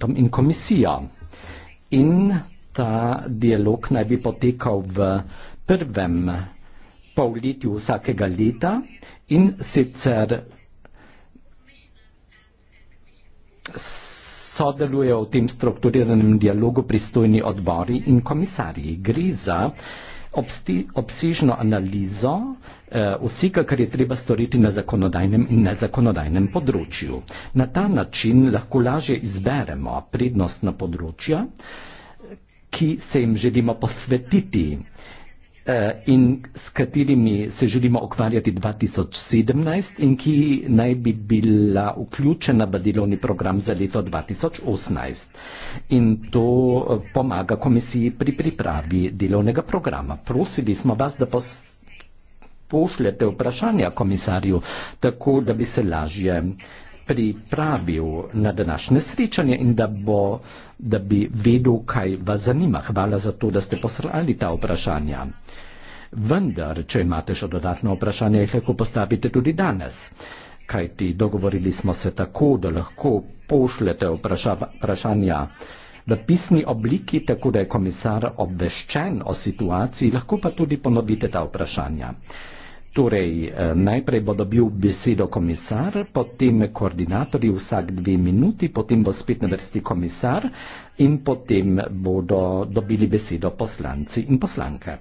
parlamentom in komisijo. In ta dialog naj bi potekal v prvem polletju vsakega leta in sicer sodelujejo v tem strukturiranem dialogu pristojni odbori in komisarji. Gre za obsti, obsižno analizo eh, vsega, kar je treba storiti na zakonodajnem in nezakonodajnem področju. Na ta način lahko lažje izberemo prednostna področja, ki se jim želimo posvetiti. Eh, in s katerimi se želimo ukvarjati 2017 in ki naj bi bila vključena v delovni program za leto 2018. In to eh, pomaga komisiji pri pripravi delovnega programa. Prosili smo vas, da pošljete vprašanja komisarju, tako da bi se lažje pripravil na današnje srečanje in da bo uh, da bi vedel, kaj vas zanima. Hvala za to, da ste poslali ta vprašanja. Vendar, če imate še dodatno vprašanje, jih lahko postavite tudi danes. Kaj ti dogovorili smo se tako, da lahko pošljete vprašanja v pisni obliki, tako da je komisar obveščen o situaciji, lahko pa tudi ponovite ta vprašanja. Torej, eh, najprej bo dobil besedo komisar, potem koordinatorji vsak dve minuti, potem bo spet na vrsti komisar in potem bodo dobili besedo poslanci in poslanke.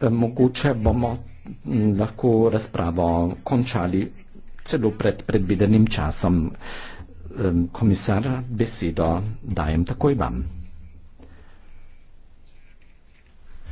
Eh, mogoče bomo lahko razpravo končali celo pred predvidenim časom. Eh, komisar, besedo dajem takoj vam.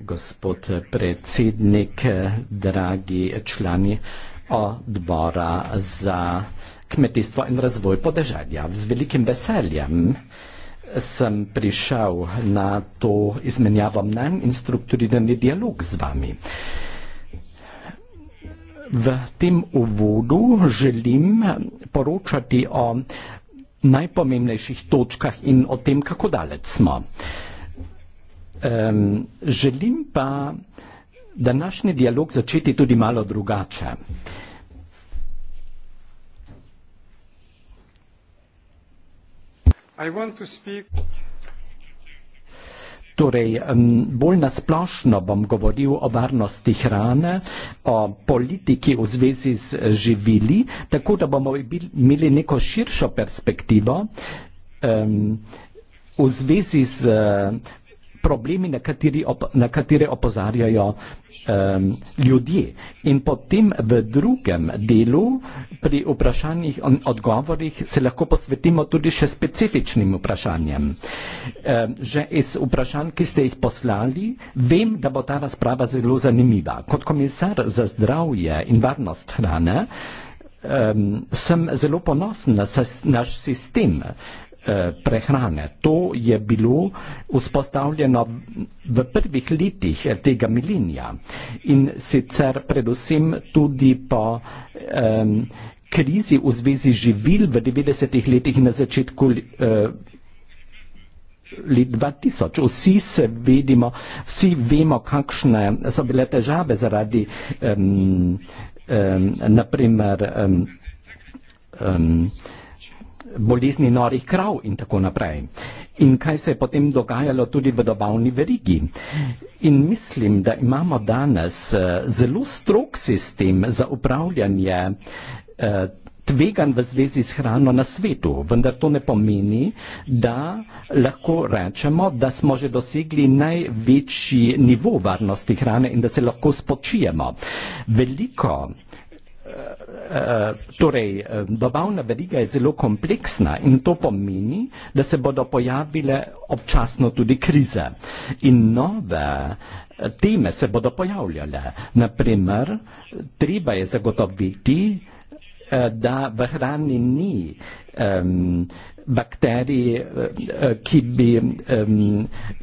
gospod predsednik, dragi člani odbora za kmetijstvo in razvoj podeželja. Z velikim veseljem sem prišel na to izmenjavo mnen in strukturirani dialog z vami. V tem uvodu želim poročati o najpomembnejših točkah in o tem, kako daleč smo. Um, želim pa današnji dialog začeti tudi malo drugače. Torej, bolj nasplošno bom govoril o varnosti hrane, o politiki v zvezi z eh, živili, tako da bomo imeli neko širšo perspektivo um, v zvezi z problemi, na, op, na katere opozarjajo um, ljudje. In potem v drugem delu, pri vprašanjih in odgovorih, se lahko posvetimo tudi še specifičnim vprašanjem. Um, že iz vprašanj, ki ste jih poslali, vem, da bo ta razprava zelo zanimiva. Kot komisar za zdravje in varnost hrane, um, sem zelo ponosen na ses, naš sistem. Eh, prehrane. To je bilo vzpostavljeno v prvih letih eh, tega milenija in sicer predvsem tudi po um, krizi v zvezi živil v 90-ih letih in na začetku uh, let 2000. Vsi se vedimo, vsi vemo, kakšne so bile težave zaradi um, um, naprimer um, um, bolezni norih krav in tako naprej. In kaj se je potem dogajalo tudi v dobavni verigi. In mislim, da imamo danes eh, zelo strok sistem za upravljanje eh, tvegan v zvezi s hrano na svetu, vendar to ne pomeni, da lahko rečemo, da smo že dosegli največji nivo varnosti hrane in da se lahko spočijemo. Veliko torej, dobavna veriga je zelo kompleksna in to pomeni, da se bodo pojavile občasno tudi krize. In nove teme se bodo pojavljale. Naprimer, treba je zagotoviti, eh, da v hrani ni um, bakterij, eh, eh, ki bi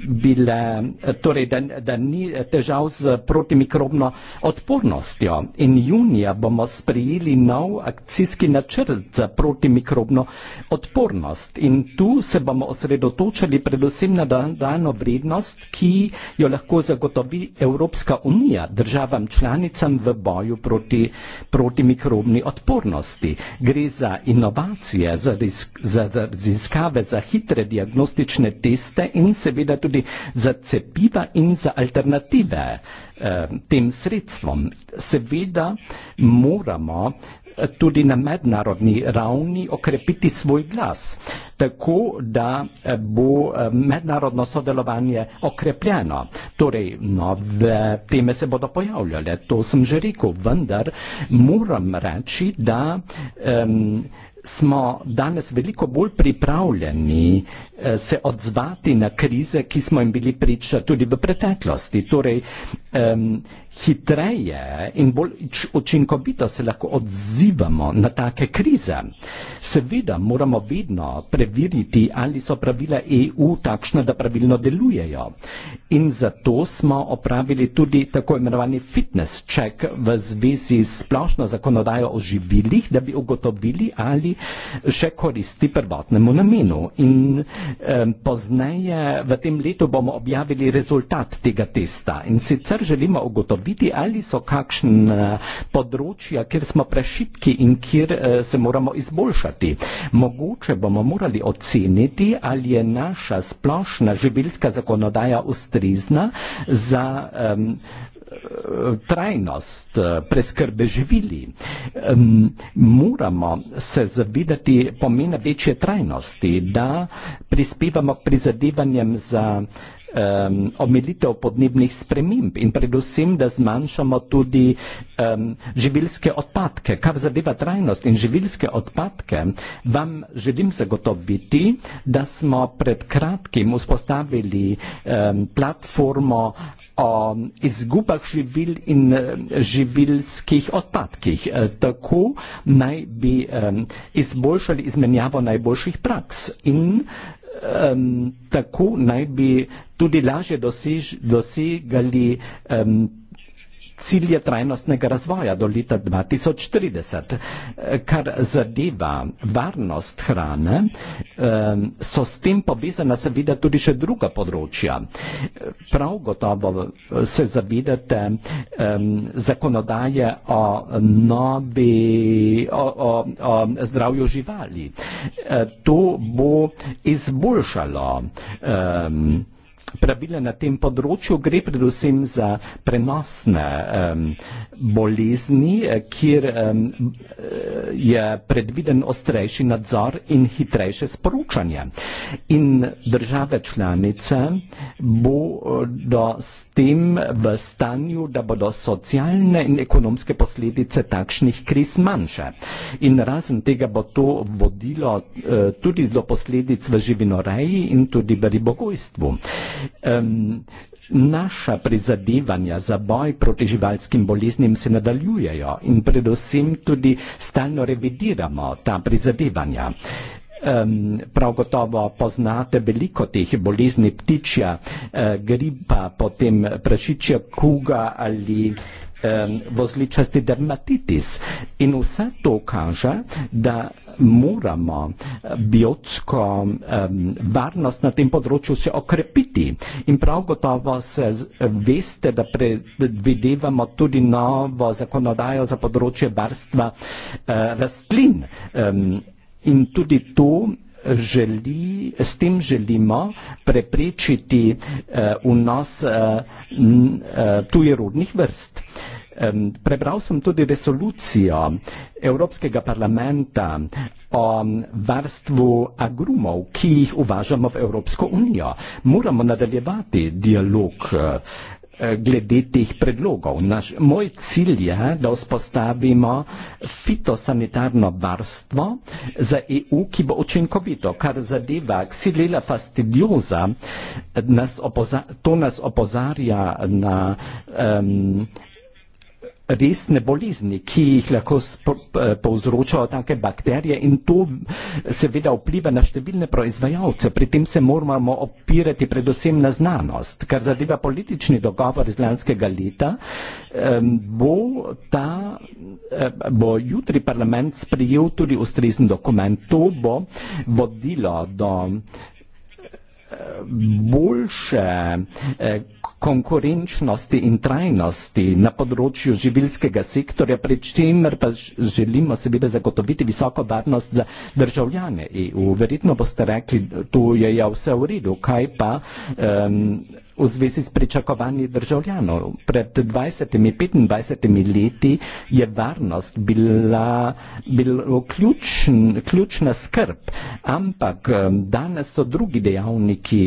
bile, eh, torej, da, da ni težav z protimikrobno odpornostjo. In junija bomo sprejeli nov akcijski načrt za protimikrobno odpornost. In tu se bomo osredotočali predvsem na dodano vrednost, ki jo lahko zagotovi Evropska unija državam članicam v boju proti protimikrobni odpornosti. Gre za inovacije, za, risk, za raziskave za hitre diagnostične teste in seveda tudi za cepiva in za alternative eh, tem sredstvom. Seveda moramo eh, tudi na mednarodni ravni okrepiti svoj glas, tako da eh, bo eh, mednarodno sodelovanje okrepljeno. Torej, nove teme se bodo pojavljale, to sem že rekel, vendar moram reči, da um, smo danes veliko bolj pripravljeni eh, se odzvati na krize, ki smo jim bili priča tudi v preteklosti. Torej, hitreje in bolj učinkovito se lahko odzivamo na take krize. Seveda moramo vedno preveriti, ali so pravila EU takšna, da pravilno delujejo. In zato smo opravili tudi tako imenovani fitness check v zvezi s splošno zakonodajo o živilih, da bi ugotovili, ali še koristi prvotnemu namenu. In eh, pozneje v tem letu bomo objavili rezultat tega testa. In sicer želimo ugotoviti, vidi, ali so kakšna področja, kjer smo prešitki in kjer eh, se moramo izboljšati. Mogoče bomo morali oceniti, ali je naša splošna živilska zakonodaja ustrezna za um, trajnost eh, preskrbe živili. Um, moramo se zavedati pomena večje trajnosti, da prispevamo prizadevanjem za um, omilitev podnebnih sprememb in predvsem, da zmanjšamo tudi um, živilske odpadke, kar zadeva trajnost in živilske odpadke. Vam želim zagotoviti, da smo pred kratkim vzpostavili um, platformo o izgubah živil in eh, živilskih odpadkih. Eh, tako naj bi eh, izboljšali izmenjavo najboljših praks in um, tako naj bi tudi lažje dosež, dosegali um, cilje trajnostnega razvoja do leta 2030. Kar zadeva varnost hrane, so s tem povezana seveda tudi še druga področja. Prav gotovo eh, se zavedate zakonodaje o, nobi, o, o, o zdravju živali. Eh, to bo izboljšalo pravila na tem področju, gre predvsem za prenosne um, bolezni, eh, kjer um, je predviden ostrejši nadzor in hitrejše sporočanje. In države članice bodo s tem v stanju, da bodo socialne in ekonomske posledice takšnih kriz manjše. In razen tega bo to vodilo uh, tudi do posledic v živinoreji in tudi v ribogojstvu. Uh, Um, naša prizadevanja za boj proti živalskim boleznim se nadaljujejo in predvsem tudi stalno revidiramo ta prizadevanja. Um, prav gotovo poznate veliko teh bolezni ptičja, uh, gripa, potem prašičja kuga ali vozličasti dermatitis. In vse to kaže, da moramo biotsko um, varnost na tem področju še okrepiti. In prav gotovo se veste, da predvidevamo tudi novo zakonodajo za področje varstva uh, rastlin. Um, in tudi tu želi, s tem želimo preprečiti eh, vnos eh, eh, tujerodnih vrst. Prebral sem tudi resolucijo Evropskega parlamenta o varstvu agrumov, ki jih uvažamo v Evropsko unijo. Moramo nadaljevati dialog Eh, glede teh predlogov. Naš, moj cilj je, da vzpostavimo fitosanitarno varstvo za EU, ki bo učinkovito, kar zadeva ksilela fastidioza, nas opoza, to nas opozarja na um, resne bolezni, ki jih lahko povzročajo take bakterije in to seveda vpliva na številne proizvajalce. Pri tem se moramo opirati predvsem na znanost. Kar zadeva politični dogovor iz lanskega leta, bo, ta, bo jutri parlament sprejel tudi ustrezen dokument. To bo vodilo do boljše eh, konkurenčnosti in trajnosti na področju živilskega sektorja, pri čemer pa želimo seveda zagotoviti visoko varnost za državljane EU. Verjetno boste rekli, tu je ja vse v redu, kaj pa um, v zvezi s pričakovanji državljanov. Pred 20-25 leti je varnost bila, bila ključn, ključna skrb, ampak danes so drugi dejavniki.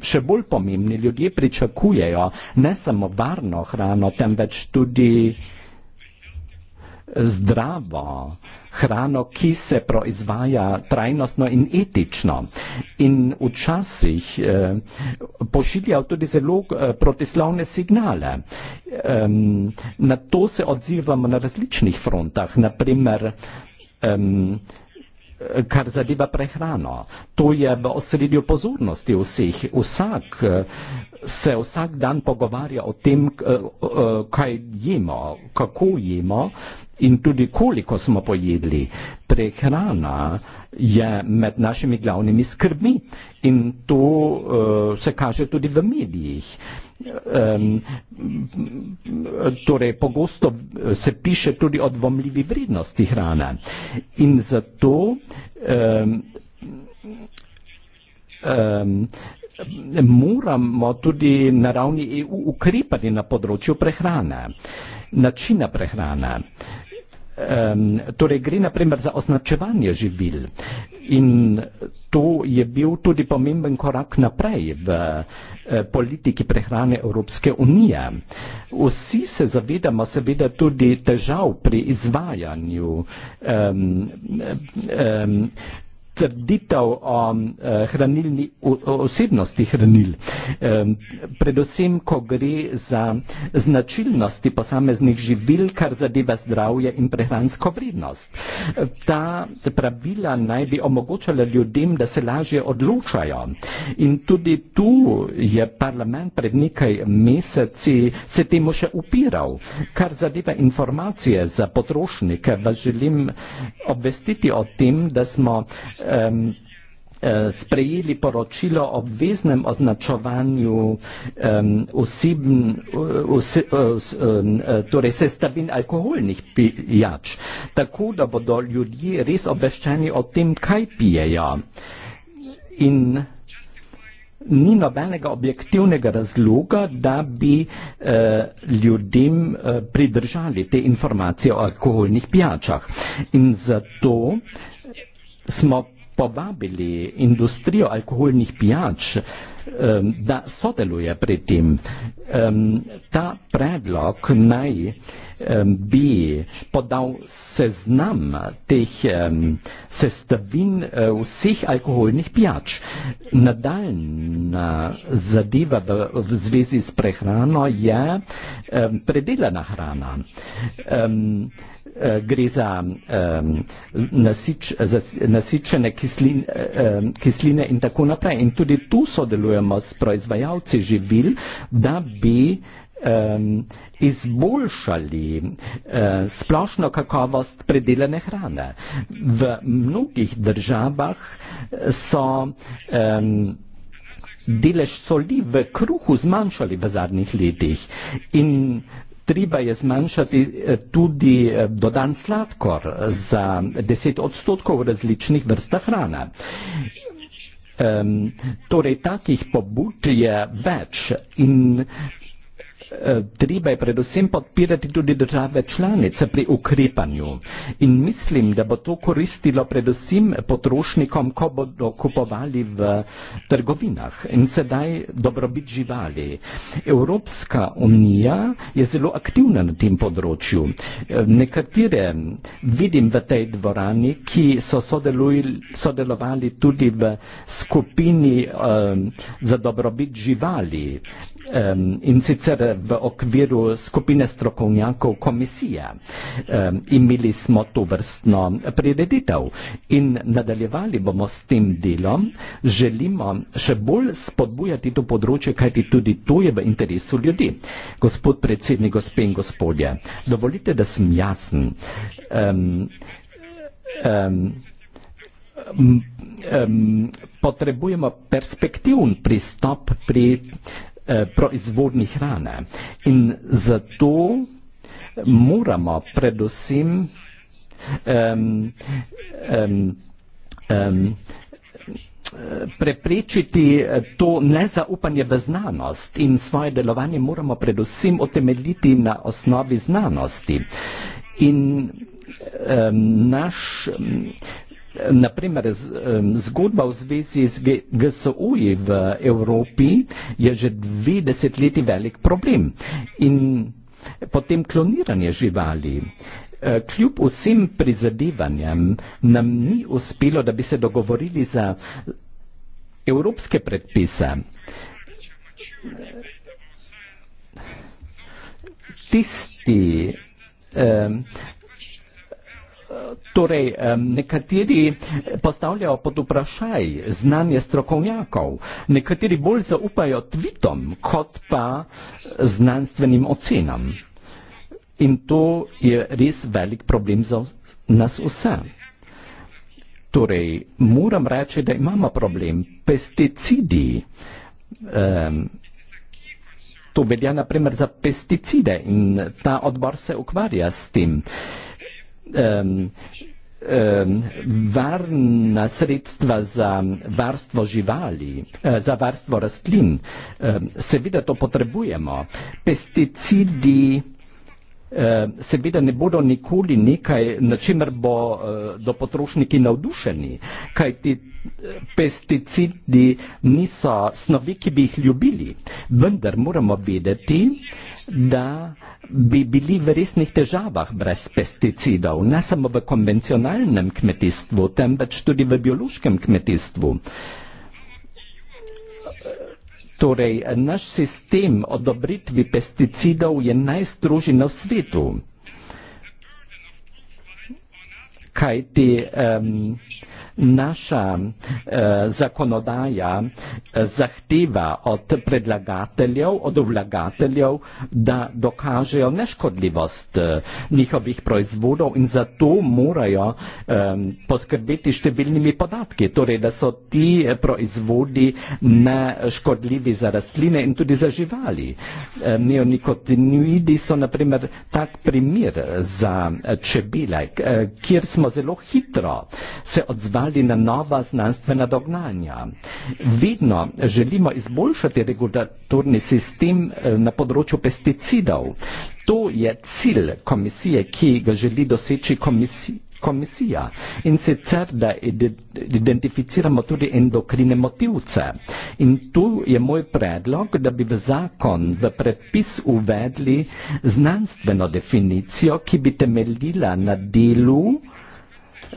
Še bolj pomembni ljudje pričakujejo ne samo varno hrano, temveč tudi zdravo hrano, ki se proizvaja trajnostno in etično. In včasih eh, pošiljajo tudi zelo eh, protislavne signale. Um, na to se odzivamo na različnih frontah, naprimer, um, kar zadeva prehrano. To je v osredju pozornosti vseh. Vsak eh, se vsak dan pogovarja o tem, eh, kaj jemo, kako jemo in tudi koliko smo pojedli. Prehrana je med našimi glavnimi skrbmi in to uh, se kaže tudi v medijih. Um, torej, pogosto eh, se piše tudi o dvomljivi vrednosti hrane in zato um, um, moramo tudi na ravni EU ukrepati na področju prehrane, načina prehrane. Um, torej gre naprimer za označevanje živil in to je bil tudi pomemben korak naprej v eh, politiki prehrane Evropske unije. Vsi se zavedamo seveda tudi težav pri izvajanju. Um, um, trditev o um, eh, hranilni osebnosti hranil, predvsem, ko gre za značilnosti posameznih živil, kar zadeva zdravje in prehransko vrednost. Ta pravila naj bi omogočala ljudem, da se lažje odločajo. In tudi tu je parlament pred nekaj meseci se temu še upiral. Kar zadeva informacije za potrošnike, vas želim obvestiti o tem, da smo um, sprejeli poročilo o obveznem označovanju um, osebn, vse, eh, os, um, torej sestavin alkoholnih pijač, tako da bodo ljudje res obveščeni o tem, kaj pijejo. In ni nobenega objektivnega razloga, da bi uh, ljudem uh, pridržali te informacije o alkoholnih pijačah. In zato smo probabili industrijo alkoholnih pijač da sodeluje pri tem. Ta predlog naj bi podal seznam teh sestavin e, vseh alkoholnih pijač. Nadaljna zadeva v zvezi s prehrano je predelana hrana. E, gre za nasičene e, kisline in tako naprej. In tudi tu sodeluje sodelujemo s proizvajalci živil, da bi izboljšali eh, splošno kakovost predelene hrane. V mnogih državah so delež soli v kruhu zmanjšali v zadnjih letih in treba je zmanjšati eh, tudi eh, dodan sladkor za 10 odstotkov v različnih vrstah hrane. Um, torej, takih pobud je več in Eh, treba je predvsem podpirati tudi države članice pri ukrepanju in mislim, da bo to koristilo predvsem potrošnikom, ko bodo kupovali v trgovinah in sedaj dobrobit živali. Evropska unija je zelo aktivna na tem področju. Eh, nekatere vidim v tej dvorani, ki so sodelovali tudi v skupini um, za dobrobit živali um, in sicer v okviru skupine strokovnjakov komisije. Um, imeli smo to vrstno prireditev in nadaljevali bomo s tem delom. Želimo še bolj spodbujati to področje, kajti tudi to je v interesu ljudi. Gospod predsednik, gospe in gospodje, dovolite, da sem jasen. Um, um, Um, um, potrebujemo perspektivn pristop pri uh, Eh, proizvodni hrane. In zato moramo predvsem um, um, um, preprečiti eh, to nezaupanje v znanost in svoje delovanje moramo predvsem otemeljiti na osnovi znanosti. In um, naš um, na primer, zgodba v zvezi z GSO-ji v Evropi je že dve desetletji velik problem. In potem kloniranje živali. E, kljub vsem prizadevanjem nam ni uspelo, da bi se dogovorili za evropske predpise. Tisti, Torej, nekateri postavljajo pod vprašaj znanje strokovnjakov, nekateri bolj zaupajo tvitom, kot pa znanstvenim ocenam. In to je res velik problem za nas vse. Torej, moram reči, da imamo problem. Pesticidi, um, to velja naprimer za pesticide in ta odbor se ukvarja s tem. Uh, um, um, varna sredstva za varstvo živali, eh, za varstvo rastlin. Um, seveda to potrebujemo. Pesticidi, Eh, seveda ne bodo nikoli nekaj, na čemer bo eh, do potrošniki navdušeni, kaj ti eh, pesticidi niso snovi, ki bi jih ljubili. Vendar moramo vedeti, da bi bili v resnih težavah brez pesticidov, ne samo v konvencionalnem kmetijstvu, temveč tudi v biološkem kmetijstvu. Torej, naš sistem odobritvi pesticidov je najstrožji na svetu. Kajti, um, naša eh, zakonodaja eh, zahteva od predlagateljev, od vlagateljev, da dokažejo neškodljivost eh, njihovih proizvodov in zato morajo eh, poskrbeti številnimi podatki, torej da so ti eh, proizvodi neškodljivi za rastline in tudi za živali. Eh, neonikotinoidi so naprimer tak primer za eh, čebele, eh, kjer smo zelo hitro se odzvali, izdelovali na nova znanstvena dognanja. Vedno želimo izboljšati regulatorni sistem eh, na področju pesticidov. To je cilj komisije, ki ga želi doseči komisij komisija in sicer, da identificiramo tudi endokrine motivce. In tu je moj predlog, da bi v zakon, v predpis uvedli znanstveno definicijo, ki bi temeljila na delu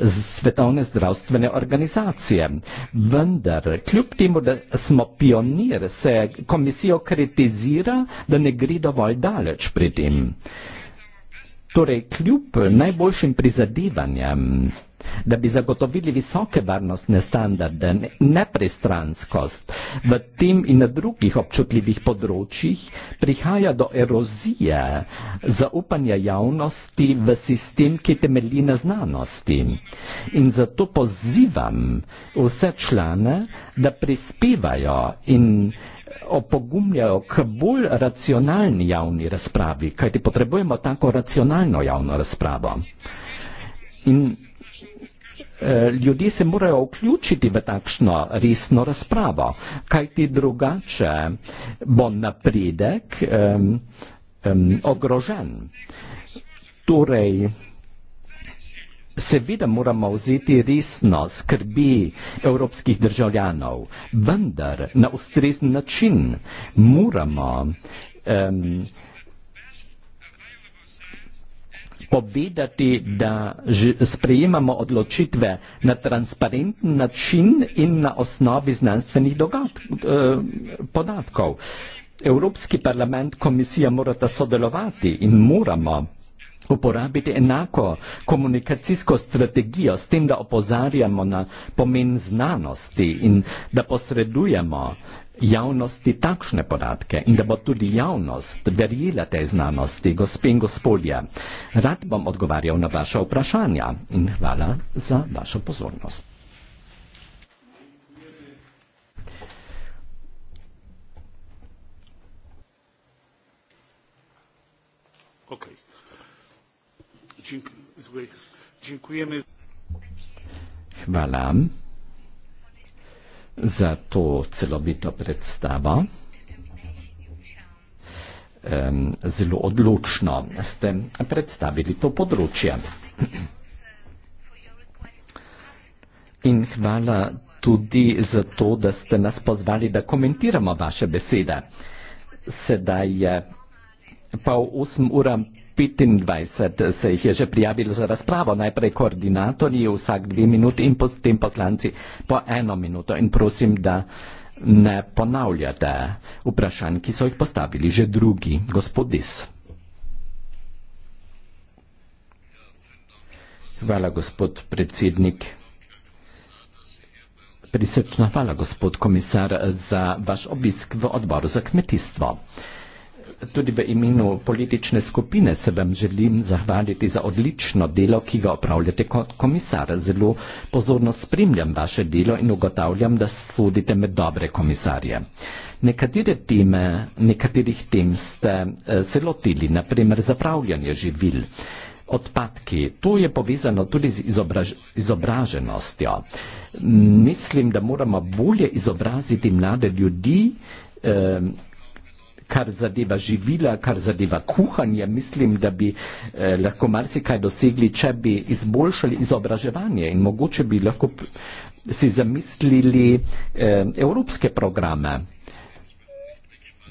svetovne zdravstvene organizacije. Vendar, kljub temu, da smo pionir, se komisijo kritizira, da ne gre dovolj daleč pri tem. Torej, kljub najboljšim prizadevanjem da bi zagotovili visoke varnostne standarde, nepristranskost v tem in na drugih občutljivih področjih, prihaja do erozije zaupanja javnosti v sistem, ki temelji na znanosti. In zato pozivam vse člane, da prispevajo in opogumljajo k bolj racionalni javni razpravi, kajti potrebujemo tako racionalno javno razpravo. In Eh, ljudje se morajo vključiti v takšno resno razpravo, kajti drugače bo napredek um, um, ogrožen. Torej, seveda moramo vzeti resno skrbi evropskih državljanov, vendar na ustrezen način moramo um, povedati, da sprejemamo odločitve na transparenten način in na osnovi znanstvenih eh, podatkov. Evropski parlament, komisija morata sodelovati in moramo uporabiti enako komunikacijsko strategijo s tem, da opozarjamo na pomen znanosti in da posredujemo javnosti takšne podatke in da bo tudi javnost verjela tej znanosti, gospe in gospodje. Rad bom odgovarjal na vaše vprašanja in hvala za vašo pozornost. Dziękujemy. Hvala za to celovito predstavo. Zelo odločno ste predstavili to področje. In hvala tudi za to, da ste nas pozvali, da komentiramo vaše besede. Sedaj je pa 8 ura 25 se jih je že prijavilo za razpravo, najprej koordinatorji, vsak dve minuti in potem poslanci po eno minuto. In prosim, da ne ponavljate vprašanj, ki so jih postavili že drugi, gospodis. Hvala, gospod predsednik. Prisrčna hvala, gospod komisar, za vaš obisk v odboru za kmetijstvo. Tudi v imenu politične skupine se vam želim zahvaliti za odlično delo, ki ga opravljate kot komisar. Zelo pozorno spremljam vaše delo in ugotavljam, da sodite med dobre komisarje. Nekatere teme, nekaterih tem ste se eh, lotili, naprimer zapravljanje živil. Odpadki, to je povezano tudi z izobraž izobraženostjo. Mislim, da moramo bolje izobraziti mlade ljudi, eh, kar zadeva živila, kar zadeva kuhanje, mislim, da bi eh, lahko marsikaj dosegli, če bi izboljšali izobraževanje in mogoče bi lahko si zamislili eh, evropske programe.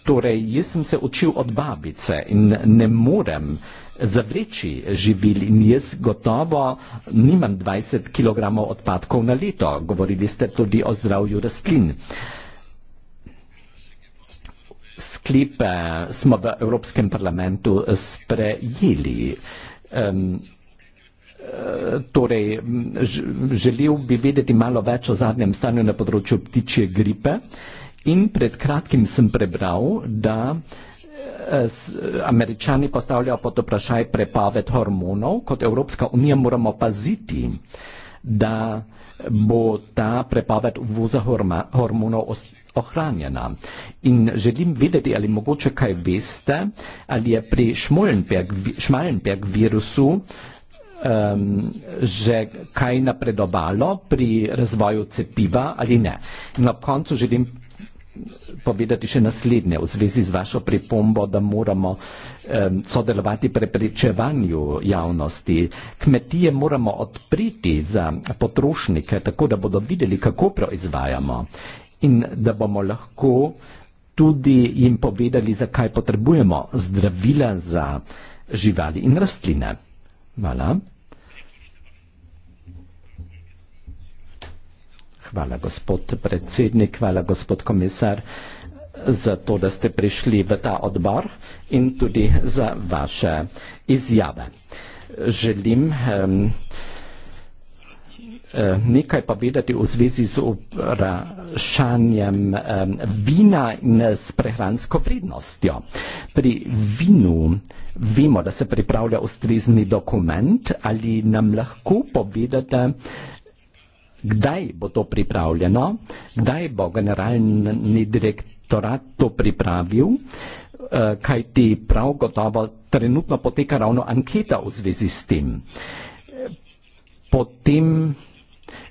Torej, jaz sem se učil od babice in ne morem zavreči živili in jaz gotovo nimam 20 kg odpadkov na leto. Govorili ste tudi o zdravju rastlin. Eh, sklep smo v Evropskem parlamentu sprejeli. Um, torej, želel bi vedeti malo več o zadnjem stanju na področju ptičje gripe in pred kratkim sem prebral, da e, američani postavljajo pod vprašaj prepoved hormonov, kot Evropska unija moramo paziti, da bo ta prepoved uvoza hormonov ostala ohranjena. In želim vedeti, ali mogoče kaj veste, ali je pri Šmalenberg virusu um, že kaj napredovalo pri razvoju cepiva ali ne. In na koncu želim povedati še naslednje v zvezi z vašo pripombo, da moramo um, sodelovati pri prepričevanju javnosti. Kmetije moramo odpriti za potrošnike, tako da bodo videli, kako proizvajamo in da bomo lahko tudi jim povedali, zakaj potrebujemo zdravila za živali in rastline. Hvala. Hvala, gospod predsednik, hvala, gospod komisar, za to, da ste prišli v ta odbor in tudi za vaše izjave. Želim. Um, Eh, nekaj povedati v zvezi z vprašanjem vina in s prehransko vrednostjo. Pri vinu vemo, da se pripravlja ustrezni dokument, ali nam lahko povedate, kdaj bo to pripravljeno, kdaj bo generalni direktorat to pripravil, eh, kaj ti prav gotovo trenutno poteka ravno anketa v zvezi s tem. Potem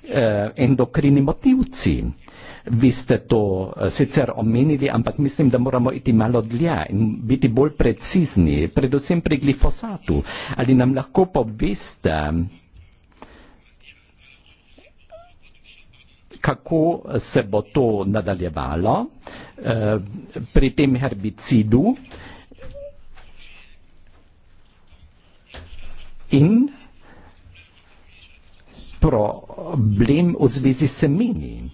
eh, endokrini motivci. Vi ste to eh, sicer omenili, ampak mislim, da moramo iti malo dlje in biti bolj precizni, predvsem pri glifosatu. Ali nam lahko poveste, kako se bo to nadaljevalo eh, pri tem herbicidu in problem v zvezi s semeni.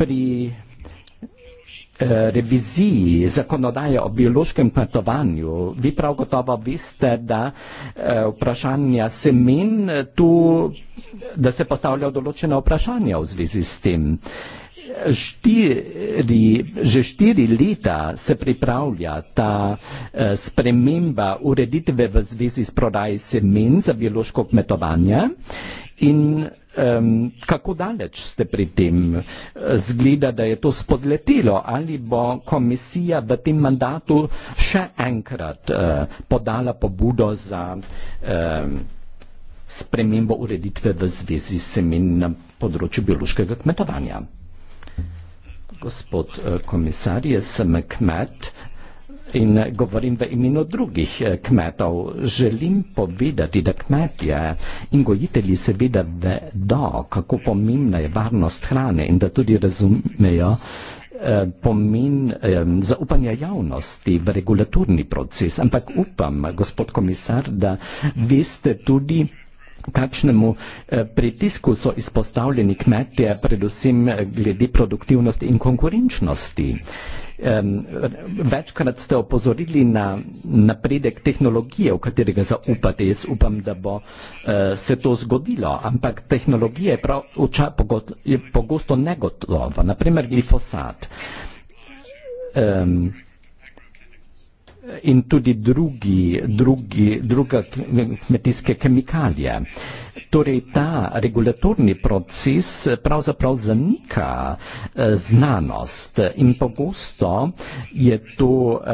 Pri eh, reviziji zakonodaje o biološkem kmetovanju, vi prav gotovo veste, da eh, vprašanja semen tu, da se postavlja določena vprašanja v zvezi s tem. Štiri, že štiri leta se pripravlja ta eh, sprememba ureditve v zvezi s prodaj semen za biološko kmetovanje. In eh, kako daleč ste pri tem? Zgleda, da je to spodletelo ali bo komisija v tem mandatu še enkrat eh, podala pobudo za eh, spremembo ureditve v zvezi s semen na področju biološkega kmetovanja gospod eh, komisar, jaz sem kmet in eh, govorim v imenu drugih eh, kmetov. Želim povedati, da kmetje in gojitelji seveda vedo, kako pomembna je varnost hrane in da tudi razumejo pomen zaupanja javnosti v regulatorni proces. Ampak upam, gospod komisar, da veste tudi, kakšnemu eh, pritisku so izpostavljeni kmetje, predvsem eh, glede produktivnosti in konkurenčnosti. Večkrat ste opozorili na napredek tehnologije, v katerega zaupate. Jaz upam, da bo eh, se to zgodilo, ampak tehnologija je, prav, je pogosto negotova, naprimer glifosat in tudi drugi, drugi, druga kmetijske kemikalije. Torej ta regulatorni proces pravzaprav zanika eh, znanost in pogosto je to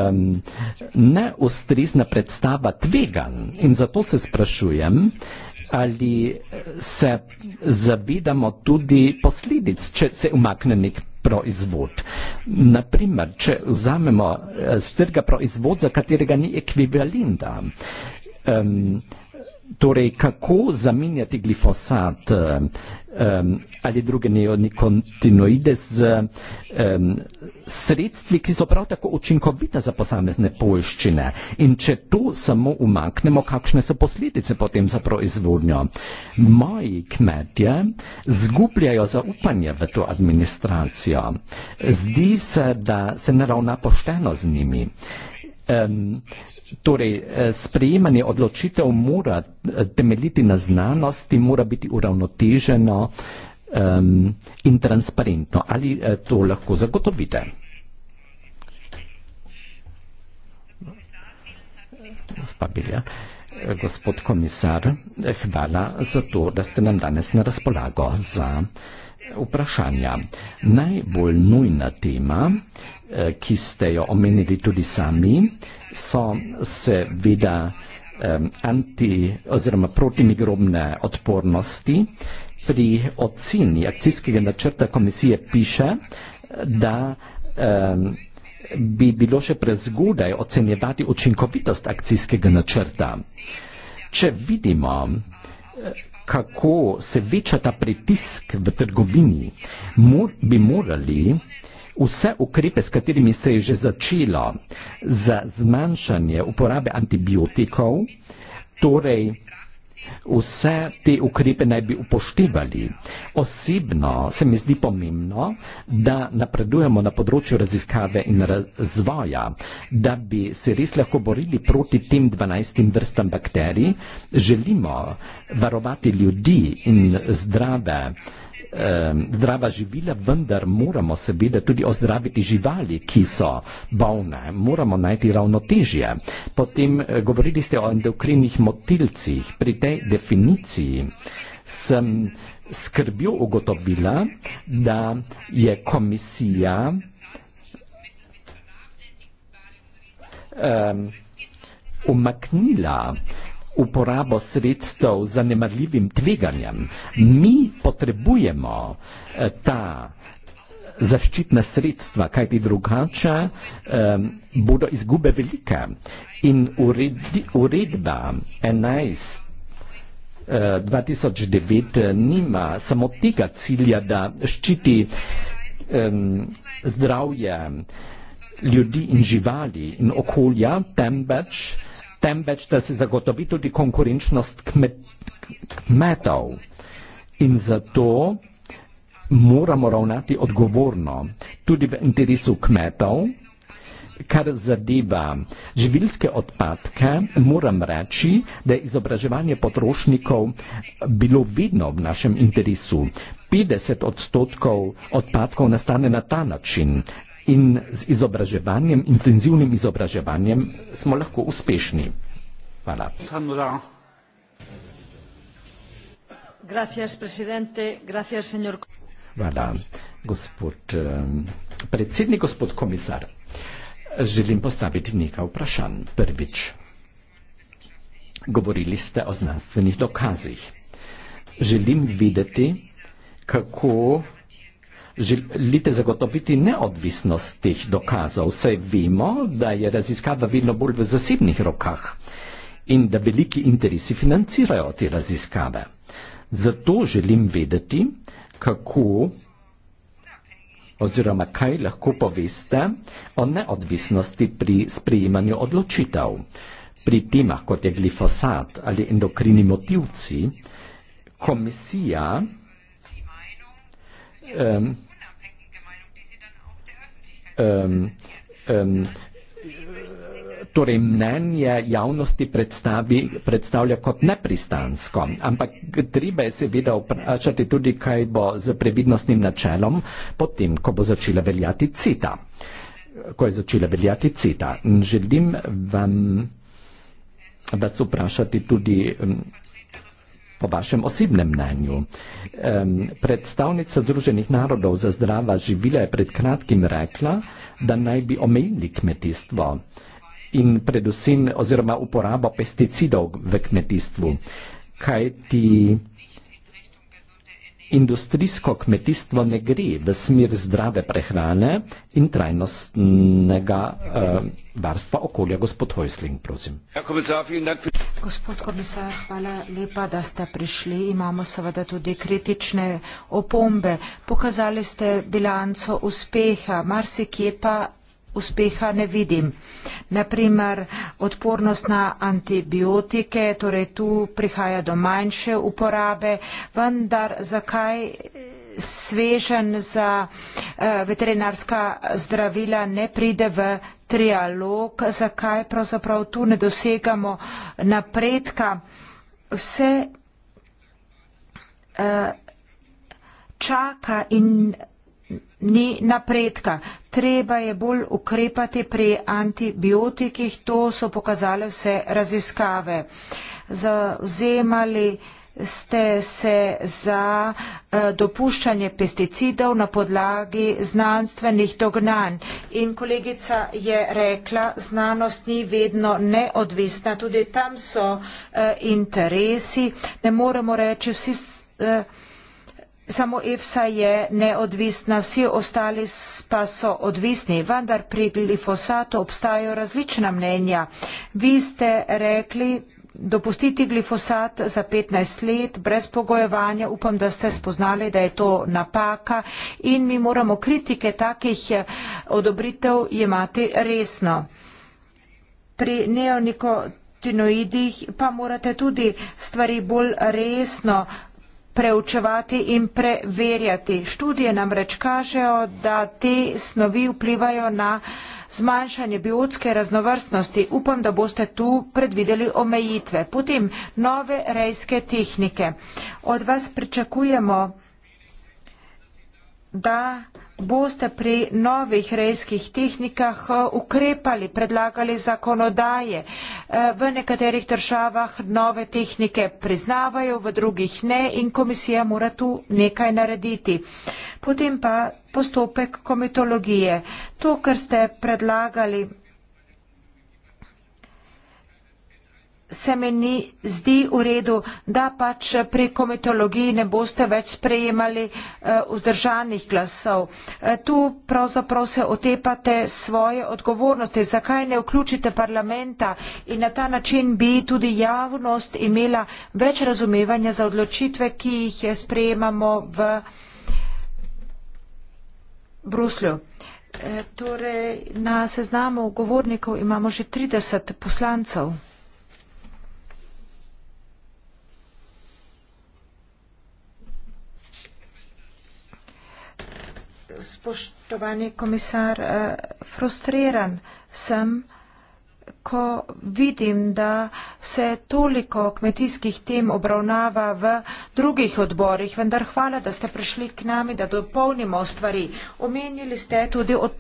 um, neustrezna predstava tvegan in zato se sprašujem, ali eh, se zavedamo tudi posledic, če se umakne nek proizvod. Naprimer, če vzamemo eh, strga proizvod, za katerega ni ekvivalenta, um, Torej, kako zamenjati glifosat um, ali druge neonikotinoide z um, sredstvi, ki so prav tako učinkovita za posamezne poljščine. In če to samo umaknemo, kakšne so posledice potem za proizvodnjo? Moji kmetje zgubljajo zaupanje v to administracijo. Zdi se, da se ne ravna pošteno z njimi torej, eh, sprejemanje odločitev mora eh, temeljiti na znanosti, mora biti uravnoteženo um, in transparentno. Ali eh, to lahko zagotovite? Spabilja. Gospod komisar, hvala za to, da ste nam danes na razpolago za vprašanja. Najbolj nujna tema Eh, ki ste jo omenili tudi sami, so seveda anti oziroma protimigrobne odpornosti. Pri ocini akcijskega načrta komisije piše, da bi bilo še prezgodaj ocenjevati učinkovitost akcijskega načrta. Če vidimo, eh, kako se veča ta pritisk v trgovini, bi morali vse ukrepe, s katerimi se je že začelo za zmanjšanje uporabe antibiotikov, torej vse te ukrepe naj bi upoštevali. Osebno se mi zdi pomembno, da napredujemo na področju raziskave in razvoja, da bi se res lahko borili proti tem 12 vrstam bakterij. Želimo varovati ljudi in zdrave eh, zdrava živila, vendar moramo seveda tudi ozdraviti živali, ki so bolne, moramo najti ravnotežje. Potem eh, govorili ste o endokrinih motilcih. Pri tej definiciji sem skrbjo ugotovila, da je komisija eh, umaknila eh, uporabo sredstev zanemarljivim tveganjem. Mi potrebujemo eh, ta zaščitna sredstva, kajti drugače eh, bodo izgube velike. In uredi, uredba 11. Eh, 2009 eh, nima samo tega cilja, da ščiti eh, zdravje ljudi in živali in okolja, temveč temveč da se zagotovi tudi konkurenčnost kmetov. In zato moramo ravnati odgovorno, tudi v interesu kmetov, kar zadeva živilske odpadke, moram reči, da je izobraževanje potrošnikov bilo vedno v našem interesu. 50 odstotkov odpadkov nastane na ta način, in z izobraževanjem, intenzivnim izobraževanjem smo lahko uspešni. Hvala. Hvala, gospod predsednik, gospod komisar. Želim postaviti nekaj vprašanj. Prvič, govorili ste o znanstvenih dokazih. Želim videti, kako želite zagotoviti neodvisnost teh dokazov. Vse vemo, da je raziskava vedno bolj v zasebnih rokah in da veliki interesi financirajo te raziskave. Zato želim vedeti, kako oziroma kaj lahko poveste o neodvisnosti pri sprejemanju odločitev. Pri temah, kot je glifosat ali endokrini motivci, komisija um, um, um, torej mnenje javnosti predstavi, predstavlja kot nepristansko. Ampak treba je seveda vprašati tudi, kaj bo z previdnostnim načelom, potem, ko bo začela veljati cita. Ko je začela veljati cita. Želim vam vas vprašati tudi, po vašem osebnem mnenju. Um, predstavnica Združenih narodov za zdrava živila je pred kratkim rekla, da naj bi omejili kmetijstvo in predvsem oziroma uporabo pesticidov v kmetijstvu. Kaj ti industrijsko kmetijstvo ne gre v smer zdrave prehrane in trajnostnega eh, varstva okolja. Gospod Hojsling, prosim. Gospod komisar, hvala lepa, da ste prišli. Imamo seveda tudi kritične opombe. Pokazali ste bilanco uspeha, marsikje pa uspeha ne vidim. Naprimer, odpornost na antibiotike, torej tu prihaja do manjše uporabe, vendar zakaj svežen za eh, veterinarska zdravila ne pride v trialog, zakaj pravzaprav tu ne dosegamo napredka. Vse eh, čaka in ni napredka. Treba je bolj ukrepati pri antibiotikih, to so pokazale vse raziskave. Zauzemali ste se za eh, dopuščanje pesticidov na podlagi znanstvenih dognanj. In kolegica je rekla, znanost ni vedno neodvisna, tudi tam so eh, interesi. Ne moremo reči vsi. Eh, Samo EFSA je neodvisna, vsi ostali pa so odvisni, vendar pri glifosatu obstajajo različna mnenja. Vi ste rekli, dopustiti glifosat za 15 let brez pogojevanja, upam, da ste spoznali, da je to napaka in mi moramo kritike takih eh, odobritev jemati resno. Pri neonikotinoidih pa morate tudi stvari bolj resno preučevati in preverjati. Študije namreč kažejo, da te snovi vplivajo na zmanjšanje biotske raznovrstnosti. Upam, da boste tu predvideli omejitve. Potem nove rejske tehnike. Od vas pričakujemo, da boste pri novih rejskih tehnikah eh, ukrepali, predlagali zakonodaje. Eh, v nekaterih državah nove tehnike priznavajo, v drugih ne in komisija mora tu nekaj narediti. Potem pa postopek komitologije. To, kar ste predlagali, se mi ni zdi v redu, da pač pri komitologiji ne boste več sprejemali eh, vzdržanih glasov. Eh, tu pravzaprav se otepate svoje odgovornosti, zakaj ne vključite parlamenta in na ta način bi tudi javnost imela več razumevanja za odločitve, ki jih sprejemamo v Bruslju. Eh, torej, na seznamu govornikov imamo že 30 poslancev. spoštovani komisar, eh, frustriran sem, ko vidim, da se toliko kmetijskih tem obravnava v drugih odborih, vendar hvala, da ste prišli k nami, da dopolnimo stvari. Omenili ste tudi od,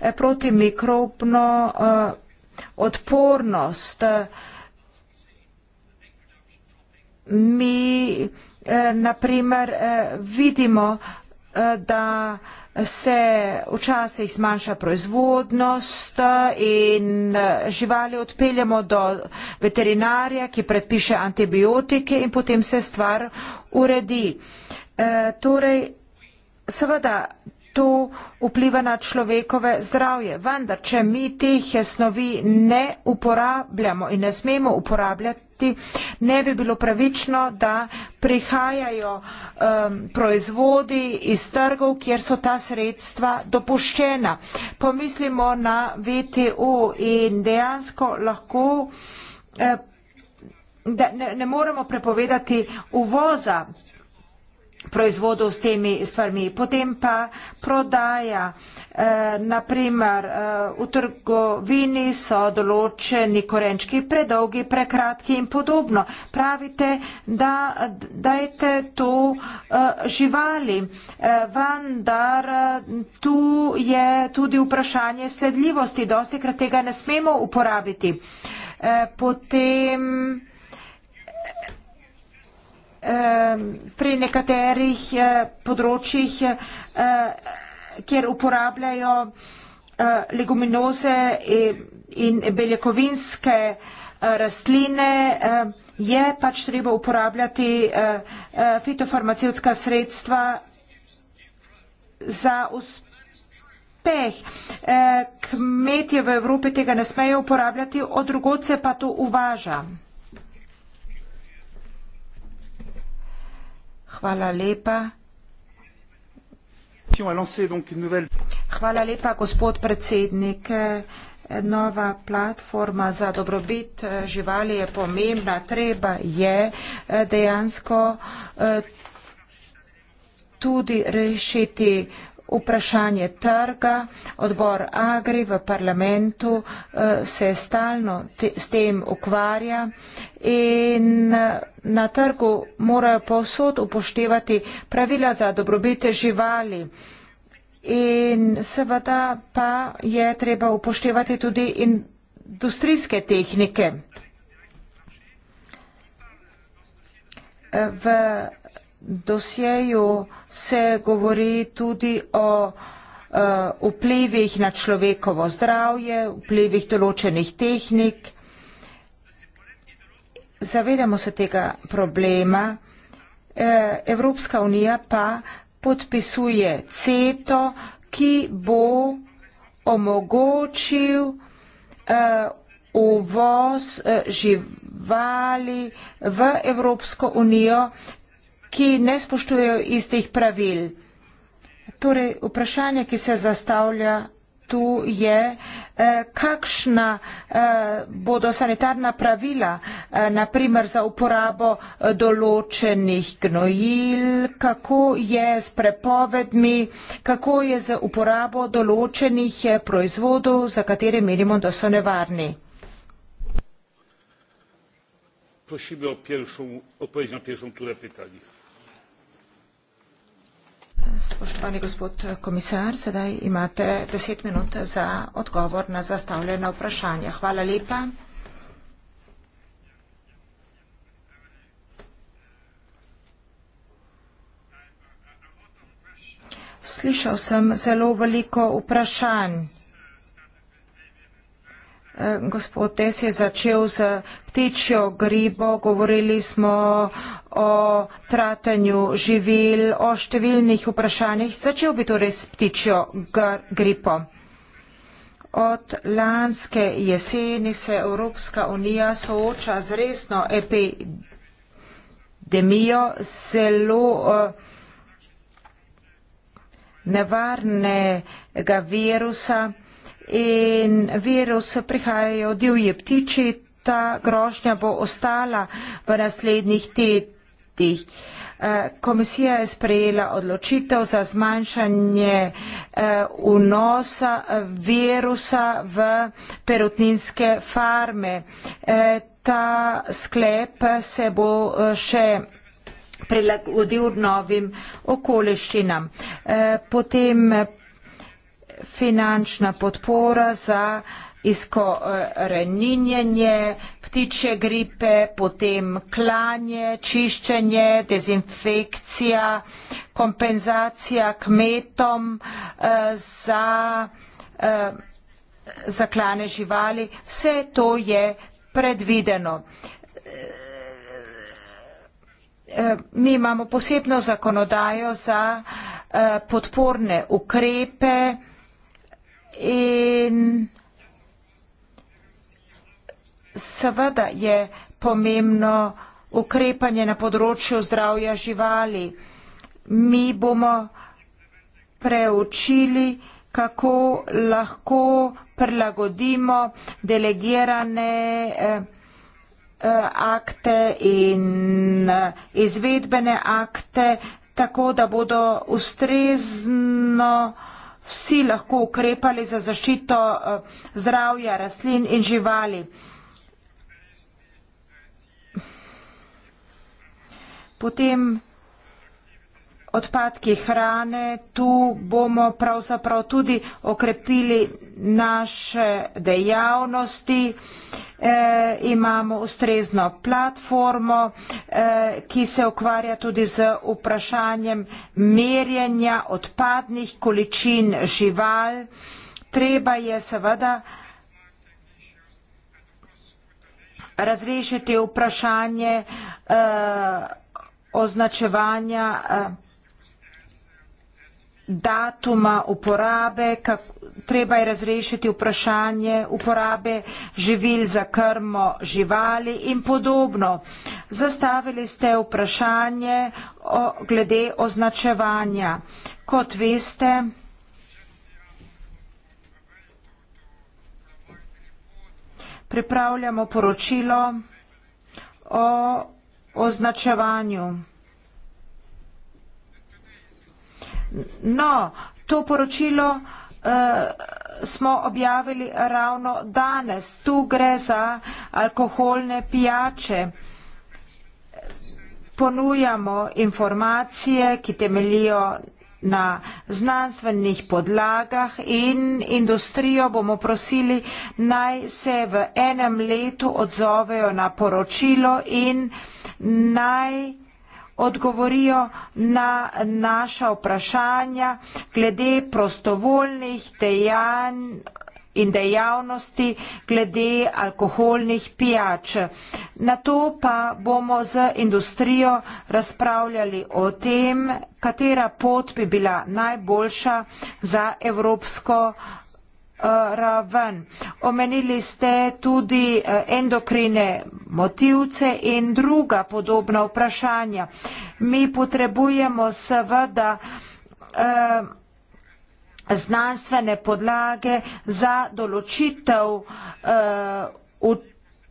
eh, protimikrobno eh, odpornost. Mi, naprimer, vidimo, da se včasih zmanjša proizvodnost eh, in eh, živali odpeljamo do veterinarja, ki predpiše antibiotike in potem se stvar uredi. E, torej, seveda, to vpliva na človekove zdravje, vendar, če mi teh snovi ne uporabljamo in ne smemo uporabljati, skupnosti, ne bi bilo pravično, da prihajajo um, proizvodi iz trgov, kjer so ta sredstva dopuščena. Pomislimo na VTU in dejansko lahko. Eh, Ne, ne moremo prepovedati uvoza proizvodov s temi stvarmi. Potem pa prodaja, eh, naprimer, eh, v trgovini so določeni korenčki predolgi, prekratki in podobno. Pravite, da dajte to eh, živali, eh, vendar eh, tu je tudi vprašanje sledljivosti, dosti krat tega ne smemo uporabiti. Eh, potem, pri nekaterih eh, področjih, eh, kjer uporabljajo eh, leguminoze e, in beljakovinske rastline, je pač treba uporabljati fitofarmacijska sredstva za uspeh. Kmetje v Evropi tega ne smejo uporabljati, od drugod se pa to uvaža. Hvala lepa. Hvala lepa, gospod predsednik. Nova platforma za dobrobit eh, živali je pomembna. Treba je eh, dejansko eh, tudi rešiti vprašanje trga, odbor Agri v parlamentu eh, se stalno te, s tem ukvarja in eh, na trgu morajo povsod upoštevati pravila za dobrobite živali. In seveda pa je treba upoštevati tudi industrijske tehnike. Eh, v dosjeju se govori tudi o uh, vplivih na človekovo zdravje, vplivih določenih tehnik. Zavedamo se tega problema. Eh, Evropska unija pa podpisuje CETO, ki bo omogočil uh, uvoz živali v Evropsko unijo, ki ne spoštujejo istih pravil. Torej, vprašanje, ki se zastavlja tu je, eh, kakšna eh, bodo sanitarna pravila, eh, naprimer za uporabo določenih gnojil, kako je s prepovedmi, kako je z uporabo določenih proizvodov, za katere menimo, da so nevarni. Prosim, da odpovedi na prvo turo vprašanje. Spoštovani gospod komisar, sedaj imate deset minut za odgovor na zastavljena vprašanja. Hvala lepa. Slišal sem zelo veliko vprašanj. Eh, gospod Tes je začel z ptičjo gribo, govorili smo o tratenju živil, o številnih vprašanjih. Začel bi torej s ptičjo gripo. Od lanske jeseni se Evropska unija sooča z resno epidemijo, zelo uh, nevarnega virusa in virus prihajajo divji ptiči, ta grožnja bo ostala v naslednjih tednih. Eh, komisija je sprejela odločitev za zmanjšanje eh, vnosa eh, virusa v perutninske farme. Ta sklep se bo še prilagodil novim okoliščinam. Potem finančna podpora za izkoreninjenje ptičje gripe, potem klanje, čiščenje, dezinfekcija, kompenzacija kmetom eh, za eh, zaklane živali. Vse to je predvideno. Eh, mi imamo posebno zakonodajo za podporne ukrepe, In seveda je pomembno ukrepanje na področju zdravja živali. Mi bomo preučili, kako lahko prilagodimo delegirane eh, eh, akte in eh, izvedbene akte, tako da bodo ustrezno vsi lahko ukrepali za zaščito eh, zdravja rastlin in živali. Potem odpadki hrane, tu bomo pravzaprav tudi okrepili naše dejavnosti. Eh, eh, imamo ustrezno platformo, eh, ki se ukvarja tudi z vprašanjem merjenja odpadnih količin žival. Treba je seveda razrešiti vprašanje eh, označevanja eh, datuma uporabe, kako treba je razrešiti vprašanje uporabe živil za krmo živali in podobno. Zastavili ste vprašanje o, glede označevanja. Kot veste, pripravljamo poročilo o označevanju. No, to poročilo Eh, smo objavili ravno danes. Tu gre za alkoholne pijače. Ponujamo informacije, ki temelijo na znanstvenih podlagah in industrijo bomo prosili, naj se v enem letu odzovejo na poročilo in naj odgovorijo na naša vprašanja glede prostovoljnih dejanj in dejavnosti glede alkoholnih pijač. Na to pa bomo z industrijo razpravljali o tem, katera pot bi bila najboljša za evropsko Eh, raven. Omenili ste tudi eh, endokrine motivce in druga podobna vprašanja. Mi potrebujemo seveda eh, znanstvene podlage za določitev učinkov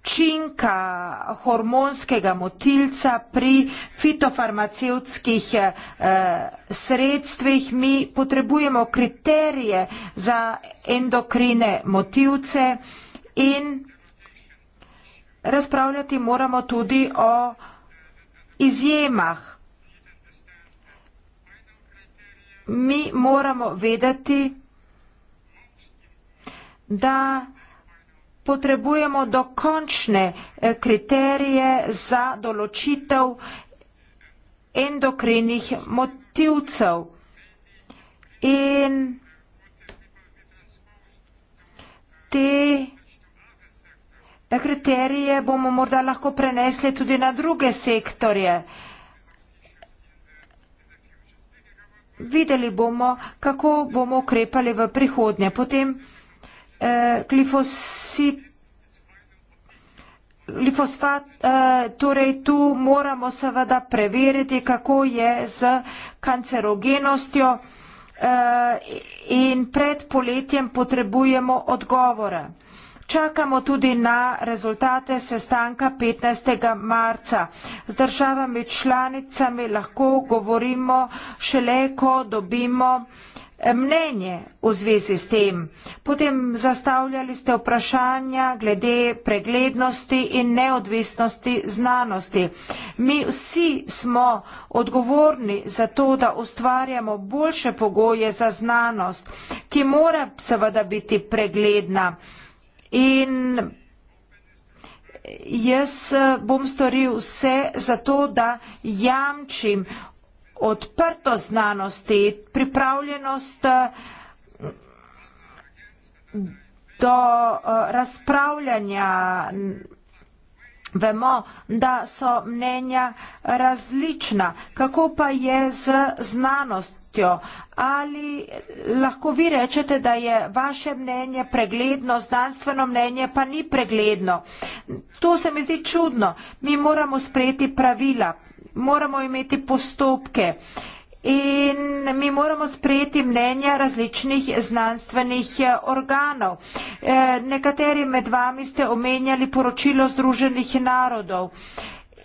učinka hormonskega motilca pri fitofarmacevtskih eh, sredstvih. Mi potrebujemo kriterije za endokrine motilce in razpravljati moramo tudi o izjemah. Mi moramo vedeti, da potrebujemo dokončne eh, kriterije za določitev endokrinih motivcev. In te eh, kriterije bomo morda lahko prenesli tudi na druge sektorje. Videli bomo, kako bomo ukrepali v prihodnje. Potem Eh, glifosit, glifosfat, eh, torej tu moramo seveda preveriti, kako je z kancerogenostjo eh, in pred poletjem potrebujemo odgovore. Čakamo tudi na rezultate sestanka 15. marca. Z državami članicami lahko govorimo šele, ko dobimo uh, mnenje v zvezi s tem. Potem zastavljali ste vprašanja glede preglednosti in neodvisnosti znanosti. Mi vsi smo odgovorni za to, da ustvarjamo boljše pogoje za znanost, ki mora seveda biti pregledna. In Jaz bom storil vse za to, da jamčim odprto znanosti, pripravljenost eh, do eh, razpravljanja. Vemo, da so mnenja različna. Kako pa je z znanost? javnostjo. Ali lahko vi rečete, da je vaše mnenje pregledno, znanstveno mnenje pa ni pregledno? To se mi zdi čudno. Mi moramo sprejeti pravila, moramo imeti postopke in mi moramo sprejeti mnenja različnih znanstvenih eh, organov. Eh, nekateri med vami ste omenjali poročilo Združenih narodov.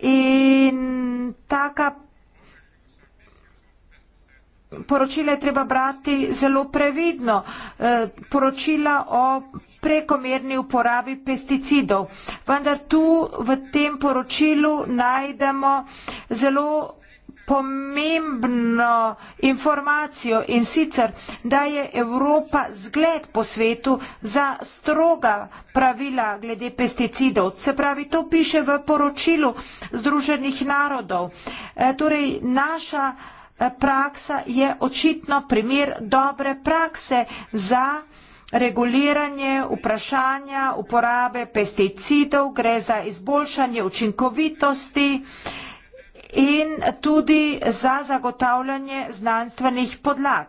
In taka poročila je treba brati zelo previdno. Eh, poročila o prekomerni uporabi pesticidov. Vendar tu v tem poročilu najdemo zelo pomembno informacijo in sicer, da je Evropa zgled po svetu za stroga pravila glede pesticidov. Se pravi, to piše v poročilu Združenih narodov. E, torej, naša praksa je očitno primer dobre prakse za reguliranje vprašanja uporabe pesticidov, gre za izboljšanje učinkovitosti in tudi za zagotavljanje znanstvenih podlag.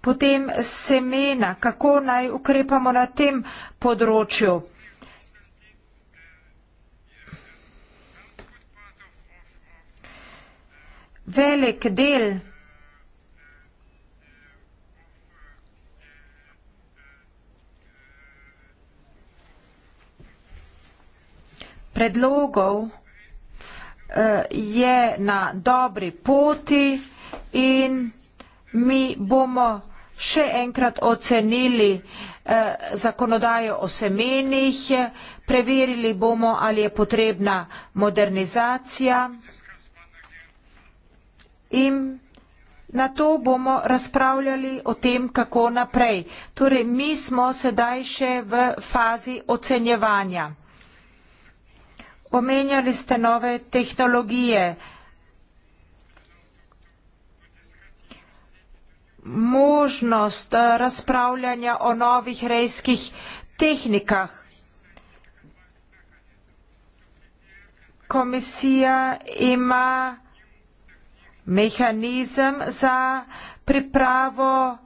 Potem semena, kako naj ukrepamo na tem področju. velik del predlogov eh, je na dobri poti in mi bomo še enkrat ocenili eh, zakonodajo o semenih, preverili bomo, ali je potrebna modernizacija in na to bomo razpravljali o tem, kako naprej. Torej, mi smo sedaj še v fazi ocenjevanja. Omenjali ste nove tehnologije. možnost eh, razpravljanja o novih rejskih tehnikah. Komisija ima mehanizem za pripravo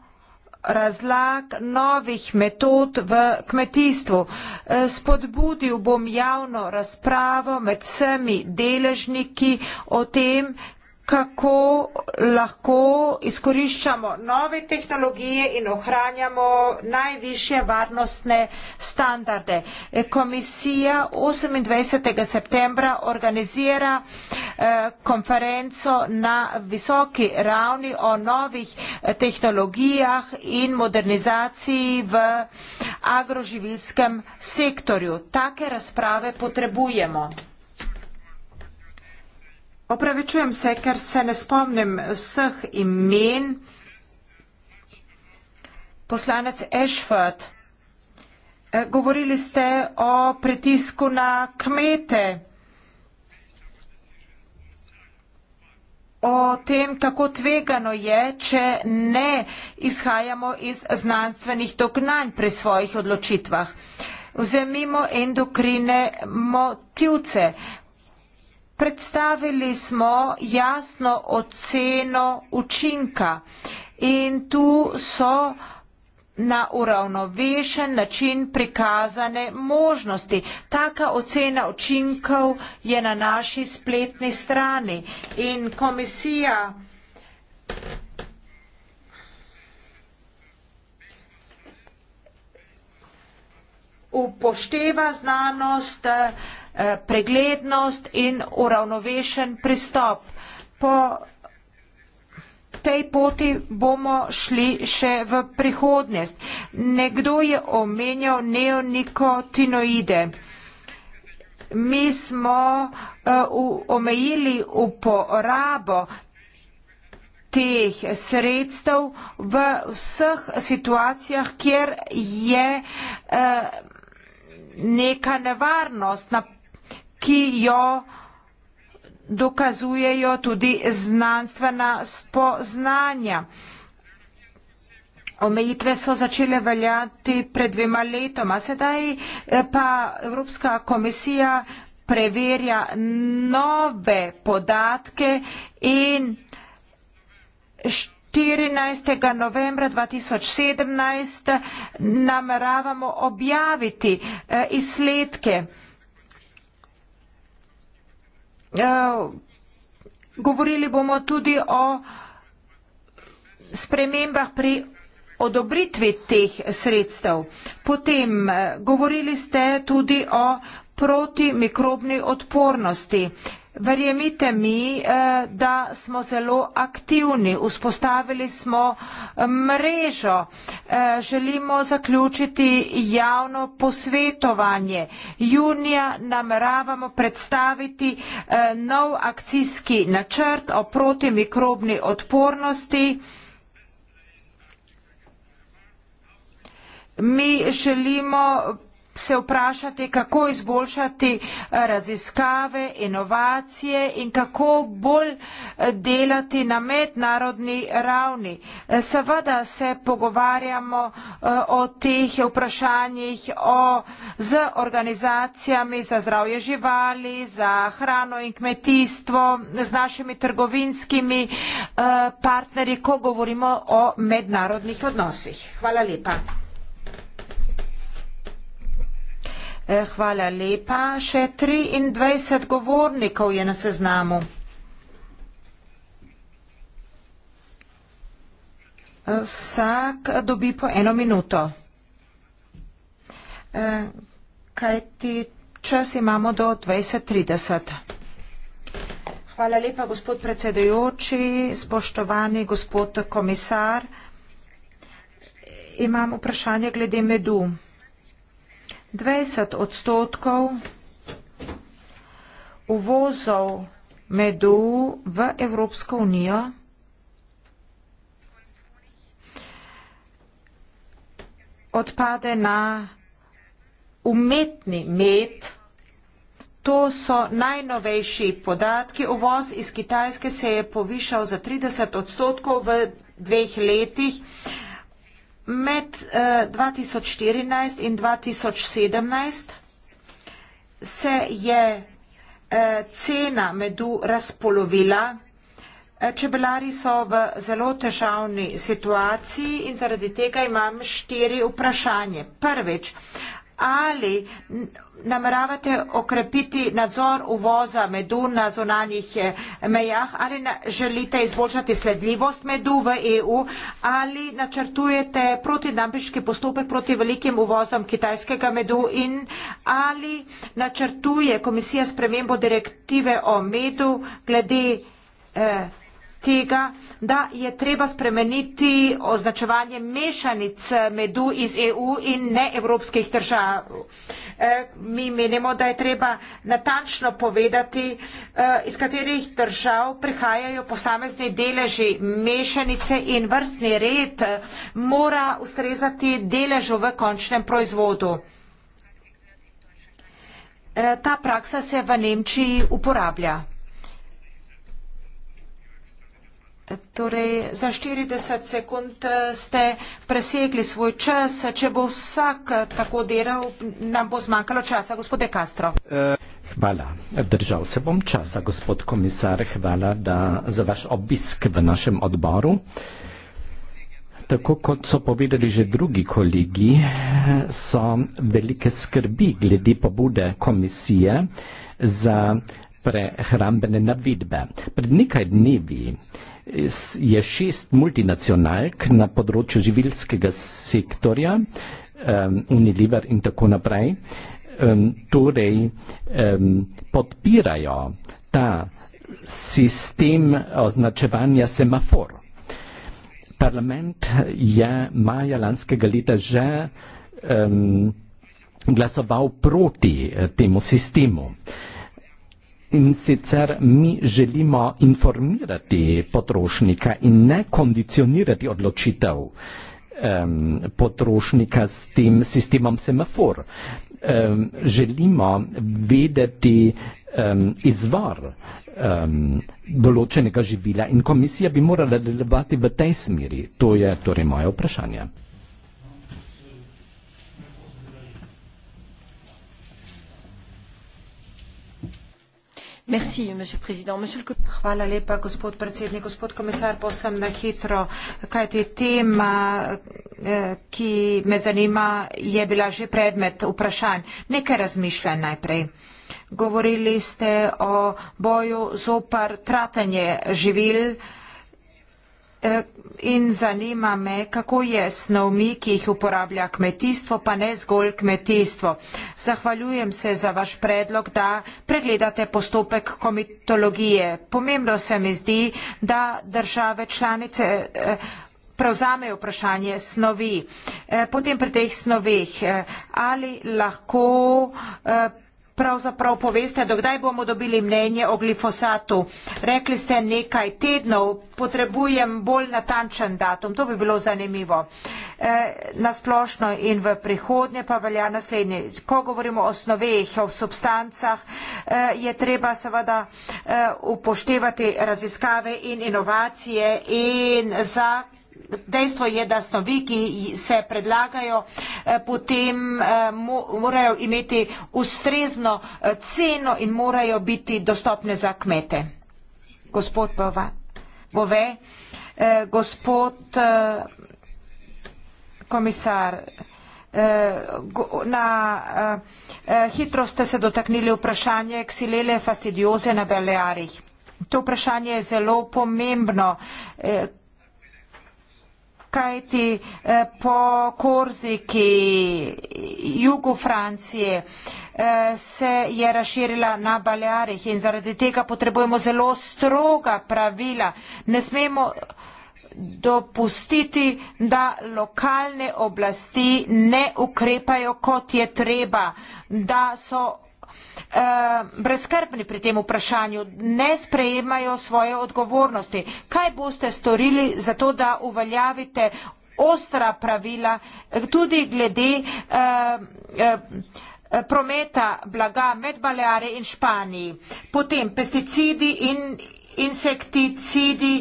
razlag novih metod v kmetijstvu. E, spodbudil bom javno razpravo med vsemi deležniki o tem, kako lahko izkoriščamo nove tehnologije in ohranjamo najviše varnostne standarde. Komisija 28. septembra organizira eh, konferenco na visoki ravni o novih eh, tehnologijah in modernizaciji v agroživilskem sektorju. Take razprave potrebujemo. Opravičujem se, ker se ne spomnim vseh imen. Poslanec Ashford, eh, govorili ste o pritisku na kmete, o tem, kako tvegano je, če ne izhajamo iz znanstvenih dognanj pri svojih odločitvah. Vzemimo endokrine motivce. Predstavili smo jasno oceno učinka in tu so na uravnovešen način prikazane možnosti. Taka ocena učinkov je na naši spletni strani in komisija upošteva znanost, Eh, preglednost in uravnovešen pristop. Po tej poti bomo šli še v prihodnost. Nekdo je omenjal neonikotinoide. Mi smo eh, omejili uporabo teh sredstev v vseh situacijah, kjer je eh, neka nevarnost. Na ki jo dokazujejo tudi znanstvena spoznanja. Omejitve so začele veljati pred dvema letoma, sedaj eh, pa Evropska komisija preverja nove podatke in 14. novembra 2017 nameravamo objaviti eh, izsledke. Eh, Ja, govorili bomo tudi o spremembah pri odobritvi teh sredstev. Potem eh, govorili ste tudi o protimikrobni odpornosti. Verjemite mi, eh, da smo zelo aktivni, vzpostavili smo eh, mrežo, eh, želimo zaključiti javno posvetovanje. Junija nameravamo predstaviti nov akcijski načrt o protimikrobni odpornosti. Mi želimo se vprašati, kako izboljšati eh, raziskave, inovacije in kako bolj eh, delati na mednarodni ravni. Eh, seveda se pogovarjamo o teh vprašanjih o, z organizacijami za zdravje živali, za hrano in kmetijstvo, z našimi trgovinskimi partnerji, ko govorimo o mednarodnih odnosih. Hvala lepa. Eh, hvala lepa. Še 23 govornikov je na seznamu. Eh, vsak dobi po eno minuto. Eh, Kaj ti čas imamo do 20.30? Hvala lepa, gospod predsedujoči, spoštovani gospod komisar. Imam vprašanje glede medu. 20 odstotkov uvozov medu v Evropsko unijo odpade na umetni med. To so najnovejši podatki. Uvoz iz Kitajske se je povišal za 30 odstotkov v dveh letih. Med uh, eh, 2014 in 2017 se je uh, cena medu razpolovila. Eh, čebelari so v zelo težavni situaciji in zaradi tega imam štiri vprašanje. Prvič, uh, Ali nameravate okrepiti nadzor uvoza medu na zunanjih eh, mejah, ali želite izboljšati sledljivost medu v EU, ali načrtujete protidambiški postopek proti velikim uvozom kitajskega medu in ali načrtuje komisija spremembo direktive o medu glede. Eh, tega, da je treba spremeniti označevanje mešanic medu iz EU in ne evropskih držav. Eh, mi menimo, da je treba natančno povedati, eh, iz katerih držav prihajajo posamezni deleži mešanice in vrstni red mora ustrezati deležu v končnem proizvodu. Eh, ta praksa se v Nemčiji uporablja. Torej, za 40 sekund eh, ste presegli svoj čas. Če bo vsak eh, tako delal, nam bo zmanjkalo časa, gospode Castro. Hvala. Držal se bom časa, gospod komisar. Hvala da, za vaš obisk v našem odboru. Tako kot so povedali že drugi kolegi, so velike skrbi glede pobude komisije za prehrambene navidbe. Pred nekaj dnevi je šest multinacionalk na področju živilskega sektorja, um, Unilever in tako naprej, um, torej um, podpirajo ta sistem označevanja semafor. Parlament je maja lanskega leta že um, glasoval proti eh, temu sistemu. In sicer mi želimo informirati potrošnika in ne kondicionirati odločitev um, potrošnika s tem sistemom semafor. Um, želimo vedeti um, izvor um, določenega živila in komisija bi morala delovati v tej smeri. To je torej moje vprašanje. Monsieur le Président, Monsieur le Commissaire. Hvala lepa, gospod predsednik. Gospod komisar, povsem na hitro, kajti tema, eh, ki me zanima, je bila že predmet vprašanj. Nekaj razmišljanj najprej. Govorili ste o boju zopar tratanje živil, In zanima me, kako je snovmi, ki jih uporablja kmetijstvo, pa ne zgolj kmetijstvo. Zahvaljujem se za vaš predlog, da pregledate postopek komitologije. Pomembno se mi zdi, da države članice eh, prevzamejo vprašanje snovi. Eh, potem pri teh snovih, eh, ali lahko pravzaprav poveste, dokdaj bomo dobili mnenje o glifosatu. Rekli ste nekaj tednov, potrebujem bolj natančen datum, to bi bilo zanimivo. E, nasplošno in v prihodnje pa velja naslednje. Ko govorimo o snoveh, o substancah, e, je treba seveda e, upoštevati raziskave in inovacije in za dejstvo je, da snovi, ki se predlagajo, eh, potem eh, morajo imeti ustrezno eh, ceno in morajo biti dostopne za kmete. Gospod Bova, Bove, gospod komisar, na hitro ste se dotaknili vprašanje ksilele fastidioze na Belearih. To vprašanje je zelo pomembno kajti eh, po Korziki, jugu Francije eh, se je razširila na Balearih in zaradi tega potrebujemo zelo stroga pravila. Ne smemo dopustiti, da lokalne oblasti ne ukrepajo, kot je treba, da so Eh, brezkrbni pri tem vprašanju, ne sprejemajo svoje odgovornosti. Kaj boste storili za to, da uveljavite ostra pravila eh, tudi glede eh, prometa blaga med Baleari in Španiji, potem pesticidi in insekticidi,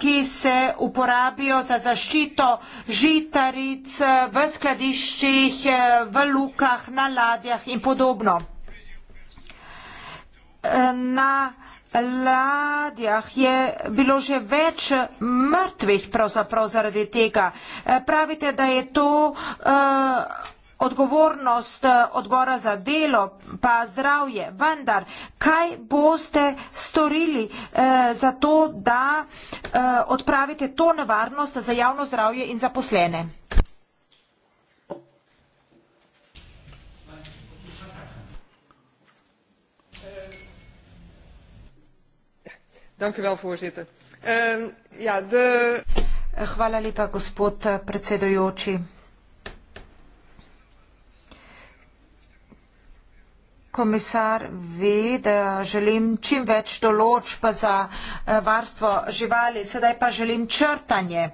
ki se uporabijo za zaščito žitaric v skladiščih, v lukah, na ladjah in podobno na ladjah je bilo že več mrtvih pravzaprav zaradi tega. E, pravite, da je to e, odgovornost e, odbora za delo pa zdravje, vendar kaj boste storili za to, da odpravite to nevarnost za javno zdravje in zaposlene? Ehm, ja, hvala lepa gospod predsedujoči. komisar ve, da želim čim več določb za eh, varstvo živali. Sedaj pa želim črtanje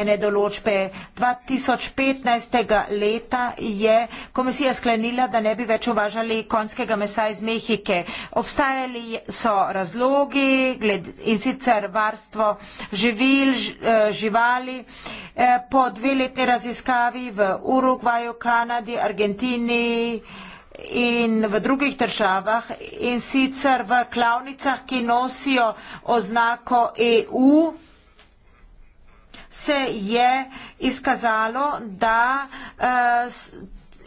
ene določbe. 2015. leta je komisija sklenila, da ne bi več uvažali konjskega mesa iz Mehike. Obstajali so razlogi in sicer varstvo živil, eh, živali. Eh, po dveletni raziskavi v Urugvaju, Kanadi, Argentini, in v drugih državah in sicer v klavnicah, ki nosijo oznako EU, se je izkazalo, da eh,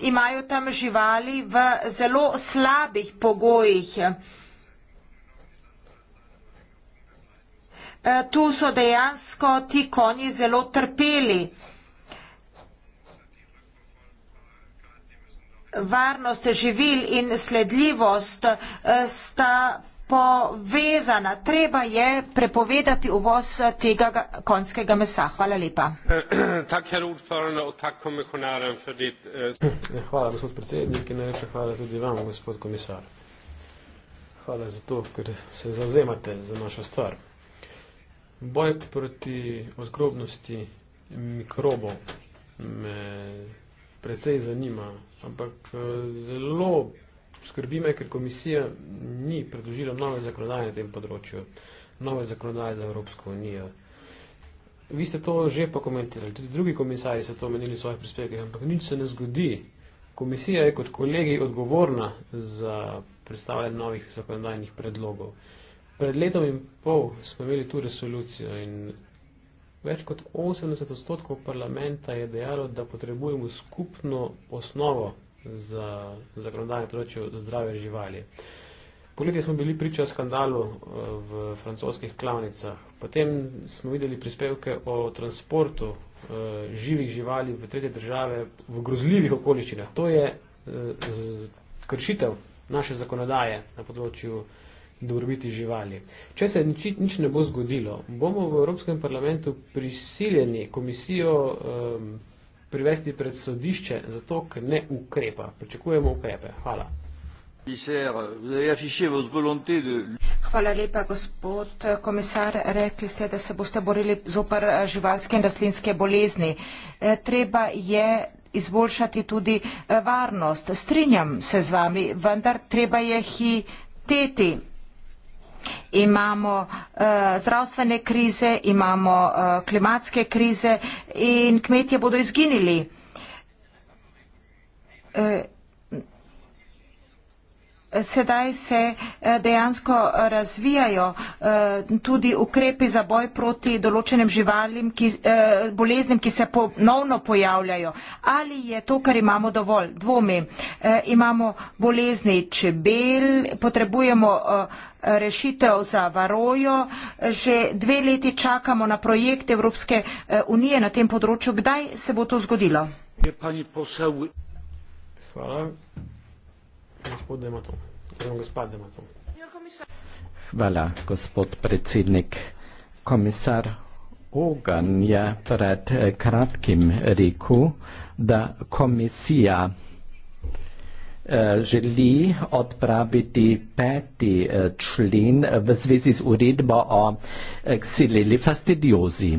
imajo tam živali v zelo slabih pogojih. Eh, tu so dejansko ti konji zelo trpeli. varnost živil in sledljivost eh, sta povezana. Treba je prepovedati uvoz eh, tega konjskega mesa. Hvala lepa. Eh, hvala, gospod predsednik, in najlepša hvala tudi vam, gospod komisar. Hvala za to, ker se zauzemate za našo stvar. Boj proti odgrobnosti mikrobov me precej zanima ampak eh, zelo skrbi me, ker komisija ni predložila nove zakonodaje na tem področju, nove zakonodaje za Evropsko unijo. Vi ste to že pokomentirali, tudi drugi komisari so to omenili v svojih prispevkih, ampak nič se ne zgodi. Komisija je kot kolegi odgovorna za predstavljanje novih zakonodajnih predlogov. Pred letom in pol smo imeli tu resolucijo in Več kot 80 odstotkov parlamenta je dejalo, da potrebujemo skupno osnovo za zakonodajno področje zdrave živali. Poleti smo bili priča skandalu eh, v francoskih klavnicah. Potem smo videli prispevke o transportu eh, živih živali v tretje države v grozljivih okoliščinah. To je eh, kršitev naše zakonodaje na področju zdrave živali dobrobiti živali. Če se nič, nič ne bo zgodilo, bomo v Evropskem parlamentu prisiljeni komisijo um, privesti pred sodišče za to, ker ne ukrepa. Pričakujemo ukrepe. Hvala. Hvala lepa, gospod komisar. Rekli ste, da se boste borili zopr eh, živalske in rastlinske bolezni. Eh, treba je izboljšati tudi eh, varnost. Strinjam se z vami, vendar treba je hiteti imamo uh, zdravstvene krize, imamo uh, klimatske krize in kmetje bodo izginili. Uh, sedaj se eh, dejansko razvijajo eh, tudi ukrepi za boj proti določenim živalim, ki, eh, boleznim, ki se ponovno pojavljajo. Ali je to, kar imamo dovolj? Dvomi. Imamo bolezni čebel, potrebujemo rešitev za varojo. Že dve leti čakamo na projekt Evropske unije na tem področju. Kdaj se bo to zgodilo? Hvala. Gospod Dematon, oziroma gospod Dematon. Hvala, gospod predsednik. Komisar Ogan je pred eh, kratkim rekel, da komisija eh, želi odpraviti peti eh, člen v zvezi z uredbo o xileli fastidiozi.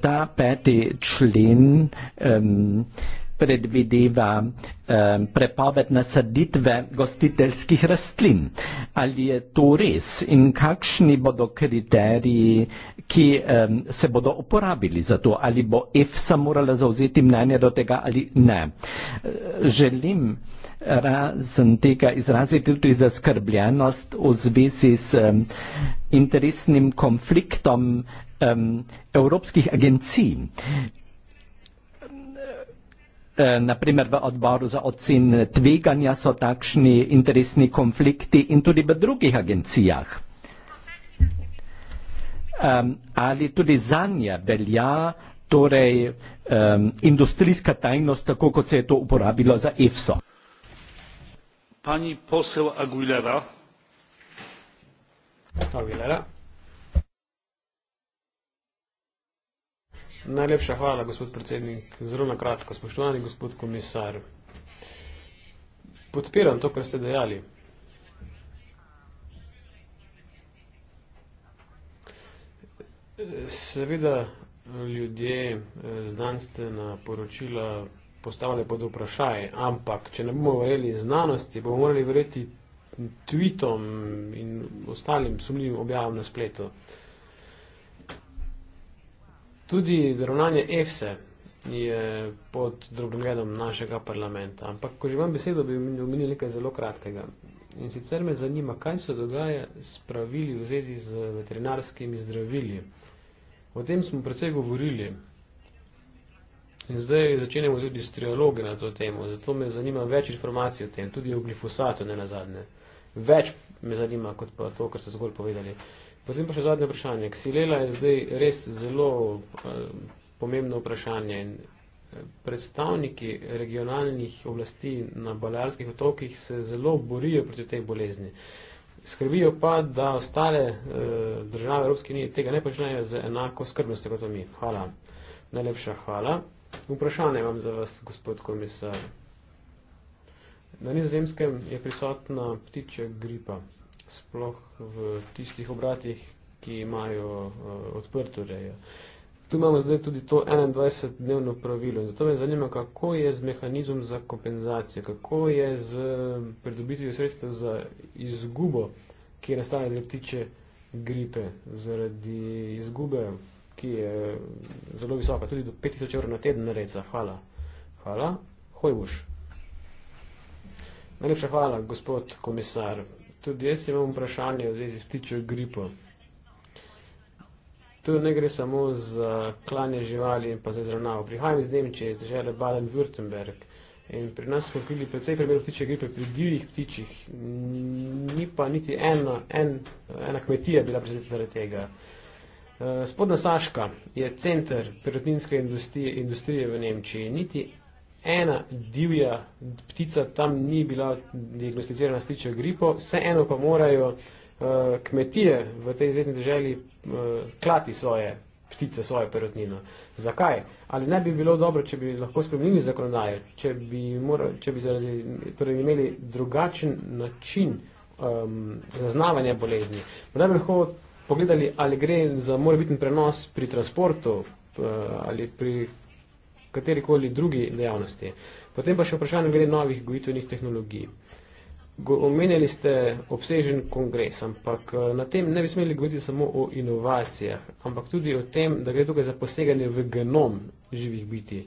Ta peti člen um, predvideva eh, prepoved nasaditve gostiteljskih rastlin. Ali je to res in kakšni bodo kriteriji, ki eh, se bodo uporabili za to? Ali bo EFSA morala zauzeti mnenje do tega ali ne? Eh, želim razen tega izraziti tudi zaskrbljenost v zvezi s eh, interesnim konfliktom eh, evropskih agencij. E, naprimer v odboru za ocen tveganja so takšni interesni konflikti in tudi v drugih agencijah. Um, ali tudi zanje velja torej um, industrijska tajnost, tako kot se je to uporabilo za EFSO. Pani posel Aguilera. Aguilera. Najlepša hvala, gospod predsednik. Zelo na kratko, spoštovani gospod komisar. Podpiram to, kar ste dejali. Seveda ljudje znanstvena poročila postavljajo pod vprašaj, ampak če ne bomo verjeli znanosti, bomo morali verjeti tweetom in ostalim sumljivim objavam na spletu. Tudi ravnanje EFSE je pod drugim gledom našega parlamenta. Ampak, ko že imam besedo, bi omenil nekaj zelo kratkega. In sicer me zanima, kaj se dogaja s pravili v zvezi z veterinarskimi zdravili. O tem smo predvsej govorili. In zdaj začenjamo tudi s trialogi na to temo. Zato me zanima več informacij o tem, tudi o glifosatu, ne na zadnje. Več me zanima, kot pa to, kar ste zgolj povedali. Uh, Potem pa še zadnje vprašanje. Ksilela je zdaj res zelo eh, pomembno vprašanje. Eh, predstavniki regionalnih oblasti na Balearskih otokih se zelo borijo proti tej bolezni. Skrbijo pa, da ostale e, države Evropske unije tega ne počnejo z enako skrbnostjo kot mi. Hvala. Najlepša hvala. Vprašanje imam za vas, gospod komisar. Na nizozemskem je prisotna ptičja gripa sploh v tistih obratih, ki imajo uh, odprto rejo. Tu imamo zdaj tudi to 21-dnevno pravilo in zato me zanima, kako je z mehanizmom za kompenzacijo, kako je z eh, pridobitvijo sredstev za izgubo, ki je nastala zaradi tiče gripe, zaradi izgube, ki je eh, zelo visoka, tudi do 5000 evrov na teden reca. Hvala. Hvala. Hoj boš. Najlepša hvala, gospod komisar. Tudi jaz imam vprašanje v zvezi s ptičjo gripo. Tu ne gre samo za klanje živali in pa za izravnavo. Prihajam iz Nemčije, iz države Baden-Württemberg in pri nas smo bili predvsej primer ptičje gripe pri divjih ptičjih. Ni pa niti ena, en, ena kmetija bila prizadeta zaradi tega. Eh, Spodna Saška je center perutninske industrije, industrije v Nemčiji. Niti ena divja ptica tam ni bila diagnosticirana s tičjo gripo, vseeno pa morajo uh, kmetije v tej zvezdni državi uh, eh, klati svoje ptice, svojo perotnino. Zakaj? Ali ne bi bilo dobro, če bi lahko spremenili zakonodajo, če bi, morali, če bi zaradi, torej imeli drugačen način um, zaznavanja bolezni? Morda bi lahko pogledali, ali gre za morebitni prenos pri transportu uh, ali pri katerikoli drugi dejavnosti. Potem pa še vprašanje glede novih gojitvenih tehnologij. Go, omenjali ste obsežen kongres, ampak eh, na tem ne bi smeli govoriti samo o inovacijah, ampak tudi o tem, da gre tukaj za poseganje v genom živih biti.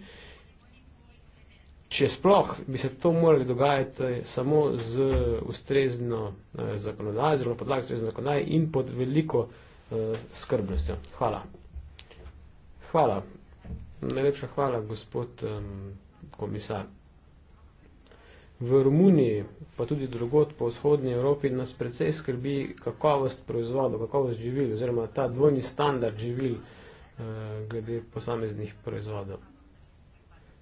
Če sploh bi se to morali dogajati eh, samo z ustrezno eh, zakonodajo, zelo podlago ustrezno zakonodajo in pod veliko eh, skrbnostjo. Hvala. Hvala. Najlepša hvala, gospod um, komisar. V Romuniji, pa tudi drugot po vzhodni Evropi, nas precej skrbi kakovost proizvodov, kakovost živil, oziroma ta dvojni standard živil uh, glede posameznih proizvodov.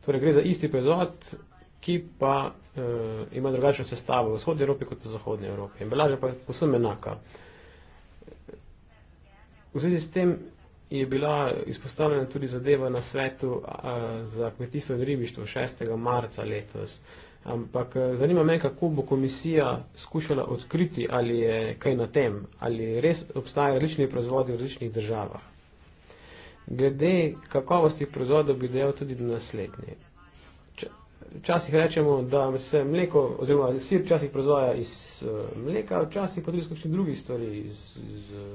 Torej, gre za isti proizvod, ki pa uh, ima drugačno sestavo v vzhodni Evropi kot v zahodni Evropi. Embalaža pa je posebno enaka. V zvezi s tem je bila izpostavljena tudi zadeva na svetu uh, za kmetijstvo in ribištvo 6. marca letos. Ampak zanima me, kako bo komisija skušala odkriti, ali je kaj na tem, ali res obstajajo različni proizvodi v različnih državah. Glede kakovosti proizvodov bi dejal tudi do naslednje. Včasih rečemo, da se mleko oziroma sir včasih proizvaja iz e, mleka, včasih pa tudi iz kakšnih drugih stvari, iz, iz e,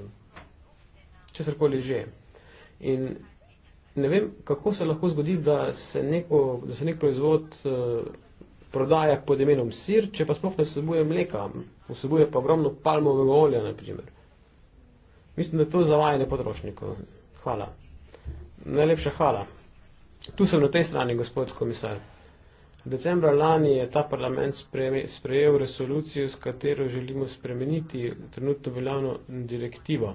česarkoli že. In ne vem, kako se lahko zgodi, da se, neko, da se nek proizvod eh, prodaja pod imenom sir, če pa sploh ne vsebuje mleka, vsebuje pa ogromno palmovega olja, na primer. Mislim, da je to zavajanje potrošnikov. Hvala. Najlepša hvala. Tu sem na tej strani, gospod komisar. Decembra lani je ta parlament sprejel resolucijo, s katero želimo spremeniti trenutno veljavno direktivo.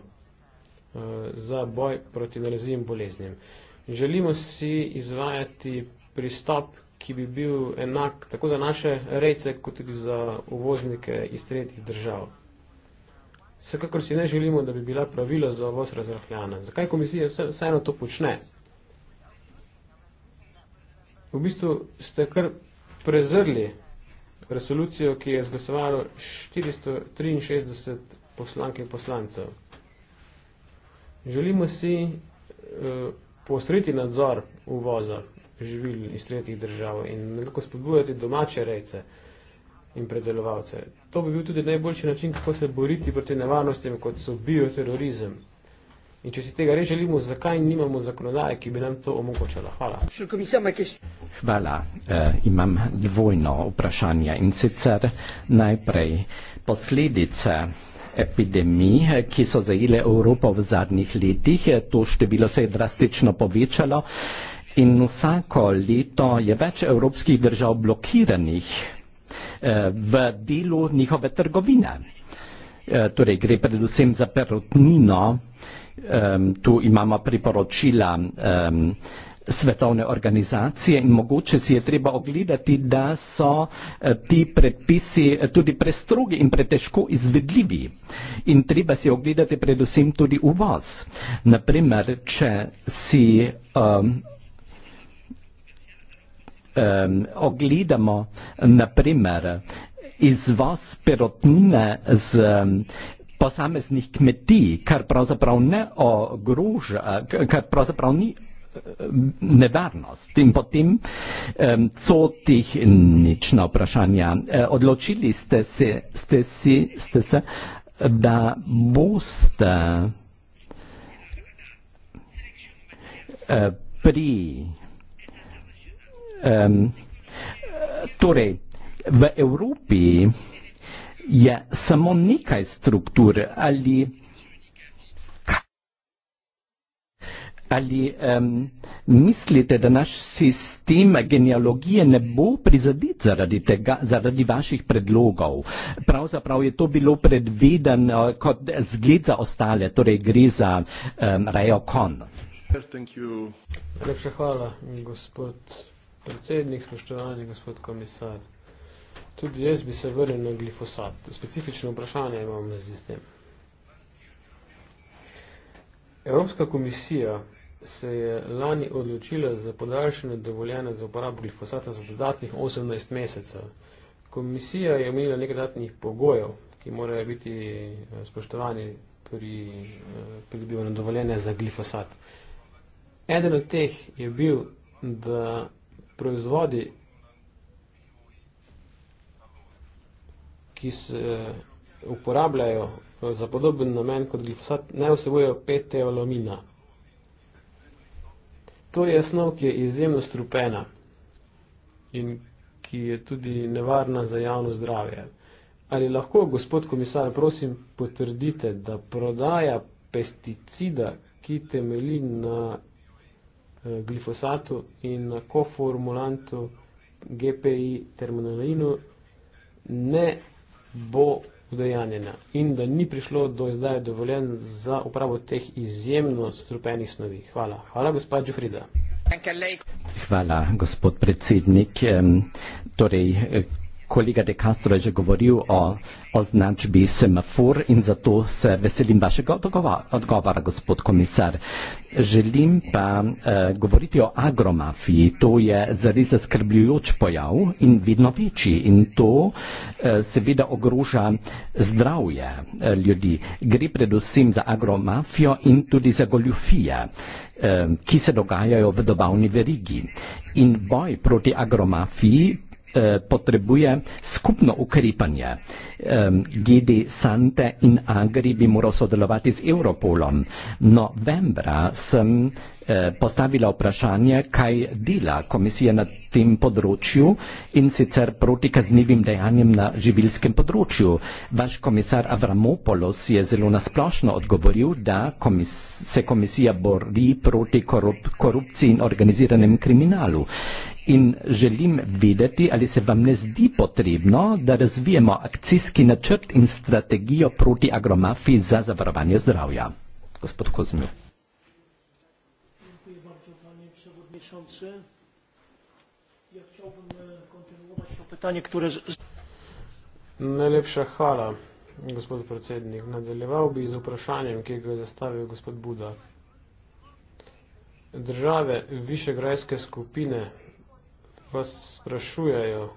Eh, za boj proti nalezljivim boleznim. Želimo si izvajati pristop, ki bi bil enak tako za naše rejce, kot tudi za uvoznike iz tretjih držav. Vsekakor si ne želimo, da bi bila pravila za ovoz razrahljana. Zakaj komisija vseeno to počne? V bistvu ste kar prezrli resolucijo, ki je izglasovalo 463 poslank in poslancev. Želimo si eh, postriti nadzor uvoza živil iz tretjih držav in nekako spodbujati domače rejce in predelovalce. To bi bil tudi najboljši način, kako se boriti proti nevarnostim, kot so bioterorizem. In če si tega res želimo, zakaj nimamo zakonodaje, ki bi nam to omogočala? Hvala. Hvala. E, imam dvojno vprašanje. In sicer najprej posledice epidemij, ki so zajele Evropo v zadnjih letih. To število se je drastično povečalo in vsako leto je več evropskih držav blokiranih eh, v delu njihove trgovine. Eh, torej gre predvsem za perotnino, tu imamo priporočila svetovne organizacije in mogoče si je treba ogledati, da so eh, ti predpisi eh, tudi prestrogi in pretežko izvedljivi. In treba si ogledati predvsem tudi uvoz. Naprimer, če si um, um, ogledamo, naprimer, izvoz perotnine z ehm, posameznih kmetij, kar pravzaprav ne ogroža, kar pravzaprav ni nevarnost. In potem, co tih nična vprašanja, e, odločili ste se, ste si, ste se, da boste e, pri um, torej v Evropi je samo nekaj struktur ali ali um, mislite, da naš sistem genealogije ne bo prizadet zaradi, tega, zaradi vaših predlogov? Pravzaprav je to bilo predvideno kot zgled za ostale, torej gre za um, rejo kon. Lepša hvala, gospod predsednik, spoštovani gospod komisar. Tudi jaz bi se vrnil na glifosat. Specifično vprašanje imam na sistem. Evropska komisija se je lani odločila za podaljšanje dovoljene za uporabo glifosata za dodatnih 18 mesecev. Komisija je omenila nekaj dodatnih pogojev, ki morajo biti eh, spoštovani pri eh, pridobivanju dovoljenja za glifosat. Eden od teh je bil, da proizvodi, ki se eh, uporabljajo za podoben namen kot glifosat, ne vsebojo 5 teolomina. To je snov, ki je izjemno strupena in ki je tudi nevarna za javno zdravje. Ali lahko, gospod komisar, prosim, potrdite, da prodaja pesticida, ki temeli na eh, glifosatu in na koformulantu GPI terminalinu, ne bo udejanjena in da ni prišlo do izdaje dovoljen za upravo teh izjemno strupenih snovi. Hvala. Hvala, gospa Džufrida. Hvala, gospod predsednik. Torej, kolega De Castro je že govoril o označbi semafor in zato se veselim vašega odgovora, gospod komisar. Želim pa uh, govoriti o agromafiji. To je zares zaskrbljujoč pojav in vidno večji in to uh, seveda ogroža zdravje uh, ljudi. Gre predvsem za agromafijo in tudi za goljufije, uh, ki se dogajajo v dobavni verigi. In boj proti agromafiji Eh, potrebuje skupno ukrepanje. Gidi Sante in Agri bi moral sodelovati z Europolom. Novembra sem eh, postavila vprašanje, kaj dela komisija na tem področju in sicer proti kaznivim dejanjem na živilskem področju. Vaš komisar Avramopoulos je zelo nasplošno odgovoril, da komis se komisija bori proti korup korupciji in organiziranem kriminalu in želim vedeti, ali se vam ne zdi potrebno, da razvijemo akcijski načrt in strategijo proti agromafiji za zavarovanje zdravja. Gospod Kozmiu. Najlepša hvala, gospod predsednik. Nadaljeval bi z vprašanjem, ki ga je zastavil gospod Buda. Države višegrajske skupine vas sprašujejo,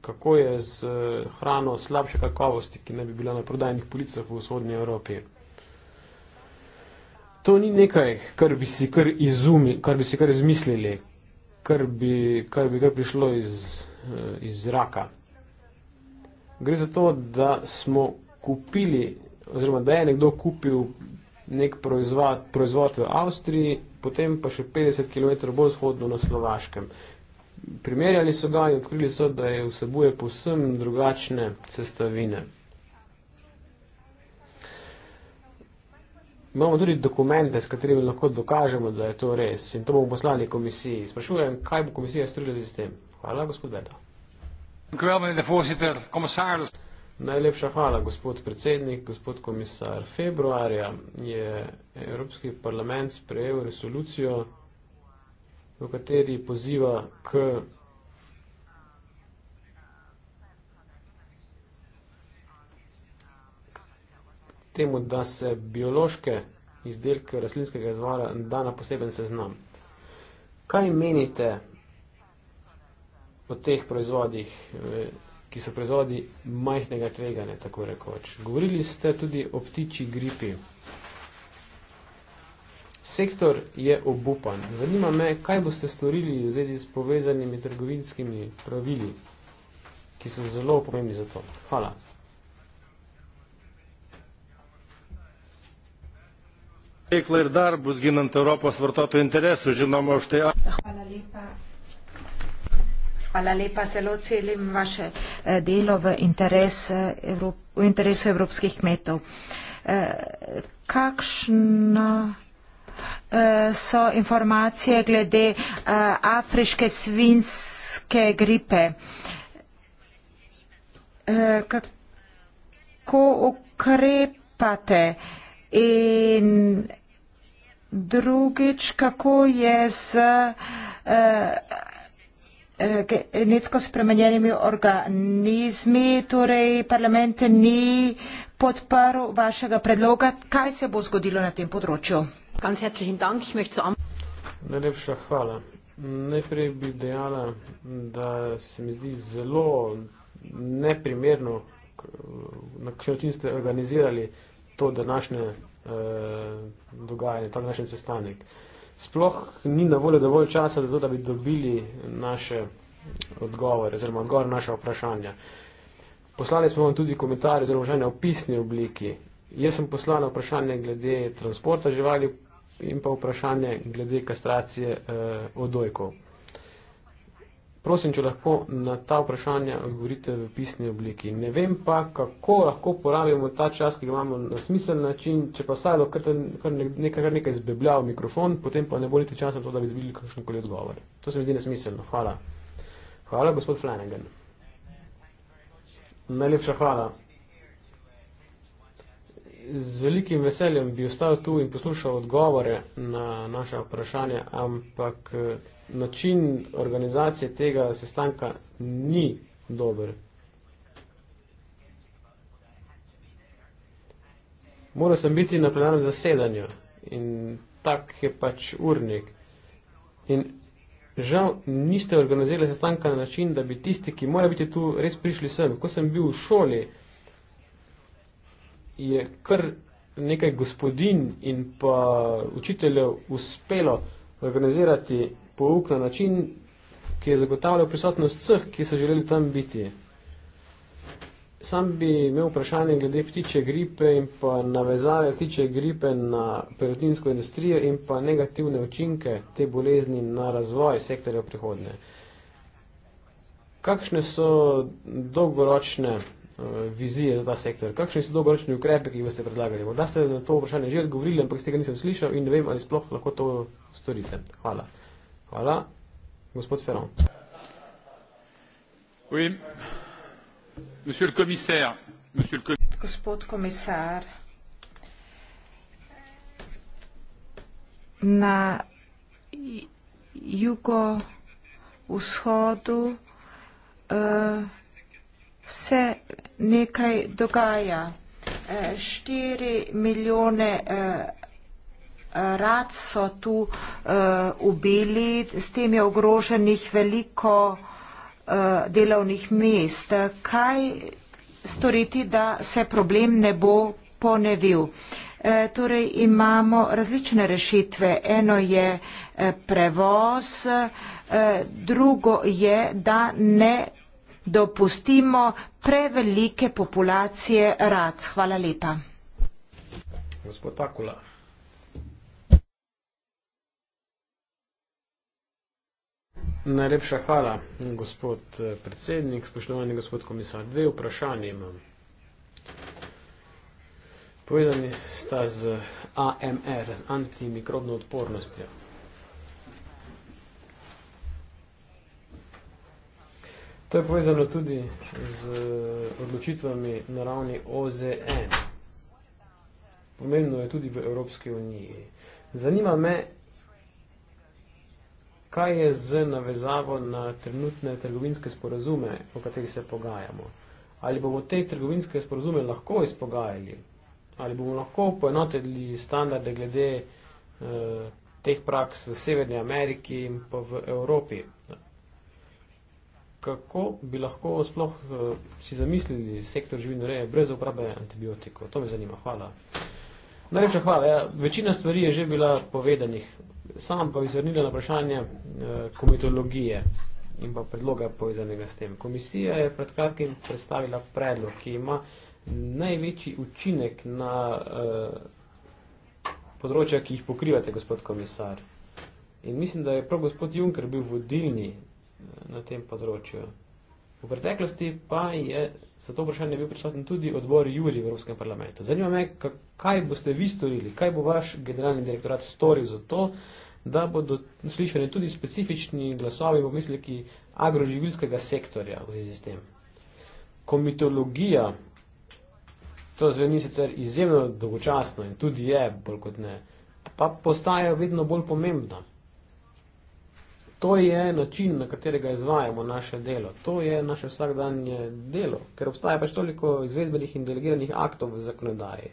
kako je z eh, hrano slabše kakovosti, ki naj bi bila na prodajnih policah v vzhodnji Evropi. To ni nekaj, kar bi si kar, izumi, kar, bi si kar izmislili, kar bi kar, bi kar prišlo iz, eh, iz zraka. Gre za to, da smo kupili, oziroma da je nekdo kupil nek proizvod, proizvod v Avstriji, potem pa še 50 km bolj vzhodno na Slovaškem primerjali so ga in odkrili so, da je vsebuje povsem drugačne sestavine. Imamo tudi dokumente, s katerimi lahko dokažemo, da je to res in to bomo poslali komisiji. Sprašujem, kaj bo komisija storila z tem. Hvala, gospod Beda. Najlepša hvala, gospod predsednik, gospod komisar. Februarja je Evropski parlament sprejel resolucijo v kateri poziva k temu, da se biološke izdelke rastlinskega izvora da na poseben seznam. Kaj menite o teh proizvodih, eh, ki so proizvodi majhnega tveganja, tako rekoč? Govorili ste tudi o ptiči gripi. Sektor je obupan. Zanima me, kaj boste storili v zvezi s povezanimi trgovinskimi pravili, ki so zelo pomembni za to. Hvala. Hvala lepa. Hvala lepa, zelo celim vaše eh, delo v, interes, eh, v interesu evropskih kmetov. Eh, kakšna Eh, so informacije glede eh, afriške svinske gripe. Eh, kako ukrepate in drugič, kako je z genetsko spremenjenimi organizmi, torej parlament ni podprl vašega predloga, kaj se bo zgodilo na tem področju? Ganz herzlichen Dank. Ich möchte zu Najlepša hvala. Najprej bi dejala, da se mi zdi zelo neprimerno, na kakšen način ste organizirali to današnje eh, dogajanje, ta današnji sestanek. Sploh ni na voljo dovolj časa, da, to, da bi dobili naše odgovore oziroma odgovore na naše vprašanja. Poslali smo vam tudi komentarje, zelo že v pisni obliki. Jaz sem poslala vprašanje glede transporta živali in pa vprašanje glede kastracije eh, odojkov. Prosim, če lahko na ta vprašanja odgovorite v pisni obliki. Ne vem pa, kako lahko porabimo ta čas, ki ga imamo na smisel način, če pa vsaj kar nekaj, kar nekaj izbebljal mikrofon, potem pa ne bolite časa to, da bi dobili kakšen koli odgovor. To se mi zdi nesmiselno. Hvala. Hvala, gospod Flanagan. Najlepša hvala z velikim veseljem bi ostal tu in poslušal odgovore na naše vprašanje, ampak eh, način organizacije tega sestanka ni dober. Moral sem biti na plenarnem zasedanju in tak je pač urnik. In žal niste organizirali sestanka na način, da bi tisti, ki mora biti tu, res prišli sem. Ko sem bil v šoli, je kar nekaj gospodin in pa učiteljev uspelo organizirati pouk na način, ki je zagotavljal prisotnost vseh, ki so želeli tam biti. Sam bi imel vprašanje glede ptiče gripe in pa navezave ptiče gripe na perutninsko industrijo in pa negativne učinke te bolezni na razvoj sektorja prihodnje. Kakšne so dolgoročne uh, vizije za ta sektor. Kakšni so dolgoročni ukrepe, ki jih boste predlagali? Morda ste na to vprašanje že odgovorili, ampak tega nisem slišal in ne vem, ali sploh lahko to storite. Hvala. Hvala. Gospod Ferron. Oui. Monsieur le commissaire. Monsieur le commissaire. Gospod komisar. Na jugovzhodu uh, se nekaj dogaja. 4 e, milijone e, rad so tu e, ubili, s tem je ogroženih veliko delovnih mest. Kaj storiti, da se problem ne bo ponevil? Torej imamo različne rešitve. Eno je prevoz, drugo je, da ne dopustimo prevelike populacije rac. Hvala lepa. Najlepša hvala, gospod eh, predsednik, spoštovani gospod komisar. Dve vprašanje imam. Povezani sta z AMR, z antimikrobno odpornostjo. To je povezano tudi z eh, odločitvami na ravni OZN. Pomembno je tudi v Evropski uniji. Zanima me, kaj je z navezavo na trenutne trgovinske sporazume, o katerih se pogajamo. Ali bomo te trgovinske sporazume lahko izpogajali? Ali bomo lahko poenotili standarde glede eh, teh praks v Severni Ameriki in pa v Evropi? kako bi lahko sploh uh, si zamislili sektor živinoreje brez uporabe antibiotikov. To me zanima. Hvala. Najlepša hvala. Ja. Večina stvari je že bila povedanih. Sam pa bi se vrnila na vprašanje uh, komitologije in pa predloga povezanega s tem. Komisija je pred kratkim predstavila predlog, ki ima največji učinek na uh, področja, ki jih pokrivate, gospod komisar. In mislim, da je prav gospod Juncker bil vodilni na tem področju. V preteklosti pa je za to vprašanje bil prisoten tudi odbor Juri v Evropskem parlamentu. Zanima me, kaj boste vi storili, kaj bo vaš generalni direktorat storil za to, da bodo slišali tudi specifični glasovi v misliki agroživilskega sektorja v zvezi s tem. Komitologija, to zveni sicer izjemno dolgočasno in tudi je, bolj kot ne, pa postaja vedno bolj pomembna. To je način, na katerega izvajamo naše delo. To je naše vsakdanje delo, ker obstaja pač toliko izvedbenih in delegiranih aktov v zakonodaji.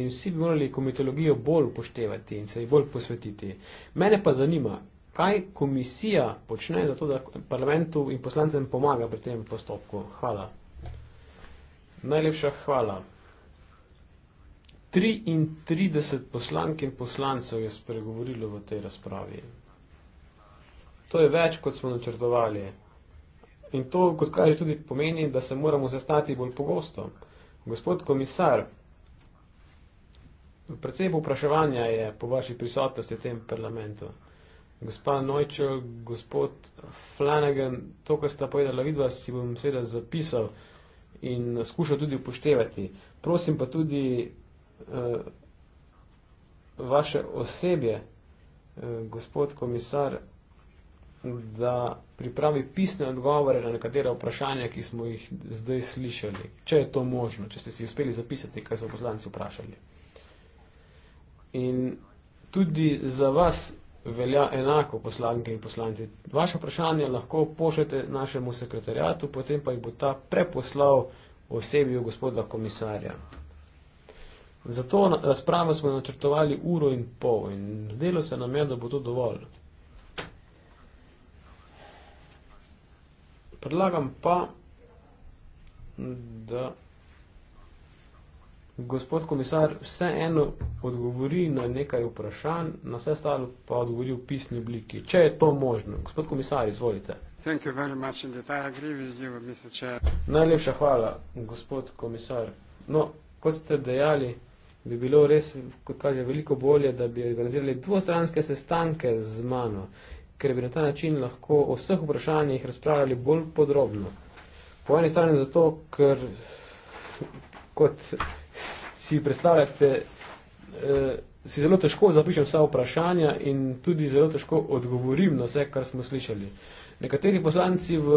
In vsi bi morali komitologijo bolj upoštevati in se ji bolj posvetiti. Mene pa zanima, kaj komisija počne za to, da parlamentu in poslancem pomaga pri tem postopku. Hvala. Najlepša hvala. 33 poslank in poslancev je spregovorilo v tej razpravi. To je več, kot smo načrtovali. In to, kot kaže, tudi pomeni, da se moramo sestati bolj pogosto. Gospod komisar, predvsej povpraševanja je po vaši prisotnosti v tem parlamentu. Gospa Nojčo, gospod Flanagan, to, kar ste povedali, vidva si bom seveda zapisal in skušal tudi upoštevati. Prosim pa tudi uh, vaše osebje, uh, gospod komisar da pripravi pisne odgovore na nekatere vprašanja, ki smo jih zdaj slišali. Če je to možno, če ste si uspeli zapisati, kaj so poslanci vprašali. In tudi za vas velja enako, poslanke in poslanci. Vaše vprašanje lahko pošljete našemu sekretarjatu, potem pa jih bo ta preposlal osebju gospoda komisarja. Zato razpravo smo načrtovali uro in pol in zdelo se nam je, da bo to dovolj. Predlagam pa, da gospod komisar vseeno odgovori na nekaj vprašanj, na vse stalo pa odgovori v pisni obliki, če je to možno. Gospod komisar, izvolite. Najlepša hvala, gospod komisar. No, kot ste dejali, bi bilo res, kot kaže, veliko bolje, da bi organizirali dvostranske sestanke z mano ker bi na ta način lahko o vseh vprašanjih razpravljali bolj podrobno. Po eni strani zato, ker kot si predstavljate, eh, si zelo težko zapišem vsa vprašanja in tudi zelo težko odgovorim na vse, kar smo slišali. Nekateri poslanci v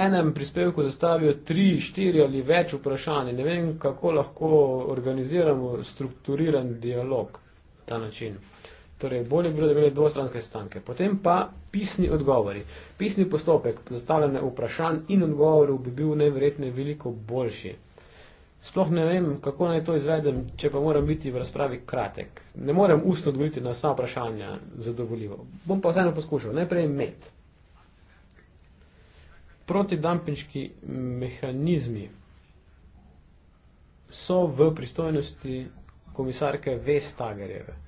enem prispevku zastavijo tri, štiri ali več vprašanj. Ne vem, kako lahko organiziramo strukturiran dialog na ta način. Uh, Torej, bolje bi bilo, da bi dvostranske stanke. Potem pa pisni odgovori. Pisni postopek zastavljanja vprašanj in odgovorov bi bil najverjetne veliko boljši. Sploh ne vem, kako naj to izvedem, če pa moram biti v razpravi kratek. Ne morem ustno odgovoriti na vsa vprašanja zadovoljivo. Bom pa vseeno poskušal. Najprej med. Protidampinški mehanizmi so v pristojnosti komisarke Vestagerjeve.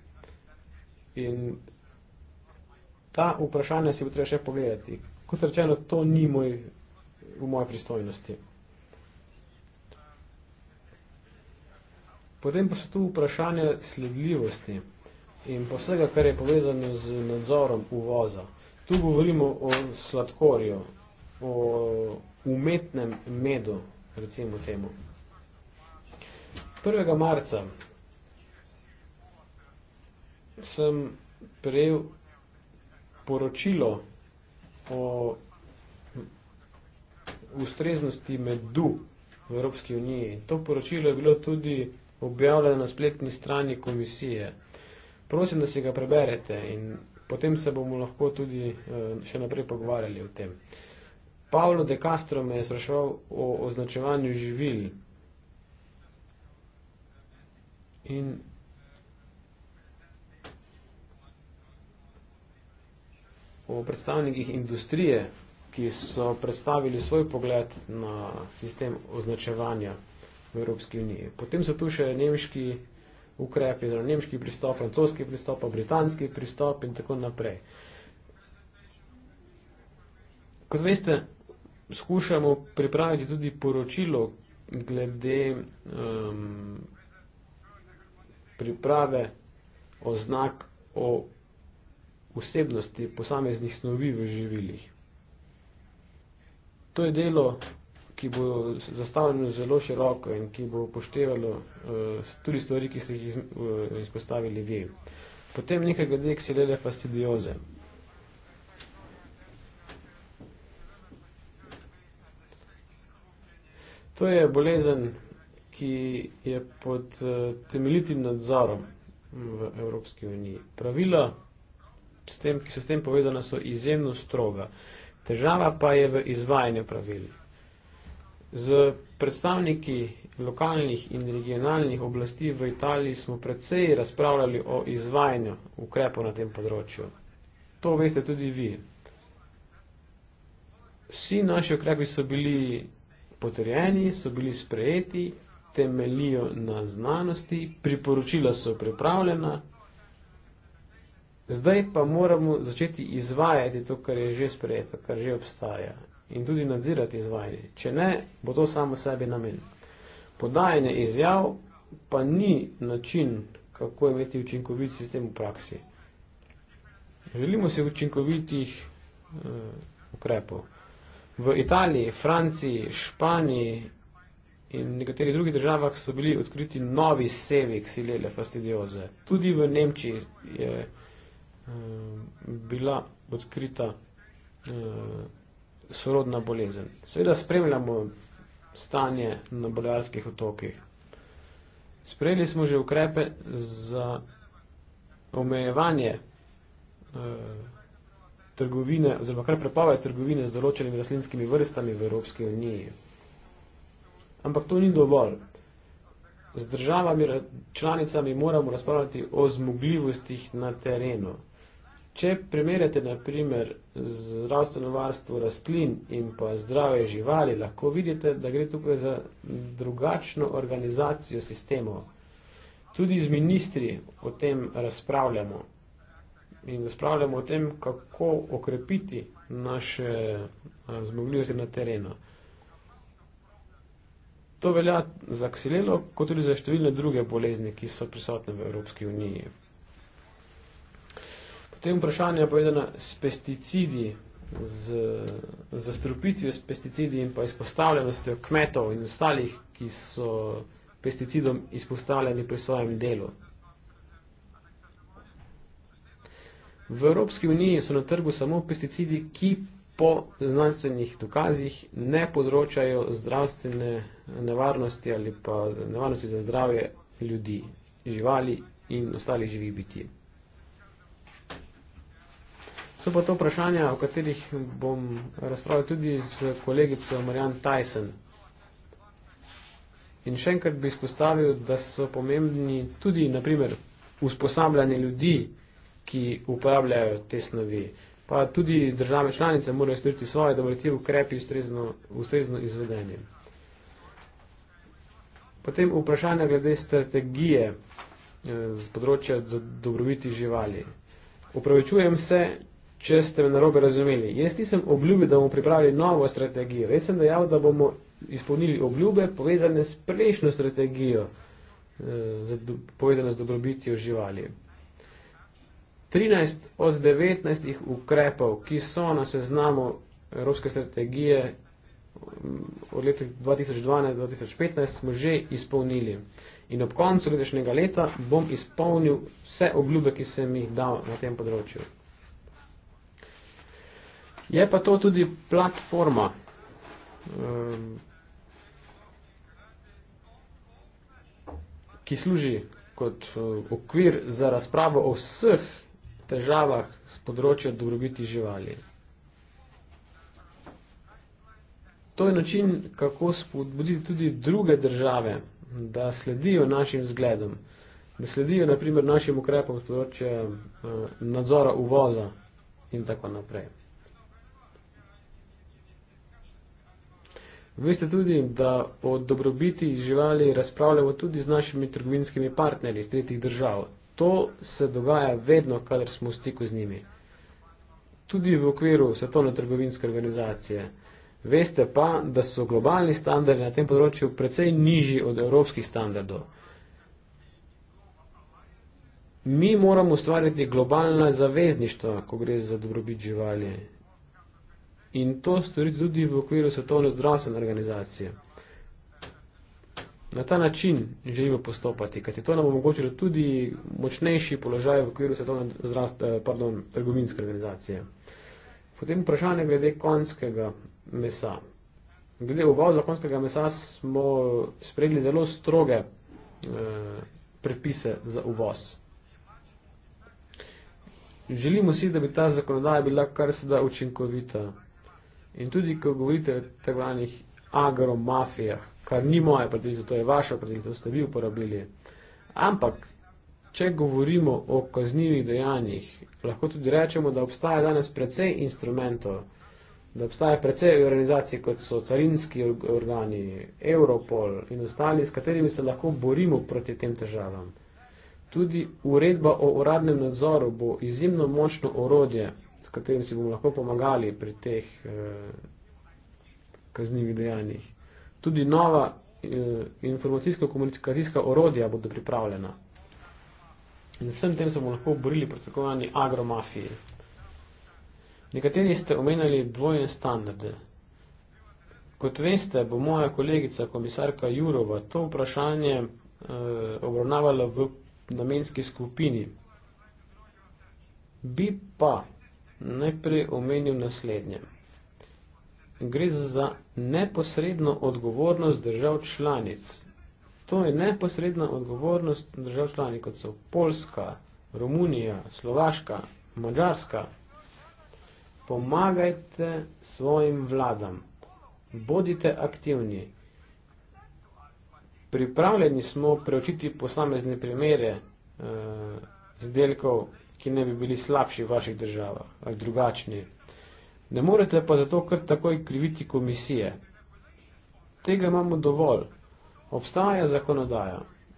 In ta vprašanja si bo treba še pogledati. Kot rečeno, to ni moj, v moji pristojnosti. Potem pa so tu vprašanje sledljivosti in pa vsega, kar je povezano z nadzorom uvoza. Tu govorimo o sladkorju, o umetnem medu, recimo temu. 1. marca sem prejel poročilo o ustreznosti med du v Evropski uniji. To poročilo je bilo tudi objavljeno na spletni strani komisije. Prosim, da si ga preberete in potem se bomo lahko tudi eh, še naprej pogovarjali o tem. Pavlo De Castro me je spraševal o označevanju živil. In o predstavnikih industrije, ki so predstavili svoj pogled na sistem označevanja v Evropski uniji. Potem so tu še nemški ukrepi, zelo torej nemški pristop, francoski pristop, pa britanski pristop in tako naprej. Kot veste, skušamo pripraviti tudi poročilo glede um, priprave oznak o vsebnosti posameznih snovi v živilih. To je delo, ki bo zastavljeno zelo široko in ki bo upoštevalo uh, tudi stvari, ki ste jih iz, uh, izpostavili vi. Potem nekaj glede ksilele fastidioze. To je bolezen, ki je pod uh, temeljitim nadzorom v Evropski uniji. Pravila tem, ki so s tem povezana, so izjemno stroga. Težava pa je v izvajanju pravil. Z predstavniki lokalnih in regionalnih oblasti v Italiji smo precej razpravljali o izvajanju ukrepov na tem področju. To veste tudi vi. Vsi naši ukrepi so bili potrjeni, so bili sprejeti, temelijo na znanosti, priporočila so pripravljena, Zdaj pa moramo začeti izvajati to, kar je že sprejeto, kar že obstaja in tudi nadzirati izvajanje. Če ne, bo to samo sebi namen. Podajanje izjav pa ni način, kako imeti učinkovit sistem v praksi. Želimo se učinkovitih uh, ukrepov. V Italiji, Franciji, Španiji in nekaterih drugih državah so bili odkriti novi sevi ksilele fastidioze. Tudi v Nemčiji je. Uh, Eh, bila odkrita eh, sorodna bolezen. Seveda spremljamo stanje na bolgarskih otokih. Sprejeli smo že ukrepe za omejevanje eh, trgovine oziroma kar prepove trgovine z določenimi rastlinskimi vrstami v Evropski uniji. Ampak to ni dovolj. Z državami, članicami moramo razpravljati o zmogljivostih na terenu. Če primerjate naprimer zdravstveno varstvo rastlin in pa zdrave živali, lahko vidite, da gre tukaj za drugačno organizacijo sistemov. Tudi z ministri o tem razpravljamo in razpravljamo o tem, kako okrepiti naše zmogljivosti na terenu. To velja za ksilelo, kot tudi za številne druge bolezni, ki so prisotne v Evropski uniji tem vprašanju je povedana s pesticidi, z zastrupitvijo s pesticidi in pa izpostavljenostjo kmetov in ostalih, ki so pesticidom izpostavljeni pri svojem delu. V Evropski uniji so na trgu samo pesticidi, ki po znanstvenih dokazih ne področajo zdravstvene nevarnosti ali pa nevarnosti za zdravje ljudi, živali in ostalih živih bitij. So pa to vprašanja, o katerih bom razpravljal tudi z kolegico Marjan Tyson. In še enkrat bi izpostavil, da so pomembni tudi, naprimer, usposabljanje ljudi, ki uporabljajo te snovi. Pa tudi države članice morajo storiti svoje, da bodo ti ukrepi ustrezno, ustrezno izvedeni. Potem vprašanje glede strategije eh, z področja dobrobiti živali. Upravičujem se, če ste me narobe razumeli. Jaz nisem obljubil, da bomo pripravili novo strategijo. Jaz sem dejal, da bomo izpolnili obljube povezane s prejšnjo strategijo, eh, povezane z dobrobitjo živali. 13 od 19 ukrepov, ki so na seznamu Evropske strategije mm, od leta 2012-2015, smo že izpolnili. In ob koncu letošnjega leta bom izpolnil vse obljube, ki sem jih dal na tem področju. Je pa to tudi platforma. Um, Ki služi kot eh, okvir za razpravo o vseh težavah z področja dobrobiti živali. To je način, kako spodbuditi tudi druge države, da sledijo našim zgledom, da sledijo naprimer našim ukrepom z področja eh, nadzora uvoza in tako naprej. Veste tudi, da o dobrobiti živali razpravljamo tudi z našimi trgovinskimi partnerji iz tretjih držav. To se dogaja vedno, kadar smo v stiku z njimi. Tudi v okviru Svetovne trgovinske organizacije. Veste pa, da so globalni standardi na tem področju precej nižji od evropskih standardov. Mi moramo ustvarjati globalna zavezništva, ko gre za dobrobit živali in to storiti tudi v okviru Svetovne zdravstvene organizacije. Na ta način želimo postopati, kajti to nam omogočilo tudi močnejši položaj v okviru Svetovne zdravst, eh, pardon, trgovinske organizacije. Potem vprašanje glede konjskega mesa. Glede uvoza konjskega mesa smo sprejeli zelo stroge eh, prepise za uvoz. Želimo si, da bi ta zakonodaja bila kar se da učinkovita. In tudi, ko govorite o tako imenih agromafijah, kar ni moje predvidevanje, to je vaše predvidevanje, ste vi uporabili. Ampak, če govorimo o kaznjivih dejanjih, lahko tudi rečemo, da obstaja danes precej instrumentov, da obstaja precej organizacij, kot so carinski organi, Europol in ostali, s katerimi se lahko borimo proti tem težavam. Tudi uredba o uradnem nadzoru bo izjemno močno orodje s katerim si bomo lahko pomagali pri teh eh, kaznjivih dejanjih. Tudi nova eh, informacijsko-komunikacijska orodja bodo pripravljena. In vsem tem se bomo lahko borili proti tako imenovani agromafiji. Nekateri ste omenjali dvojne standarde. Kot veste, bo moja kolegica, komisarka Jurova, to vprašanje eh, obravnavala v namenski skupini. Bi pa Najprej omenim naslednje. Gre za neposredno odgovornost držav članic. To je neposredna odgovornost držav članic, kot so Polska, Romunija, Slovaška, Mačarska. Pomagajte svojim vladam, bodite aktivni. Pripravljeni smo preučiti posamezne primere eh, zdelkov ki ne bi bili slabši v vaših državah ali drugačni. Ne morete pa zato kar takoj kriviti komisije. Tega imamo dovolj. Obstaja zakonodaja,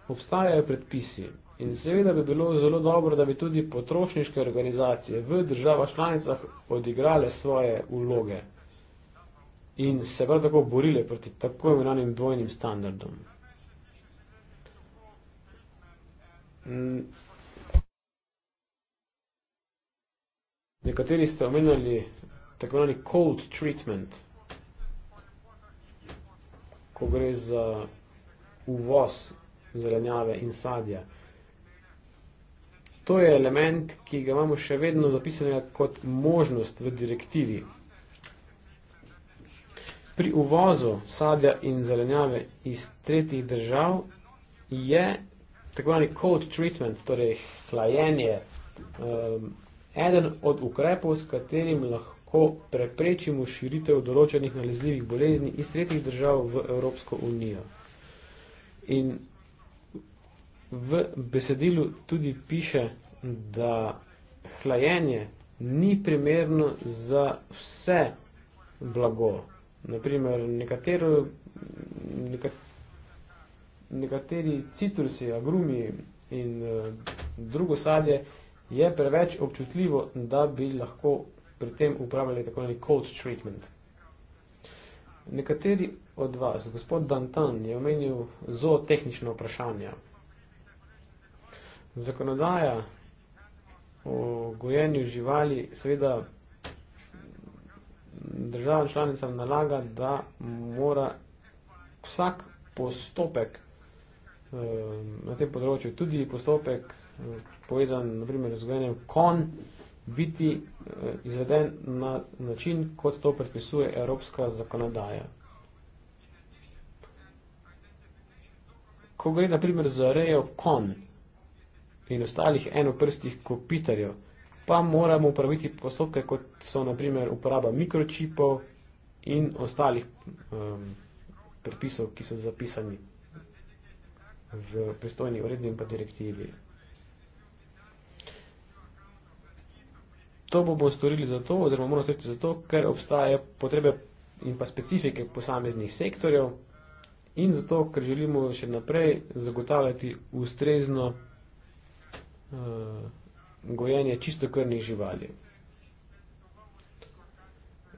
obstajajo predpisi in seveda bi bilo zelo dobro, da bi tudi potrošniške organizacije v državah članicah odigrale svoje uloge in se prav tako borile proti tako imenovanim dvojnim standardom. Nekateri ste omenjali tako nani cold treatment, ko gre za uvoz zelenjave in sadja. To je element, ki ga imamo še vedno zapisanega kot možnost v direktivi. Pri uvozu sadja in zelenjave iz tretjih držav je tako nani cold treatment, torej hlajenje, um, eden od ukrepov, s katerim lahko preprečimo širitev določenih nalezljivih bolezni iz tretjih držav v Evropsko unijo. In v besedilu tudi piše, da hlajenje ni primerno za vse blago. Naprimer, nekatero, neka, nekateri citrusi, agrumi in eh, drugo sadje je preveč občutljivo, da bi lahko pri tem upravljali tako neki cold treatment. Nekateri od vas, gospod Dantan, je omenil zootehnično vprašanje. Zakonodaja o gojenju živali seveda državam članicam nalaga, da mora vsak postopek eh, na tem področju, tudi postopek povezan naprimer, z gojenjem kon, biti eh, izveden na način, kot to predpisuje evropska zakonodaja. Ko gre naprimer za rejo kon in ostalih enoprstih kopitarjev, pa moramo upraviti postopke, kot so naprimer uporaba mikročipov in ostalih um, predpisov, ki so zapisani v pristojni uredbi in pa direktivi. to bomo storili zato, oziroma moramo storiti zato, ker obstajajo potrebe in pa specifike posameznih sektorjev in zato, ker želimo še naprej zagotavljati ustrezno uh, gojenje čistokrvnih živali.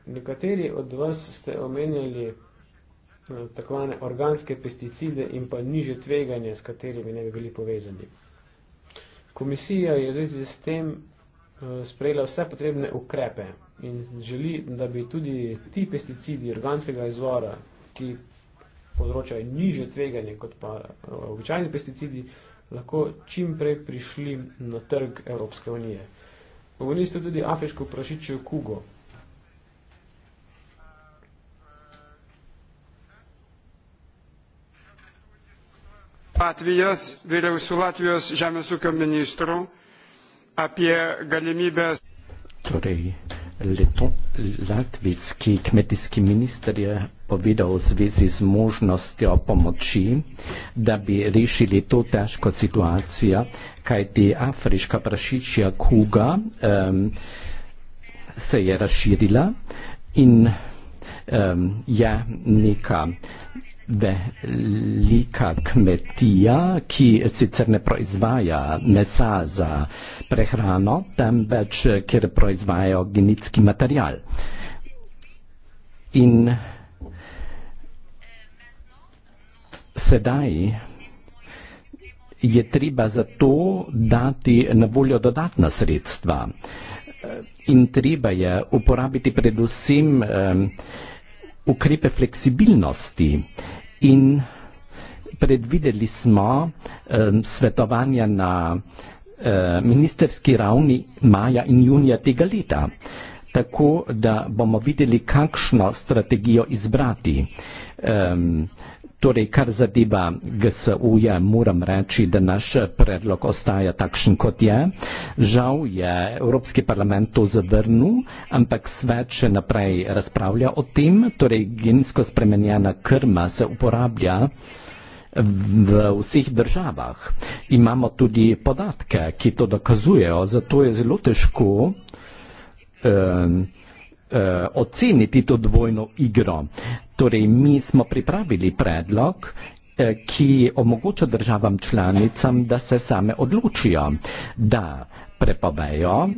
Nekateri od vas ste omenjali uh, tako vane organske pesticide in pa niže tveganje, s katerimi ne bi bili povezani. Komisija je v zvezi s tem Eh, sprejela vse potrebne ukrepe in želi, da bi tudi ti pesticidi organskega izvora, ki povzročajo niže tveganje kot pa eh, običajni pesticidi, lahko čim prej prišli na trg Evropske unije. Govorili ste tudi afriško prašičjo kugo. Latvijos, vėliau su Latvijos žemės ūkio ministru, apie galimybę. Torej, Latvijski kmetijski minister je povedal v zvezi z možnostjo pomoči, da bi rešili to težko situacijo, kajti afriška prašičja kuga um, se je razširila in um, je neka velika kmetija, ki sicer ne proizvaja mesa za prehrano, temveč kjer proizvajajo genetski material. In sedaj je treba za to dati na voljo dodatna sredstva in treba je uporabiti predvsem um, ukrepe fleksibilnosti. In predvideli smo um, svetovanja na um, ministerski ravni maja in junija tega leta, tako da bomo videli, kakšno strategijo izbrati. Um, Torej, kar zadeva GSU-ja, moram reči, da naš predlog ostaja takšen, kot je. Žal je Evropski parlament to zavrnil, ampak svet še naprej razpravlja o tem. Torej, gensko spremenjena krma se uporablja v vseh državah. Imamo tudi podatke, ki to dokazujejo, zato je zelo težko. Um, uh, oceniti to dvojno igro. Torej, mi smo pripravili predlog, uh, ki omogoča državam članicam, da se same odločijo, da prepovejo uh,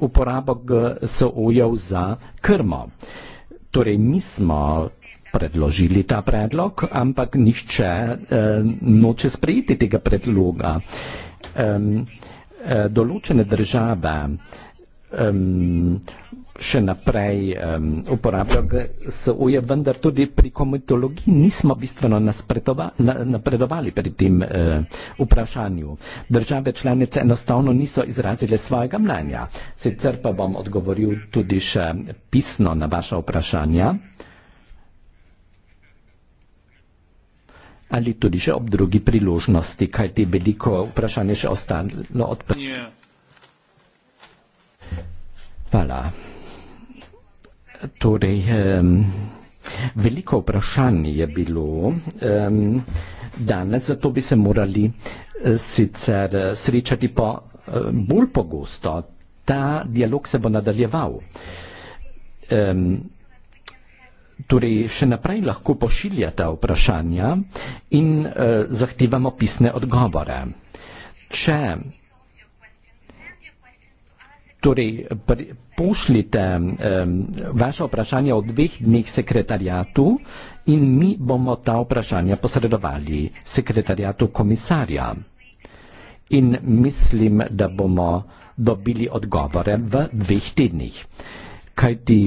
uporabo GSO-jev za krmo. Torej, mi smo predložili ta predlog, ampak nišče uh, noče sprejeti tega predloga. Um, določene države um, še naprej um, uporabljajo GSO-je, vendar tudi pri komitologiji nismo bistveno na, napredovali pri tem uh, vprašanju. Države članice enostavno niso izrazile svojega mnenja. Sicer pa bom odgovoril tudi še pisno na vaše vprašanja. Ali tudi še ob drugi priložnosti, kaj ti veliko vprašanje še ostalo odprto. Hvala. Yeah. Torej, um, veliko vprašanj je bilo um, danes, zato bi se morali uh, sicer uh, srečati po, uh, bolj pogosto. Ta dialog se bo nadaljeval. Um, torej, še naprej lahko pošiljate vprašanja in uh, zahtevamo pisne odgovore. Če Torej, pošljite um, vaše vprašanje o dveh dneh sekretarijatu in mi bomo ta vprašanja posredovali sekretarijatu komisarja. In mislim, da bomo dobili odgovore v dveh tednih. Kajti,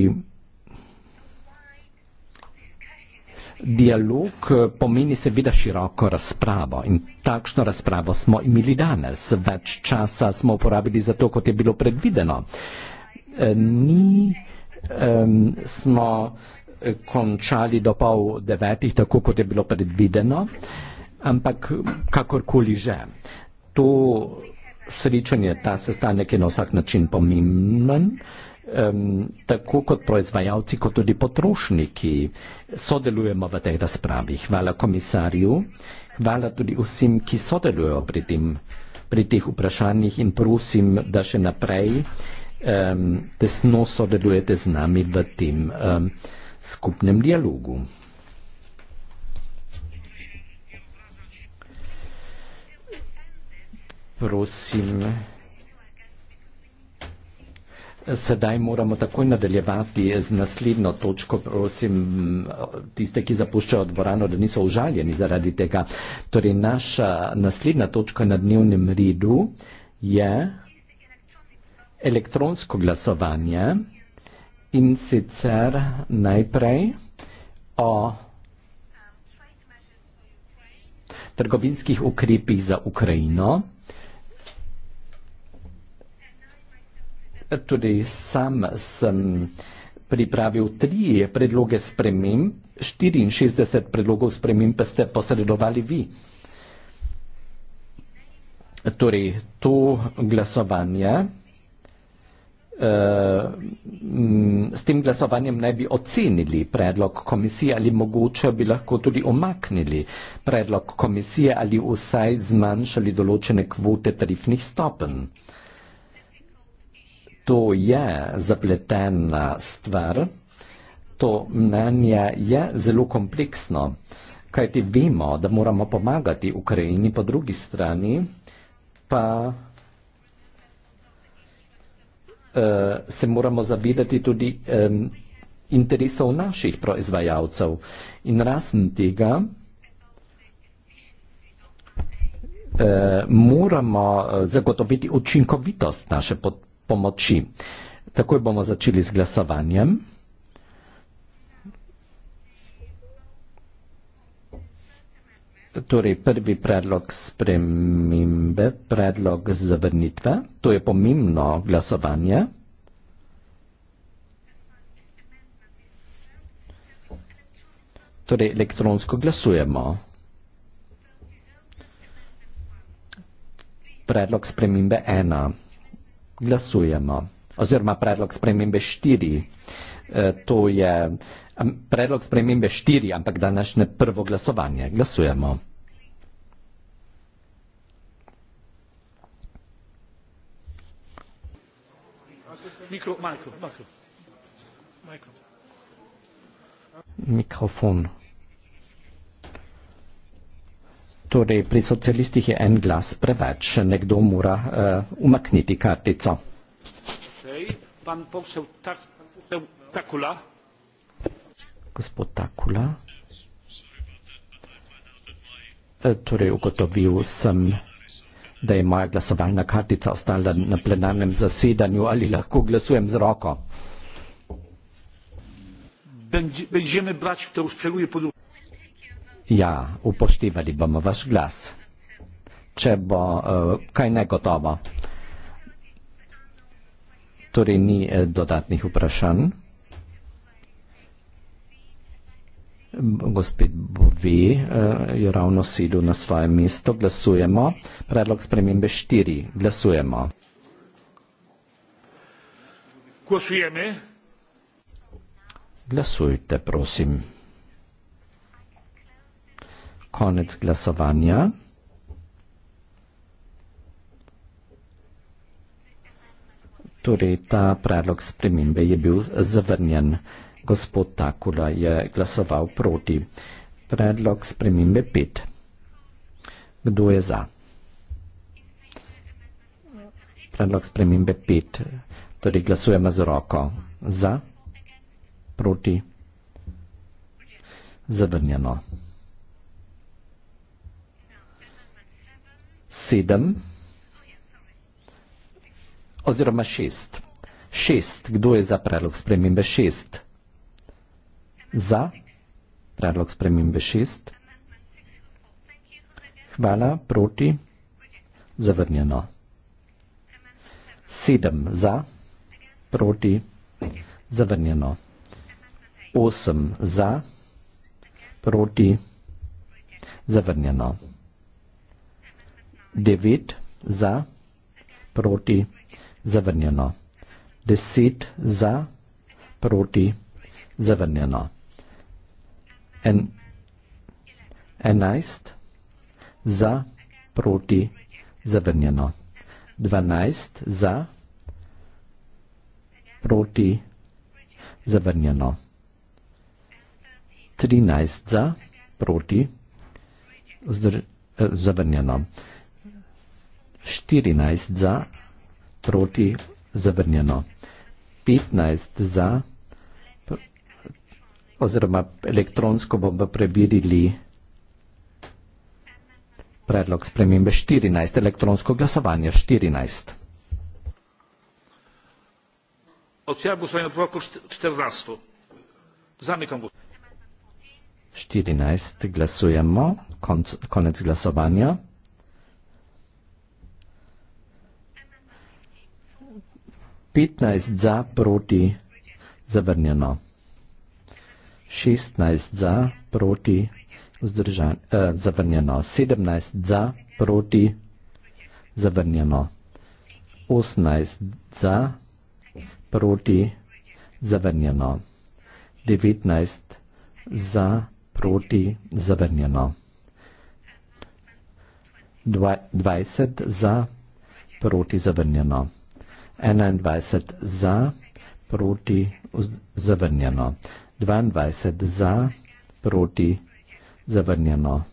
Dialog eh, pomeni seveda široko razpravo in takšno razpravo smo imeli danes. Več časa smo uporabili za to, kot je bilo predvideno. Eh, mi um, smo eh, končali do pol devetih, tako kot je bilo predvideno, ampak kakorkoli že. To srečanje, ta sestanek je na vsak način pomemben um, tako kot proizvajalci, kot tudi potrošniki sodelujemo v tej razpravi. Hvala komisarju, hvala tudi vsem, ki sodelujo pri, tem, pri teh vprašanjih in prosim, da še naprej um, tesno sodelujete z nami v tem um, skupnem dialogu. Prosim. Sedaj moramo takoj nadaljevati z naslednjo točko. Prosim, tiste, ki zapuščajo dvorano, da niso užaljeni zaradi tega. Torej, naša naslednja točka na dnevnem redu je elektronsko glasovanje in sicer najprej o trgovinskih ukrepih za Ukrajino. Tudi sam sem pripravil tri predloge spremem, 64 predlogov spremem pa ste posredovali vi. Torej, to glasovanje, eh, s tem glasovanjem naj bi ocenili predlog komisije ali mogoče bi lahko tudi omaknili predlog komisije ali vsaj zmanjšali določene kvote tarifnih stopenj to je zapletena stvar, to mnenje je zelo kompleksno, kajti vemo, da moramo pomagati Ukrajini po drugi strani, pa uh, se moramo zavedati tudi um, interesov naših proizvajalcev. In razen tega uh, moramo eh, zagotoviti učinkovitost naše podpore pomoči. Takoj bomo začeli z glasovanjem. Torej, prvi predlog spremembe, predlog zavrnitve, to je pomembno glasovanje. Torej, elektronsko glasujemo. Predlog spremembe ena glasujemo. Oziroma predlog spremembe 4. E, to je predlog spremembe 4, ampak današnje prvo glasovanje. Glasujemo. Mikro, Michael, Michael. Michael. Mikrofon. Torej, pri socialistih je en glas preveč, nekdo mora uh, umakniti kartico. Gospod Takula. E, torej, ugotovil sem, da je moja glasovalna kartica ostala na plenarnem zasedanju ali lahko glasujem z roko. Bendi, Ja, upoštevali bomo vaš glas. Če bo uh, kaj negotovo, torej ni uh, dodatnih vprašanj. Gospod Bovi uh, eh, je ravno sedel na svoje mesto. Glasujemo. Predlog spremembe štiri. Glasujemo. Glasujemo. Glasujte, prosim konec glasovanja. Torej, ta predlog spremembe je bil zavrnjen. Gospod Takula je glasoval proti. Predlog spremembe 5. Kdo je za? Predlog spremembe 5. Torej, glasujemo z roko. Za? Proti? Zavrnjeno. sedem oziroma šest. Šest, kdo je za predlog spremembe šest? Za predlog spremembe šest. Hvala, proti, zavrnjeno. Sedem za, proti, zavrnjeno. Osem za, proti, zavrnjeno devet za, proti, zavrnjeno. Deset za, proti, zavrnjeno. En, enajst za, proti, zavrnjeno. Dvanajst za, proti, zavrnjeno. Trinajst za, proti, eh, zavrnjeno. 14 za, proti zavrnjeno. 15 za, oziroma elektronsko bomo prebirili predlog spremembe 14, elektronsko glasovanje 14. Odpira glasovanje na podlagi 14. Zamikam glasovanje. 14 glasujemo, konc, konec glasovanja. 15 za, proti, zavrnjeno. 16 za, proti, vzdržan, eh, zavrnjeno. 17 za, proti, zavrnjeno. 18 za, proti, zavrnjeno. 19 za, proti, zavrnjeno. 20 za, proti, zavrnjeno. 21 za, proti zavrnjeno. 22 za, proti zavrnjeno.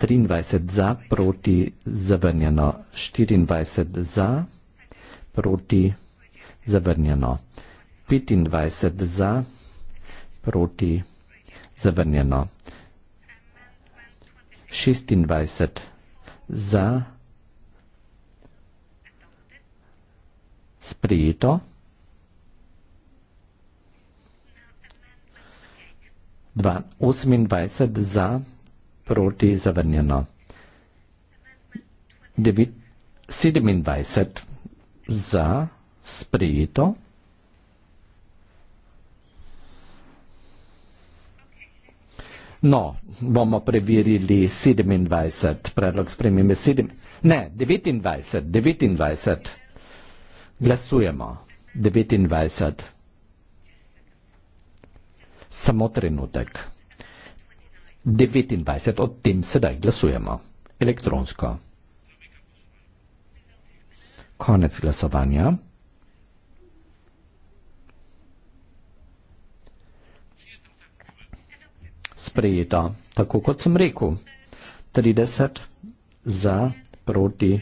23 za, proti zavrnjeno. 24 za, proti zavrnjeno. 25 za, proti zavrnjeno. 26 za, proti zavrnjeno. sprejeto. Dva, 28 za, proti zavrnjeno. 9, 27 za, sprejeto. No, bomo preverili 27, predlog spremembe 7, ne, 29, 29. Glasujemo. 29. Samo trenutek. 29. O tem sedaj glasujemo. Elektronsko. Konec glasovanja. Sprejeto, tako kot sem rekel. 30 za, proti,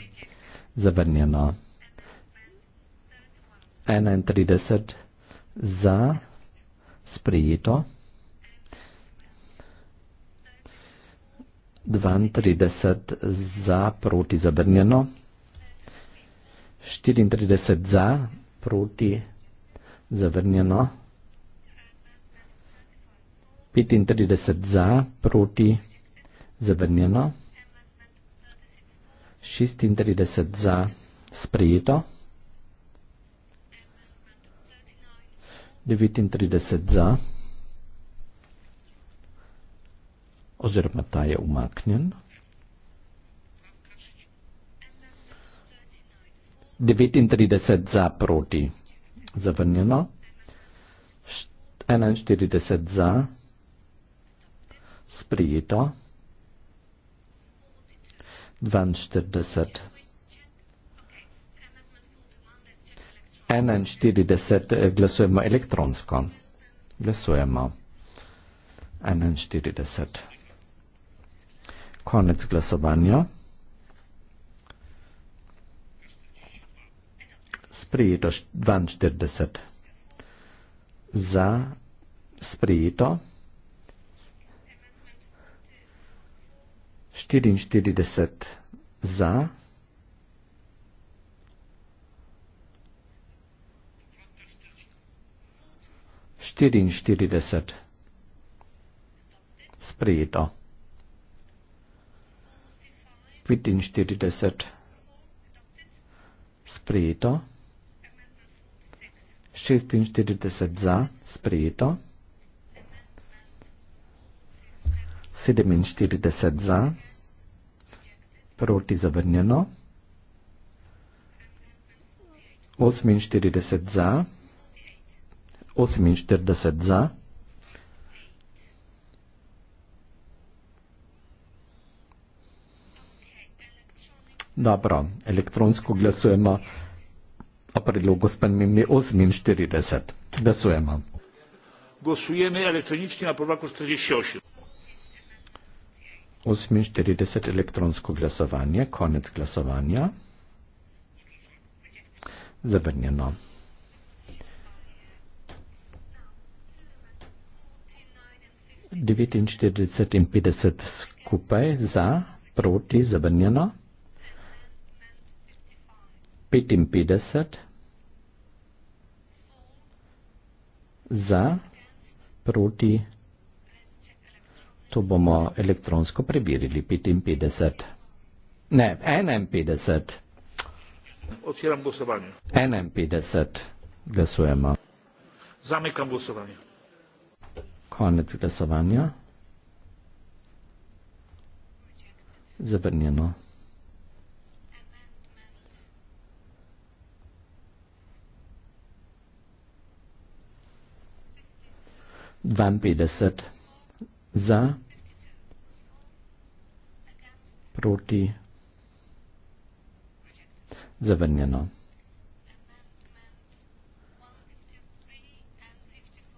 zavrnjeno. 31 za sprejeto, 32 za proti zabrnjeno, 34 za proti zavrnjeno, 35 za proti zavrnjeno, 36 za sprejeto, 39 za, oziroma ta je umaknjen. 39 za proti zavrnjeno, 41 za sprijeto, 42 proti. 41 eh, glasujemo elektronsko. Glasujemo. 41. Konec glasovanja. Sprijeto 42. Za sprijeto 44 za 44. Sprejeto. 45. Sprejeto. 46 za, sprejeto. 47 za, proti zavrnjeno. 48 za, sprejeto. 48 za. Dobro, elektronsko glasujemo o predlogu spremembe 48. Glasujemo. Glasujemo elektronično na podlagi 48. 48 elektronsko glasovanje, konec glasovanja. Zavrnjeno. 49 in 50 skupaj, za, proti, zavrnjeno. 55 za, proti, to bomo elektronsko preverili, 55. Ne, 51. Odsiram glasovanje. 51 glasujemo. Zamekam glasovanje konec glasovanja. Zavrnjeno. Dvanpetdeset za, proti, zavrnjeno.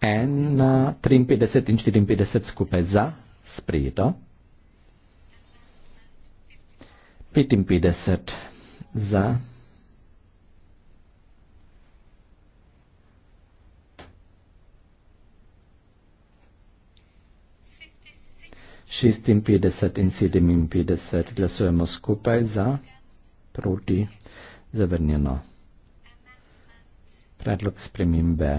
ena, 53 in 54 skupaj za, sprejeto. 55 za. Šestinpetdeset in sedeminpetdeset glasujemo skupaj za, proti, zavrnjeno. Predlog spremembe.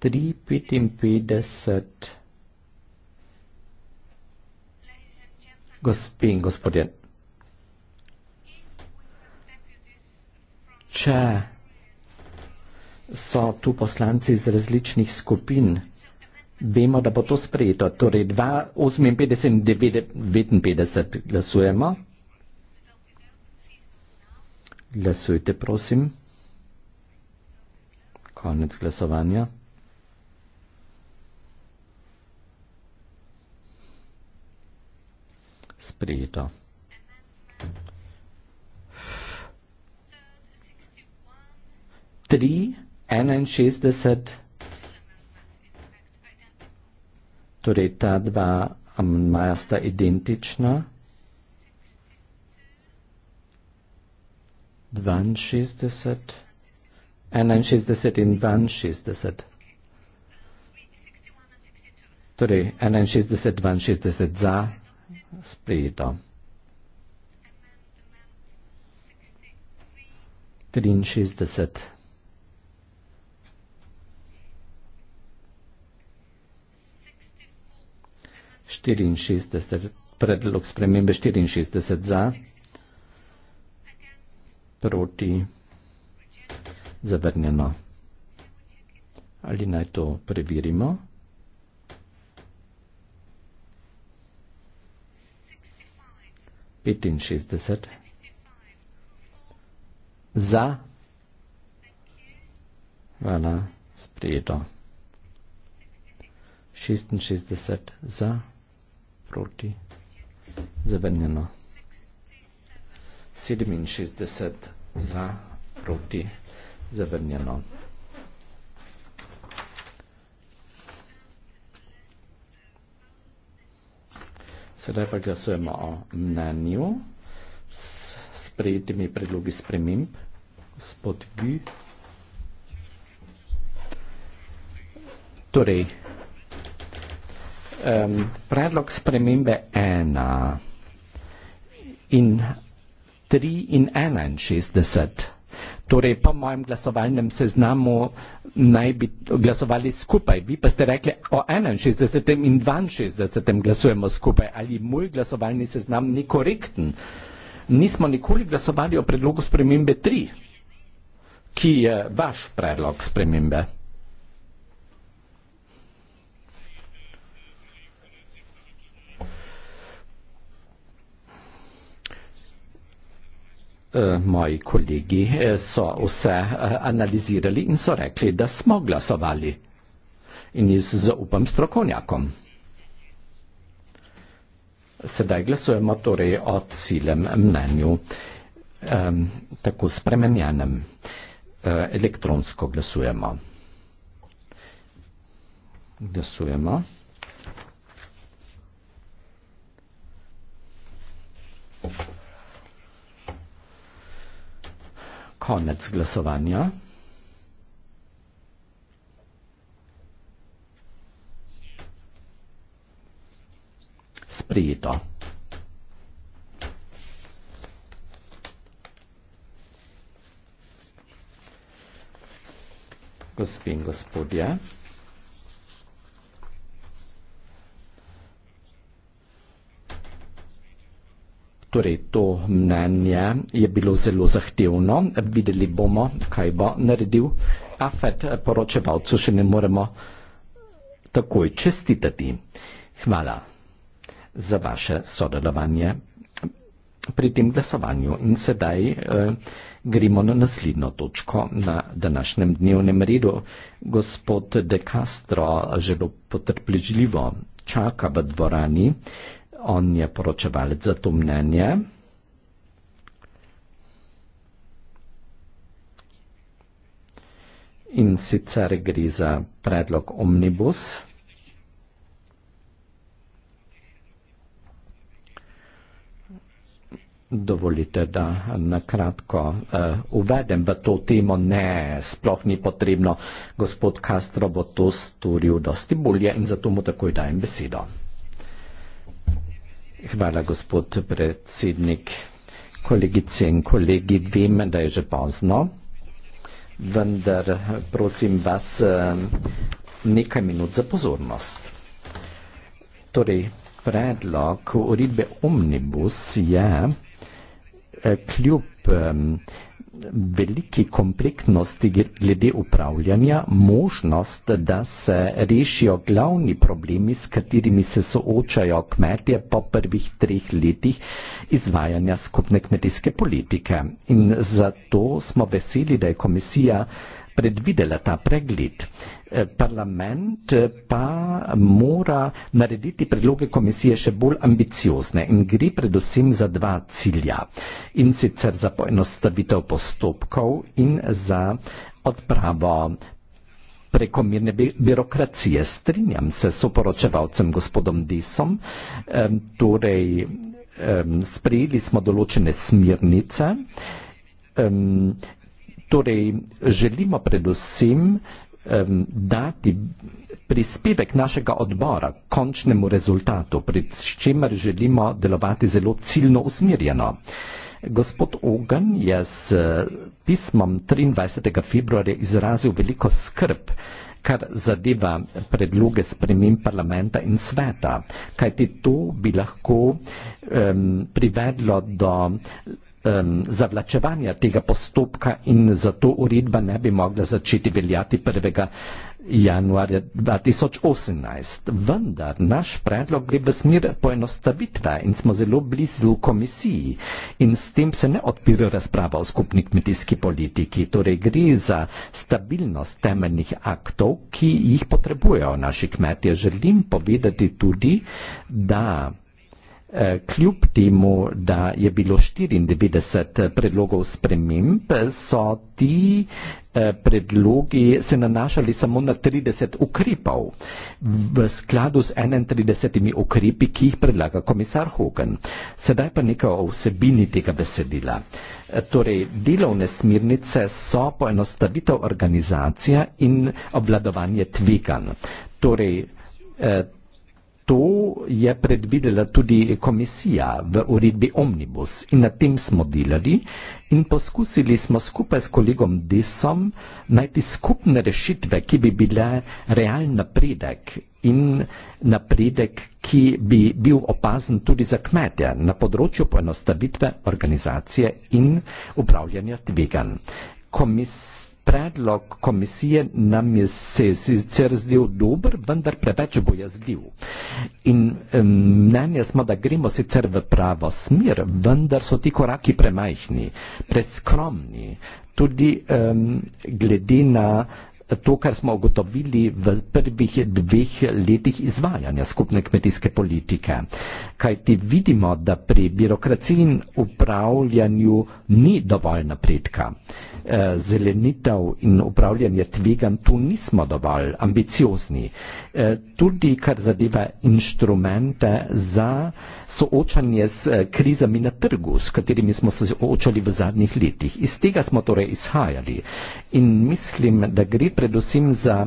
53. Gospe in gospodje, če so tu poslanci iz različnih skupin, vemo, da bo to sprejeto. Torej 2, 58 in 59 glasujemo. Glasujte, prosim. Konec glasovanja. sprejeto. Tri, enainšestdeset, torej ta dva amandmaja sta identična. Dvainšestdeset, enainšestdeset in dvainšestdeset. Torej enainšestdeset, dvainšestdeset za sprejeta. 63. Štiriinšestdeset, predlog spremembe štiriinšestdeset za, proti, zavrnjeno. Ali naj to preverimo? Proti. 1860 za Hvala, sprejeto. 66 za, proti, zavrnjeno. 67 za, proti, zavrnjeno. Sedaj pa glasujemo o mnenju s sprejetimi predlogi sprememb. Gospod G. Torej, um, predlog spremembe 1 in 3 in 61. Torej, po mojem glasovalnem seznamu naj bi glasovali skupaj. Vi pa ste rekli o 61. in 62. glasujemo skupaj. Ali moj glasovalni seznam ni korekten? Nismo nikoli glasovali o predlogu spremembe 3, ki je vaš predlog spremembe. Eh, moji kolegi eh, so vse eh, analizirali in so rekli, da smo glasovali. In jaz zaupam strokovnjakom. Sedaj glasujemo torej o cilem mnenju, um, tako spremenjenem. Uh, elektronsko glasujemo. Glasujemo. Thank you. konec glasovanja. Sprijeto. Gospe in gospodje, Torej, to mnenje je bilo zelo zahtevno, videli bomo, kaj bo naredil. Afet poročevalcu še ne moremo takoj čestitati. Hvala za vaše sodelovanje pri tem glasovanju. In sedaj eh, gremo na naslednjo točko na današnjem dnevnem redu. Gospod De Castro, zelo potrpežljivo čaka v dvorani on je poročevalec za to mnenje. In sicer gre za predlog omnibus. Dovolite, da nakratko uh, eh, uvedem v to temo. Ne, sploh ni potrebno. Gospod Castro bo to storil dosti bolje in zato mu takoj dajem besedo. Hvala, gospod predsednik. Kolegice in kolegi, vem, da je že pozno, vendar prosim vas eh, nekaj minut za pozornost. Torej, predlog uredbe Omnibus je eh, kljub um, veliki kompleksnosti glede upravljanja možnost, da se rešijo glavni problemi, s katerimi se soočajo kmetje po prvih treh letih izvajanja skupne kmetijske politike. In zato smo veseli, da je komisija predvidela ta pregled. Eh, parlament eh, pa mora narediti predloge komisije še bolj ambiciozne in gre predvsem za dva cilja. In sicer za poenostavitev postopkov in za odpravo prekomirne birokracije. Strinjam se s oporočevalcem gospodom Disom, torej sprejeli smo določene smirnice, torej želimo predvsem um, dati prispevek našega odbora končnemu rezultatu, pred čemer želimo delovati zelo ciljno usmerjeno. Gospod Ogan je s eh, pismom 23. februarja izrazil veliko skrb, kar zadeva predloge spremem parlamenta in sveta, kajti to bi lahko um, privedlo do um, zavlačevanja tega postopka in zato uredba ne bi mogla začeti veljati 1. januarja 2018. Vendar naš predlog gre v smer poenostavitve in smo zelo blizu komisiji in s tem se ne odpira razprava o skupni kmetijski politiki. Torej gre za stabilnost temeljnih aktov, ki jih potrebujejo naši kmetje. Želim povedati tudi, da Eh, kljub temu, da je bilo 94 predlogov sprememb, so ti eh, predlogi se nanašali samo na 30 ukrepov v skladu z 31 ukrepi, ki jih predlaga komisar Hogan. Sedaj pa nekaj o vsebini tega besedila. Eh, torej, delovne smirnice so poenostavitev organizacija in obvladovanje tvegan. Torej, To je predvidela tudi komisija v uredbi Omnibus in na tem smo delali in poskusili smo skupaj s kolegom Desom najti skupne rešitve, ki bi bile realen napredek in napredek, ki bi bil opazen tudi za kmetje na področju poenostavitve organizacije in upravljanja tvegan. Komisija predlog komisije nam je se sicer zdel dober, vendar preveč bojazdiv. In mnenje smo, da gremo sicer v pravo smer, vendar so ti koraki premajhni, preskromni, tudi um, glede na to, kar smo ugotovili v prvih dveh letih izvajanja skupne kmetijske politike. Kaj ti vidimo, da pri birokraciji in upravljanju ni dovolj napredka. Eh, zelenitev in upravljanje tvegan tu nismo dovolj ambiciozni. Eh, tudi, kar zadeva inštrumente za soočanje z eh, krizami na trgu, s katerimi smo se soočali v zadnjih letih. Iz tega smo torej izhajali in mislim, da gre predvsem za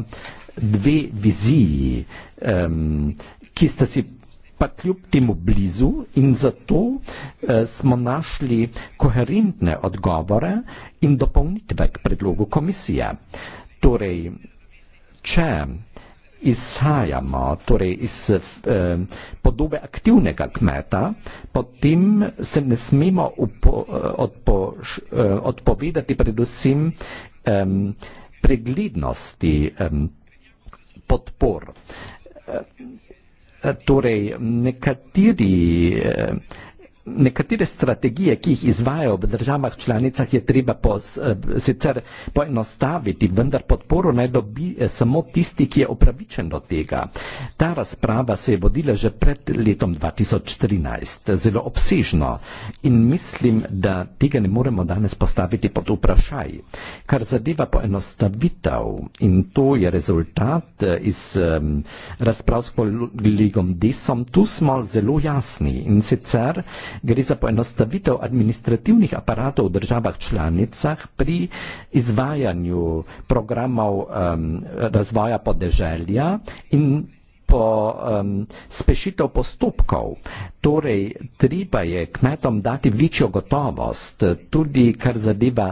dve viziji, um, ki sta si pa kljub temu blizu in zato eh, smo našli koherentne odgovore in dopolnitve k predlogu komisije. Torej, če eh, izhajamo, torej iz eh, podobe aktivnega kmeta, potem se ne smemo upo, eh, odpo, š, eh, odpovedati predvsem eh, preglednosti eh, podpor. Eh, torej, nekateri eh, nekatere strategije, ki jih izvajajo v državah članicah, je treba po, eh, sicer poenostaviti, vendar podporo naj dobi eh, samo tisti, ki je upravičen do tega. Ta razprava se je vodila že pred letom 2013, zelo obsežno in mislim, da tega ne moremo danes postaviti pod vprašaj. Kar zadeva poenostavitev in to je rezultat eh, iz um, razprav s kolegom Desom, tu smo zelo jasni in sicer, Gre za poenostavitev administrativnih aparatov v državah članicah pri izvajanju programov um, razvoja podeželja in po um, spešitev postopkov. Torej, treba je kmetom dati večjo gotovost, tudi kar zadeva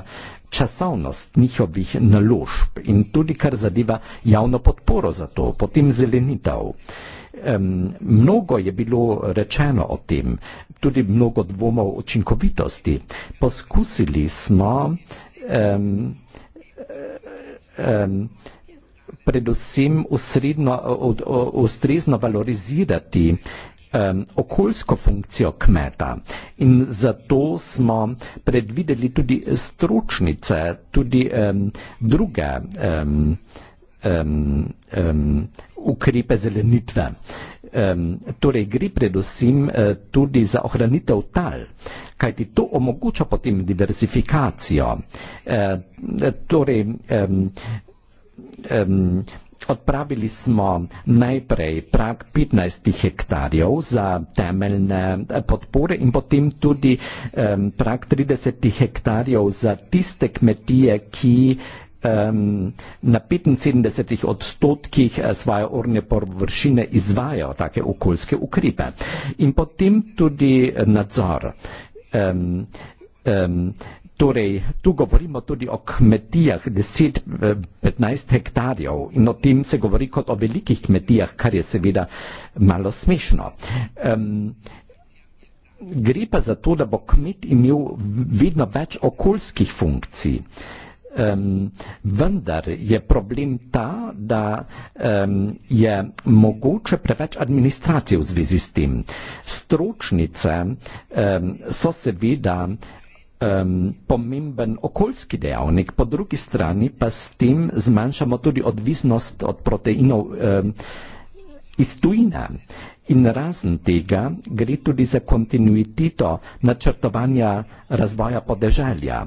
časovnost njihovih naložb in tudi kar zadeva javno podporo za to, potem zelenitev. Um, mnogo je bilo rečeno o tem, tudi mnogo dvomov o učinkovitosti. Poskusili smo um, um, predvsem ustrezno valorizirati um, okoljsko funkcijo kmeta in zato smo predvideli tudi stročnice, tudi um, druge. Um, um, um, ukrepe zelenitve. Um, torej gre predvsem uh, tudi za ohranitev tal, kajti to omogoča potem diversifikacijo. Uh, torej, um, um, odpravili smo najprej prak 15 hektarjev za temeljne eh, podpore in potem tudi um, prak 30 hektarjev za tiste kmetije, ki um, na 75 odstotkih eh, svoje urne površine izvajo take okoljske ukrepe. In potem tudi eh, nadzor. Um, um, Torej, tu govorimo tudi o kmetijah 10-15 eh, hektarjev in o tem se govori kot o velikih kmetijah, kar je seveda malo smešno. Um, gre pa za to, da bo kmet imel vedno več okoljskih funkcij. Um, vendar je problem ta, da um, je mogoče preveč administracije v zvezi s tem. Stročnice um, so seveda um, pomemben okoljski dejavnik, po drugi strani pa s tem zmanjšamo tudi odvisnost od proteinov um, iz tujina. In razen tega gre tudi za kontinuiteto načrtovanja razvoja podeželja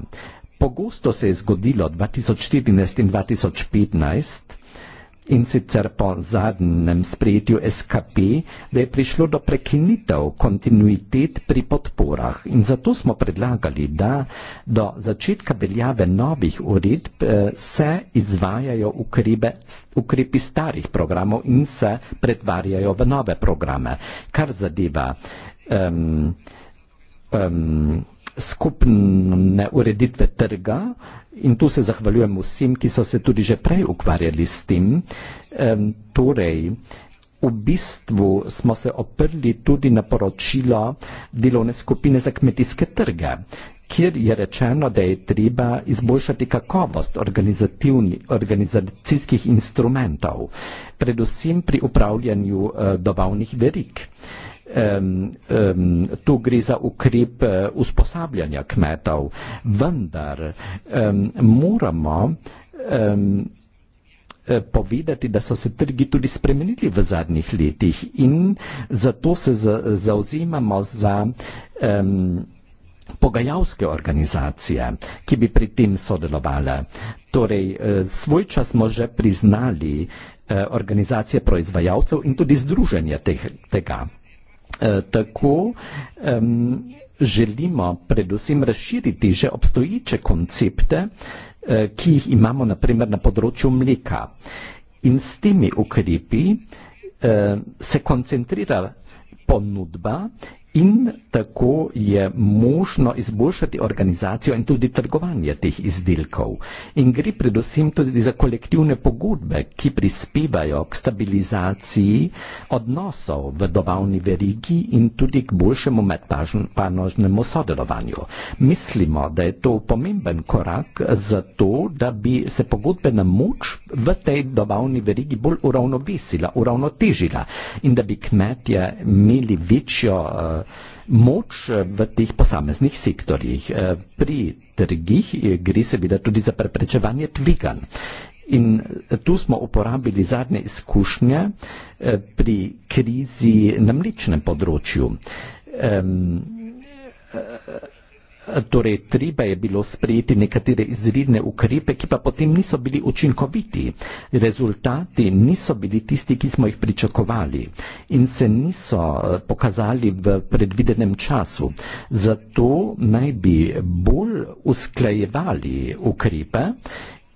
pogosto se je zgodilo 2014 in 2015, in sicer po zadnjem sprejetju SKP, da je prišlo do prekinitev kontinuitet pri podporah. In zato smo predlagali, da do začetka veljave novih uredb eh, se izvajajo ukrebe, ukrepi starih programov in se pretvarjajo v nove programe. Kar zadeva um, um, skupne ureditve trga in tu se zahvaljujem vsem, ki so se tudi že prej ukvarjali s tem. Um, torej, v bistvu smo se oprli tudi na poročilo delovne skupine za kmetijske trge, kjer je rečeno, da je treba izboljšati kakovost organizacijskih instrumentov, predvsem pri upravljanju uh, dobavnih verik um, um, tu gre za ukrep uh, usposabljanja kmetov, vendar um, moramo um, povedati, da so se trgi tudi spremenili v zadnjih letih in zato se za, zauzemamo za um, pogajalske organizacije, ki bi pri tem sodelovale. Torej, eh, svoj čas smo že priznali organizacije proizvajalcev in tudi združenje tega. Eh, tako um, želimo predvsem razširiti že obstoječe koncepte, uh, ki jih imamo naprimer na področju mleka. In s temi ukrepi uh, se koncentrira ponudba In tako je možno izboljšati organizacijo in tudi trgovanje teh izdelkov. In gre predvsem tudi za kolektivne pogodbe, ki prispevajo k stabilizaciji odnosov v dobavni verigi in tudi k boljšemu medpanožnemu sodelovanju. Mislimo, da je to pomemben korak za to, da bi se pogodbena moč v tej dobavni verigi bolj uravnovesila, uravnotežila in da bi kmetje imeli večjo eh, moč eh, v teh posameznih sektorjih. Eh, pri trgih eh, gre seveda tudi za preprečevanje tvigan. In tu smo uporabili zadnje izkušnje pri krizi na mličnem področju. Torej, treba je bilo sprejeti nekatere izredne ukrepe, ki pa potem niso bili učinkoviti. Rezultati niso bili tisti, ki smo jih pričakovali in se niso eh, pokazali v predvidenem času. Zato naj bi bolj usklajevali ukrepe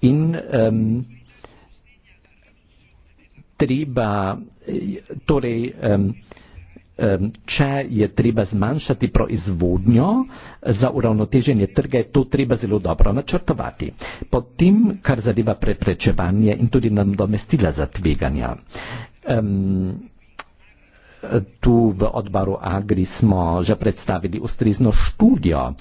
in um, treba, eh, torej, um, če je treba zmanjšati proizvodnjo za uravnoteženje trga, je to treba zelo dobro načrtovati. Potem, kar zadeva preprečevanje in tudi nadomestila za tveganja. Um, tu v odboru Agri smo že predstavili ustrezno študijo,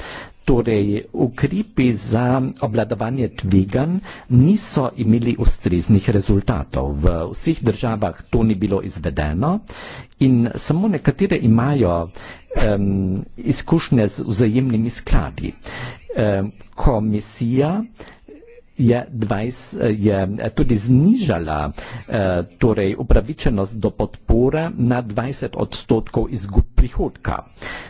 torej ukrepi za obladovanje tvegan niso imeli ustreznih rezultatov. V vseh državah to ni bilo izvedeno in samo nekatere imajo um, izkušnje z vzajemnimi skladi. Um, komisija je, 20, je eh, tudi znižala eh, torej upravičenost do podpore na 20 odstotkov izgub prihodka,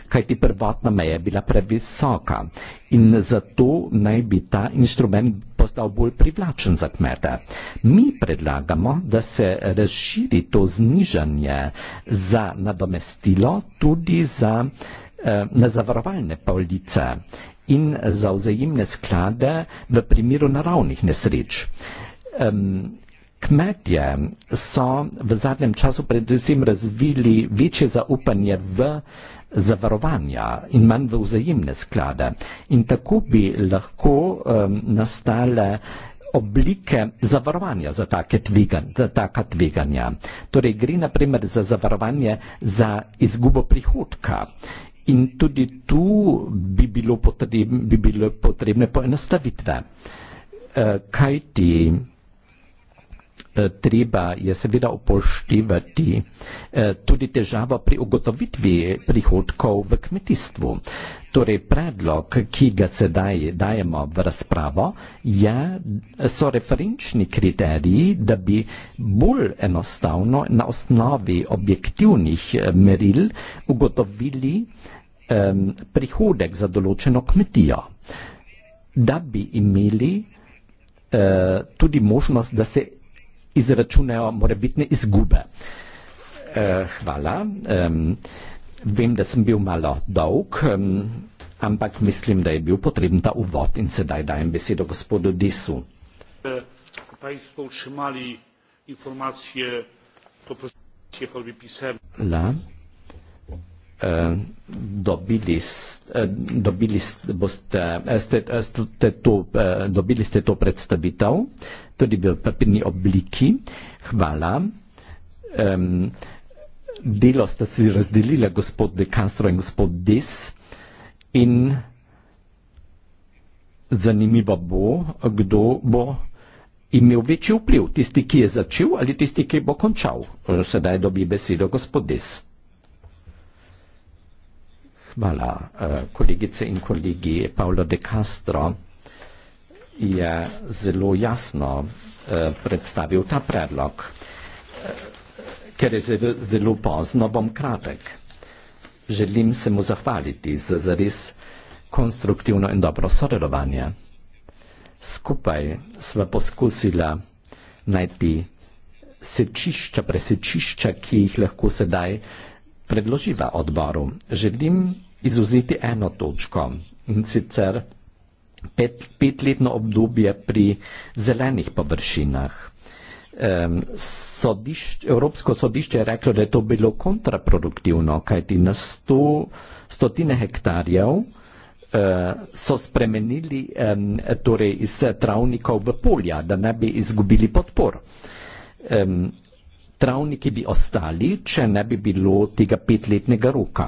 kajti prvotna meja je bila previsoka in zato naj bi ta inštrument postal bolj privlačen za kmete. Mi predlagamo, da se razširi to znižanje za nadomestilo tudi za eh, na zavarovalne police in za vzajemne sklade v primeru naravnih nesreč. Um, kmetje so v zadnjem času predvsem razvili večje zaupanje v zavarovanja in manj v vzajemne sklade. In tako bi lahko um, nastale oblike zavarovanja za, take tvegan, za taka tveganja. Torej gre naprimer za zavarovanje za izgubo prihodka In tudi tu bi, potrebne, bi bile potrebne poenostavitve. Eh, Kaj ti Eh, treba je seveda upoštevati eh, tudi težavo pri ugotovitvi prihodkov v kmetijstvu. Torej, predlog, ki ga sedaj dajemo v razpravo, je, so referenčni kriteriji, da bi bolj enostavno na osnovi objektivnih eh, meril ugotovili um, prihodek za določeno kmetijo, da bi imeli uh, tudi možnost, da se izračunajo morebitne izgube. Uh, hvala. Um, vem, da sem bil malo dolg, um, ampak mislim, da je bil potreben ta uvod in sedaj dajem besedo gospodu Disu. Hvala. Eh, dobili, eh, dobili boste, eh, ste, ste to, dobili ste to predstavitev, tudi v papirni obliki. Hvala. Delo ste si razdelili, gospod Dekanstro in gospod Des. In zanimivo bo, kdo bo imel večji vpliv, tisti, ki je začel ali tisti, ki bo končal. Sedaj dobi besedo gospod Des. Hvala, eh, kolegice in kolegi. Paolo de Castro je zelo jasno eh, predstavil ta predlog. Eh, ker je zelo pozno, bom kratek. Želim se mu zahvaliti za zares konstruktivno in dobro sodelovanje. Skupaj sva poskusila najti sečišča, presečišča, ki jih lahko sedaj predloživa odboru. Želim izuzeti eno točko in sicer pet, petletno obdobje pri zelenih površinah. Um, sodiš, Evropsko sodišče je reklo, da je to bilo kontraproduktivno, kajti na sto, stotine hektarjev uh, so spremenili um, torej iz travnikov v polja, da ne bi izgubili podpor. Um, travniki bi ostali, če ne bi bilo tega petletnega roka.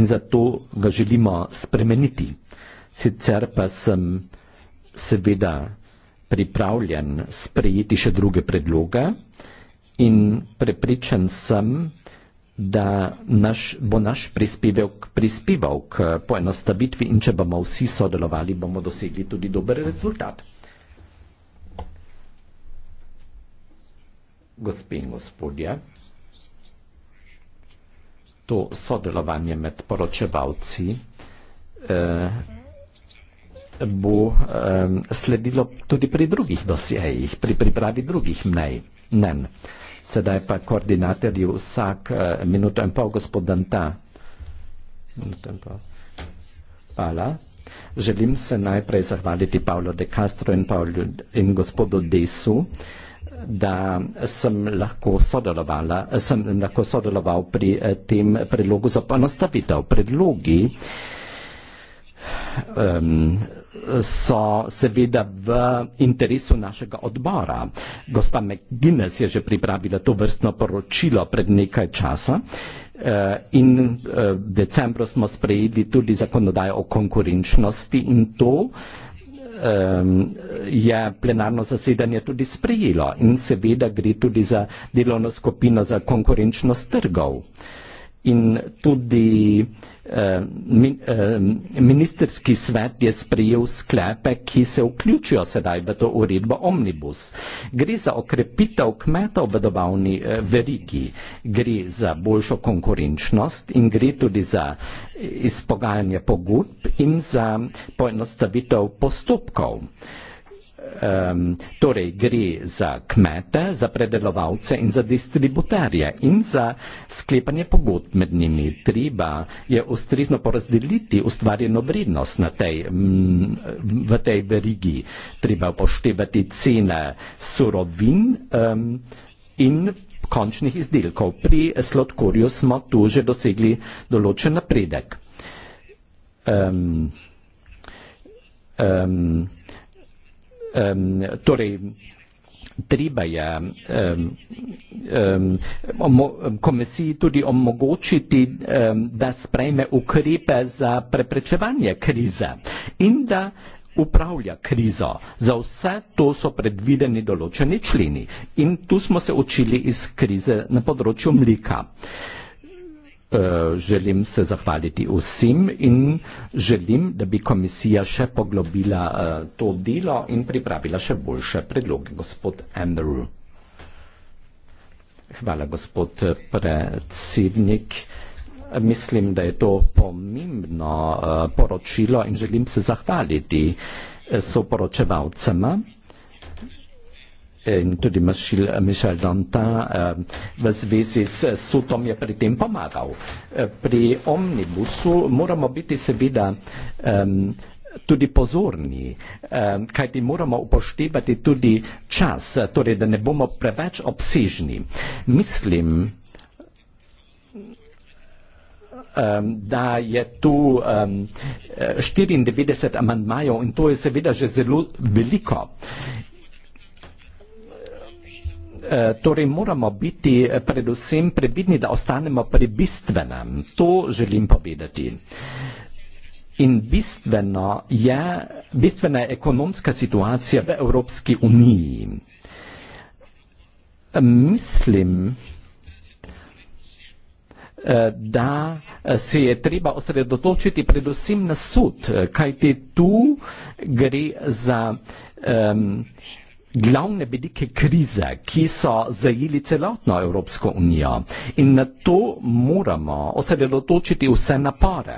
In zato ga želimo spremeniti. Sicer pa sem seveda pripravljen sprejeti še druge predloge in prepričan sem, da naš, bo naš prispevek prispeval k poenostavitvi in če bomo vsi sodelovali, bomo dosegli tudi dober rezultat. gospe in gospodje. To sodelovanje med poročevalci eh, bo eh, sledilo tudi pri drugih dosjejih, pri pripravi drugih mnej, mnen. Sedaj pa koordinatorji vsak eh, minuto in pol gospod Danta. Hvala. Želim se najprej zahvaliti Pavlo de Castro in, Pavlo, in gospodu Desu da sem lahko, sem lahko sodeloval pri eh, tem predlogu za ponostavitev. Predlogi um, so seveda v interesu našega odbora. Gospa McGuinness je že pripravila to vrstno poročilo pred nekaj časa eh, in v eh, decembru smo sprejeli tudi zakonodajo o konkurenčnosti in to uh, um, je plenarno zasedanje tudi sprejelo in seveda gre tudi za delovno skupino za konkurenčnost trgov in tudi eh, min, eh, ministerski svet je sprejel sklepe, ki se vključijo sedaj v to uredbo omnibus. Gre za okrepitev kmetov v dobavni eh, verigi, gre za boljšo konkurenčnost in gre tudi za eh, izpogajanje pogodb in za poenostavitev postopkov. Eh, um, torej gre za kmete, za predelovalce in za distributerje in za sklepanje pogodb med njimi. Treba je ustrezno porazdeliti ustvarjeno vrednost tej, v tej verigi. Treba upoštevati cene surovin um, in končnih izdelkov. Pri sladkorju smo tu že dosegli določen napredek. Um, um, Um, torej, treba je um, um, komisiji tudi omogočiti, um, da sprejme ukrepe za preprečevanje krize in da upravlja krizo. Za vse to so predvideni določeni členi in tu smo se učili iz krize na področju mlika. Uh, Eh, želim se zahvaliti vsem in želim, da bi komisija še poglobila uh, to delo in pripravila še boljše predloge. Gospod Andrew. Hvala, gospod predsednik. Mislim, da je to pomembno uh, poročilo in želim se zahvaliti uh, soporočevalcema in tudi Mišel, Mišel Danta eh, v zvezi s sutom je pri tem pomagal. Eh, pri omnibusu moramo biti seveda tudi pozorni, kajti moramo upoštevati tudi čas, torej da ne bomo preveč obsežni. Mislim, da je tu 94 amandmajev in to je seveda že zelo veliko. Eh, torej moramo biti eh, predvsem previdni, da ostanemo pri bistvenem. To želim povedati. In bistveno je, bistvena je ekonomska situacija v Evropski uniji. Mislim, eh, da se je treba osredotočiti predvsem na sud, kajti tu gre za um, glavne velike krize, ki so zajeli celotno Evropsko unijo. In na to moramo osredotočiti vse napore.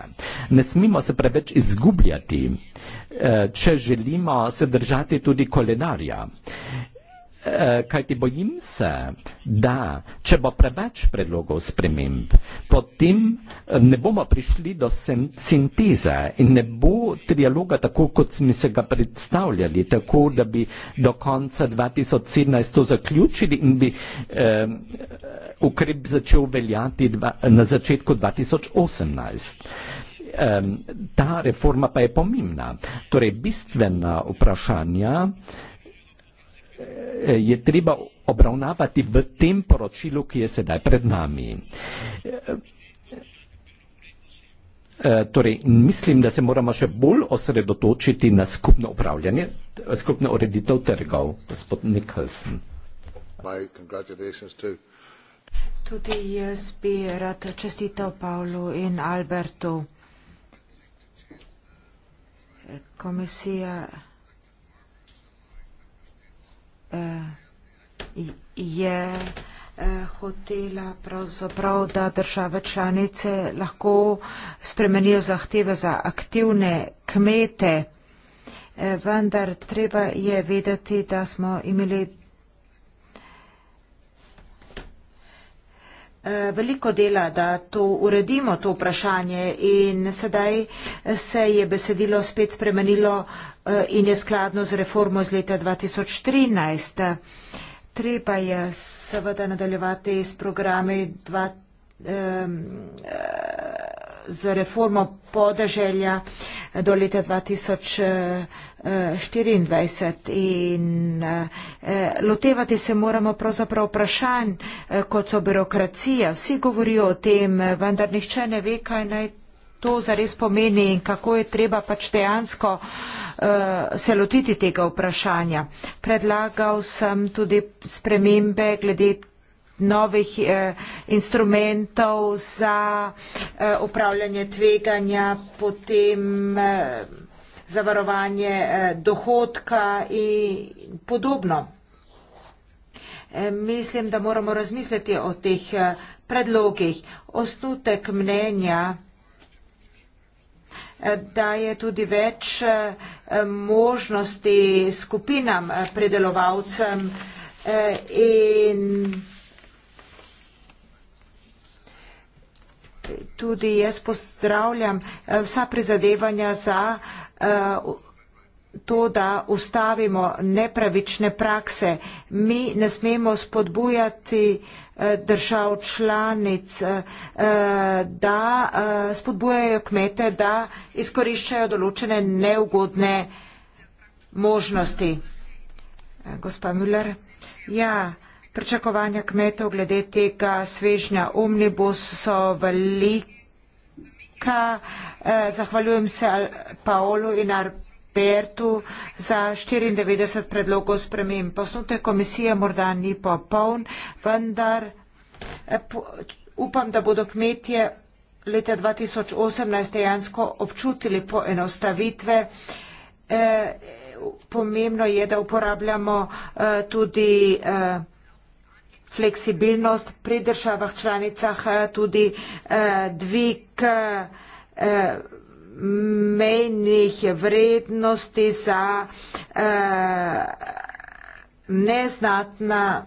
Ne smemo se preveč izgubljati, eh, če želimo se držati tudi koledarja. Eh, kaj ti bojim se, da če bo preveč predlogov sprememb, potem eh, ne bomo prišli do sinteze in ne bo trialoga tako, kot smo se ga predstavljali, tako, da bi do konca 2017 to zaključili in bi eh, ukrep začel veljati dva, na začetku 2018. Eh, ta reforma pa je pomembna. Torej, bistvena vprašanja je treba obravnavati v tem poročilu, ki je sedaj pred nami. E, torej, mislim, da se moramo še bolj osredotočiti na skupno upravljanje, skupno ureditev trgov, gospod Nicholson. Tudi jaz bi rad čestital Pavlu in Albertu. Komisija eh, je eh, hotela pravzaprav, da države članice lahko spremenijo zahteve za aktivne kmete, eh, vendar treba je vedeti, da smo imeli Eh, veliko dela, da to uredimo, to vprašanje in sedaj se je besedilo spet spremenilo eh, in je skladno z reformo iz leta 2013. Treba je seveda nadaljevati s programi dva, eh, z reformo podeželja. Eh, do leta 2024 in eh, lotevati se moramo pravzaprav vprašanj, eh, kot so birokracija. Vsi govorijo o tem, vendar nihče ne ve, kaj naj to zares pomeni in kako je treba pač dejansko eh, se lotiti tega vprašanja. Predlagal sem tudi spremembe glede novih eh, instrumentov za eh, upravljanje tveganja, potem eh, zavarovanje dohodka in podobno. Mislim, da moramo razmisliti o teh predlogih. Ostutek mnenja daje tudi več možnosti skupinam predelovalcem in predelovalcem tudi jaz pozdravljam eh, vsa prizadevanja za eh, to, da ustavimo nepravične prakse. Mi ne smemo spodbujati eh, držav članic, da spodbujajo kmete, da izkoriščajo določene neugodne možnosti. Gospa Müller. Ja, pričakovanja kmetov glede tega svežnja omnibus so velika. Eh, zahvaljujem se Paolu in Arbertu za 94 predlogov spremem. Posnute komisije morda ni popoln, vendar eh, upam, da bodo kmetje leta 2018 dejansko občutili poenostavitve. Eh, pomembno je, da uporabljamo eh, tudi eh, fleksibilnost pri državah članicah, eh, tudi eh, dvig eh, mejnih vrednosti za eh, neznatna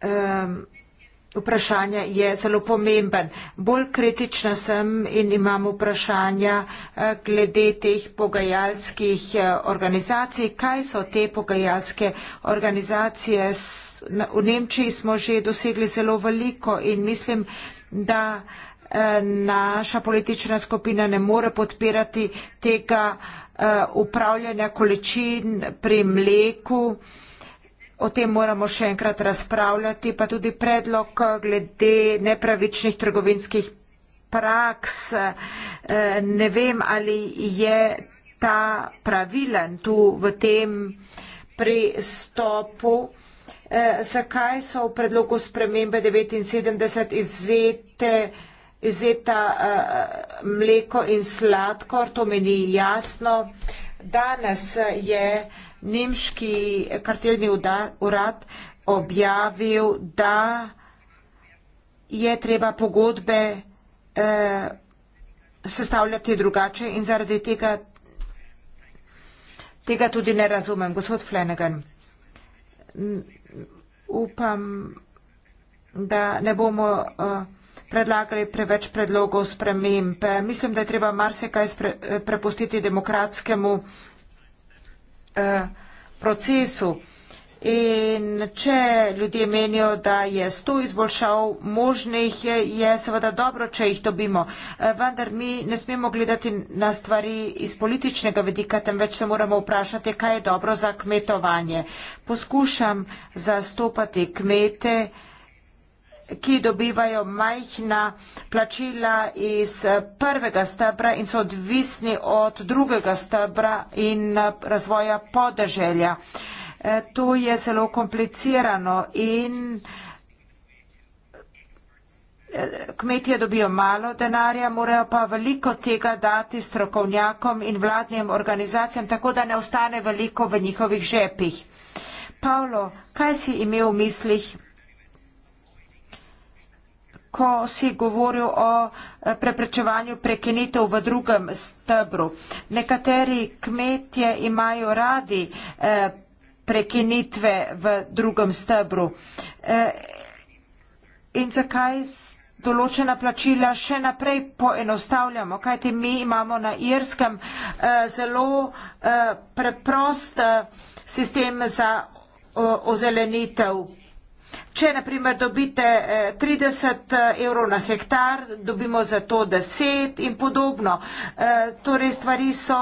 eh, vprašanja je zelo pomemben. Bolj kritična sem in imam vprašanja eh, glede teh pogajalskih eh, organizacij. Kaj so te pogajalske organizacije? V Nemčiji smo že dosegli zelo veliko in mislim, da eh, naša politična skupina ne more podpirati tega upravljanja količin pri mleku. O tem moramo še enkrat razpravljati, pa tudi predlog eh, glede nepravičnih trgovinskih praks. Eh, ne vem, ali je ta pravilen tu v tem pristopu. Eh, zakaj so v predlogu spremembe 79 izzete, izzeta mleko in sladkor, to meni jasno. Danes je nemški kartelni urad objavil, da je treba pogodbe eh, sestavljati drugače in zaradi tega, tega tudi ne razumem. Gospod Flanagan, upam, da ne bomo eh, predlagali preveč predlogov sprememb. Mislim, da je treba marsikaj pre, prepustiti demokratskemu Eh, procesu. In če ljudje menijo, da je sto izboljšav možnih, je seveda dobro, če jih dobimo. Eh, vendar mi ne smemo gledati na stvari iz političnega vedika, temveč se moramo vprašati, kaj je dobro za kmetovanje. Poskušam zastopati kmete ki dobivajo majhna plačila iz prvega stebra in so odvisni od drugega stebra in eh, razvoja podeželja. Eh, to je zelo komplicirano in eh, kmetije dobijo malo denarja, morajo pa veliko tega dati strokovnjakom in vladnim organizacijam, tako da ne ostane veliko v njihovih žepih. Paolo, kaj si imel v mislih? ko si govoril o eh, preprečevanju prekinitev v drugem stebru. Nekateri kmetje imajo radi eh, prekinitve v drugem stebru. Eh, in zakaj določena plačila še naprej poenostavljamo, kajti mi imamo na Irskem zelo preprost sistem za ozelenitev Če naprimer dobite 30 eh, eh, evrov na hektar, dobimo za to 10 in podobno. Eh, torej stvari so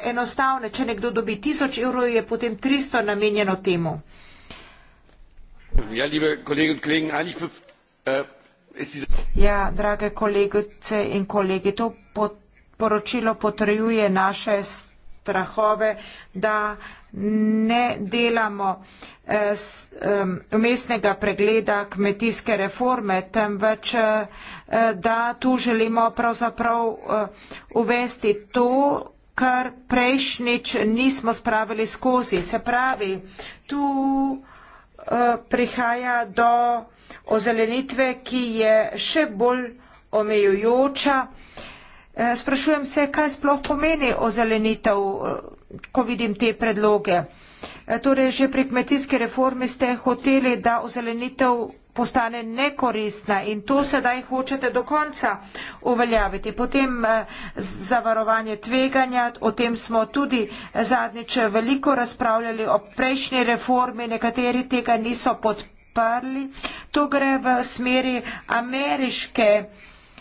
enostavne. Če nekdo dobi 1000 evrov, je potem 300 namenjeno temu. Ja, liebe kolege in kolege, eigentlich bef... Äh, ja, drage kolegice in kolegi, to poročilo potrjuje naše strahove, da ne delamo eh, umestnega pregleda kmetijske reforme, temveč eh, da tu želimo pravzaprav eh, uvesti to, kar prejšnjič nismo spravili skozi. Se pravi, tu prihaja do ozelenitve, ki je še bolj omejujoča. Sprašujem se, kaj sploh pomeni ozelenitev ko vidim te predloge. E, torej, že pri kmetijski reformi ste hoteli, da ozelenitev postane nekoristna in to sedaj hočete do konca uveljaviti. Potem e, zavarovanje tveganja, o tem smo tudi zadnjič veliko razpravljali o prejšnji reformi, nekateri tega niso podprli. To gre v smeri ameriške eh,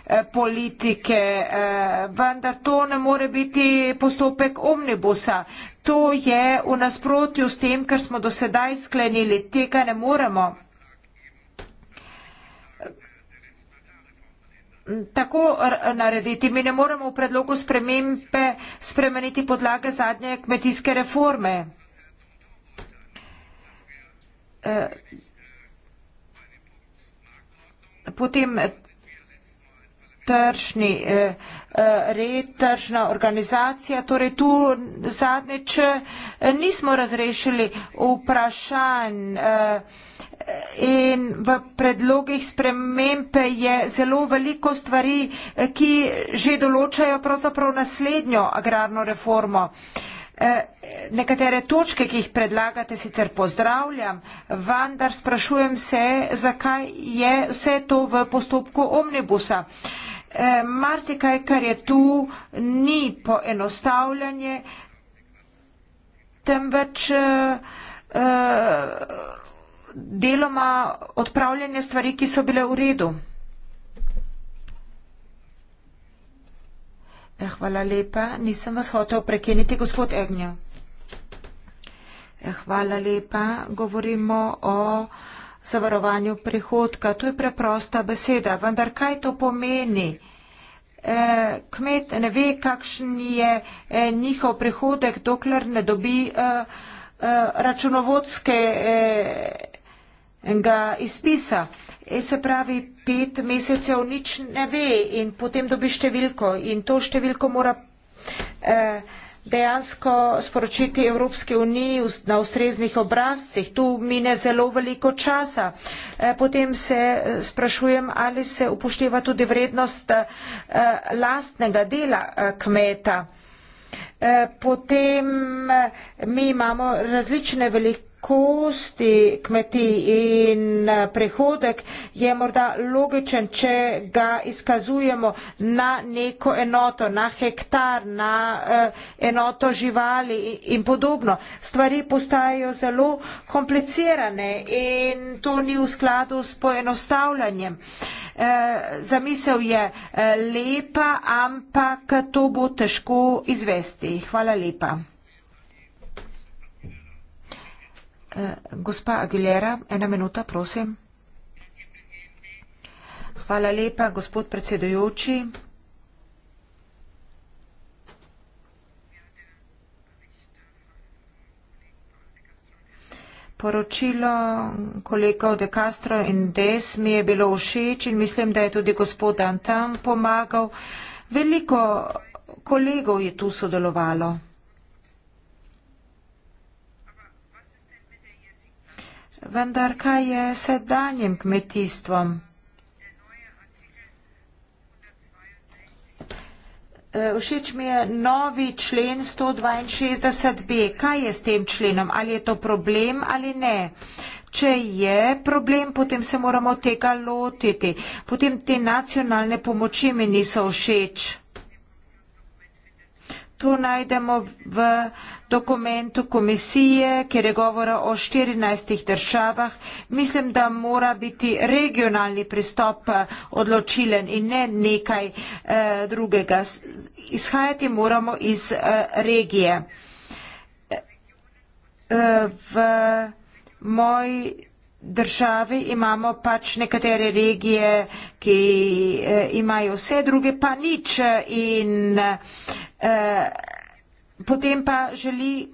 Eh, politike, eh, vendar to ne more biti postopek omnibusa. To je v nasprotju s tem, kar smo do sedaj sklenili. Tega ne moremo. Tako narediti. Mi ne moremo v predlogu spremembe spremeniti podlage zadnje kmetijske reforme. Eh, potem tržni eh, eh, red, tržna organizacija. Torej tu zadnjič eh, nismo razrešili vprašanj in v predlogih spremembe je zelo veliko stvari, ki že določajo pravzaprav naslednjo agrarno reformo. Nekatere točke, ki jih predlagate, sicer pozdravljam, vendar sprašujem se, zakaj je vse to v postopku omnibusa. Eh, marsikaj, kar je tu, ni poenostavljanje, temveč eh, eh, deloma odpravljanje stvari, ki so bile v redu. E, hvala lepa, nisem vas hotel prekiniti, gospod Egnjo. E, hvala lepa, govorimo o zavarovanju prihodka. To je preprosta beseda. Vendar kaj to pomeni? Eh, kmet ne ve, kakšen je eh, njihov prihodek, dokler ne dobi eh, računovodskega izpisa. E, se pravi, pet mesecev nič ne ve in potem dobi številko in to številko mora dejansko sporočiti Evropske unije na ustreznih obrazcih. Tu mine zelo veliko časa. E, potem se e, sprašujem, ali se upošteva tudi vrednost e, lastnega dela kmeta. Potem mi imamo različne velike kakosti kmetij in eh, prihodek je morda logičen, če ga izkazujemo na neko enoto, na hektar, na eh, enoto živali in podobno. Stvari postajajo zelo komplicirane in to ni v skladu s poenostavljanjem. Eh, zamisel je lepa, ampak to bo težko izvesti. Hvala lepa. Eh, gospa Aguilera, ena minuta, prosim. Hvala lepa, gospod predsedujoči. Poročilo kolegov De Castro in Des mi je bilo všeč in mislim, da je tudi gospod Antam pomagal. Veliko kolegov je tu sodelovalo. vendar kaj je sedanjem kmetijstvom? E, všeč mi je novi člen 162b. Kaj je s tem členom? Ali je to problem ali ne? Če je problem, potem se moramo tega lotiti. Potem te nacionalne pomoči mi niso všeč. To najdemo v dokumentu komisije, kjer je govora o 14 državah. Mislim, da mora biti regionalni pristop eh, odločilen in ne nekaj eh, drugega. Izhajati moramo iz eh, regije. Eh, v moj državi, imamo pač nekatere regije, ki eh, imajo vse druge, pa nič eh, in eh, potem pa želi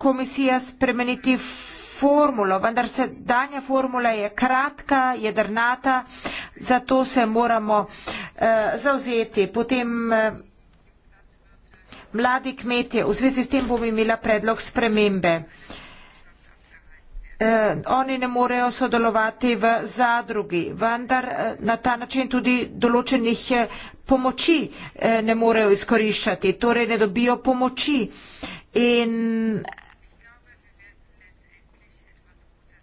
komisija spremeniti formulo, vendar se danja formula je kratka, jedrnata, zato se moramo zauzeti. Potem mladi kmetje, v zvezi s tem bom imela predlog spremembe eh, oni ne morejo sodelovati v zadrugi, vendar eh, na ta način tudi določenih eh, pomoči eh, ne morejo izkoriščati, torej ne dobijo pomoči. In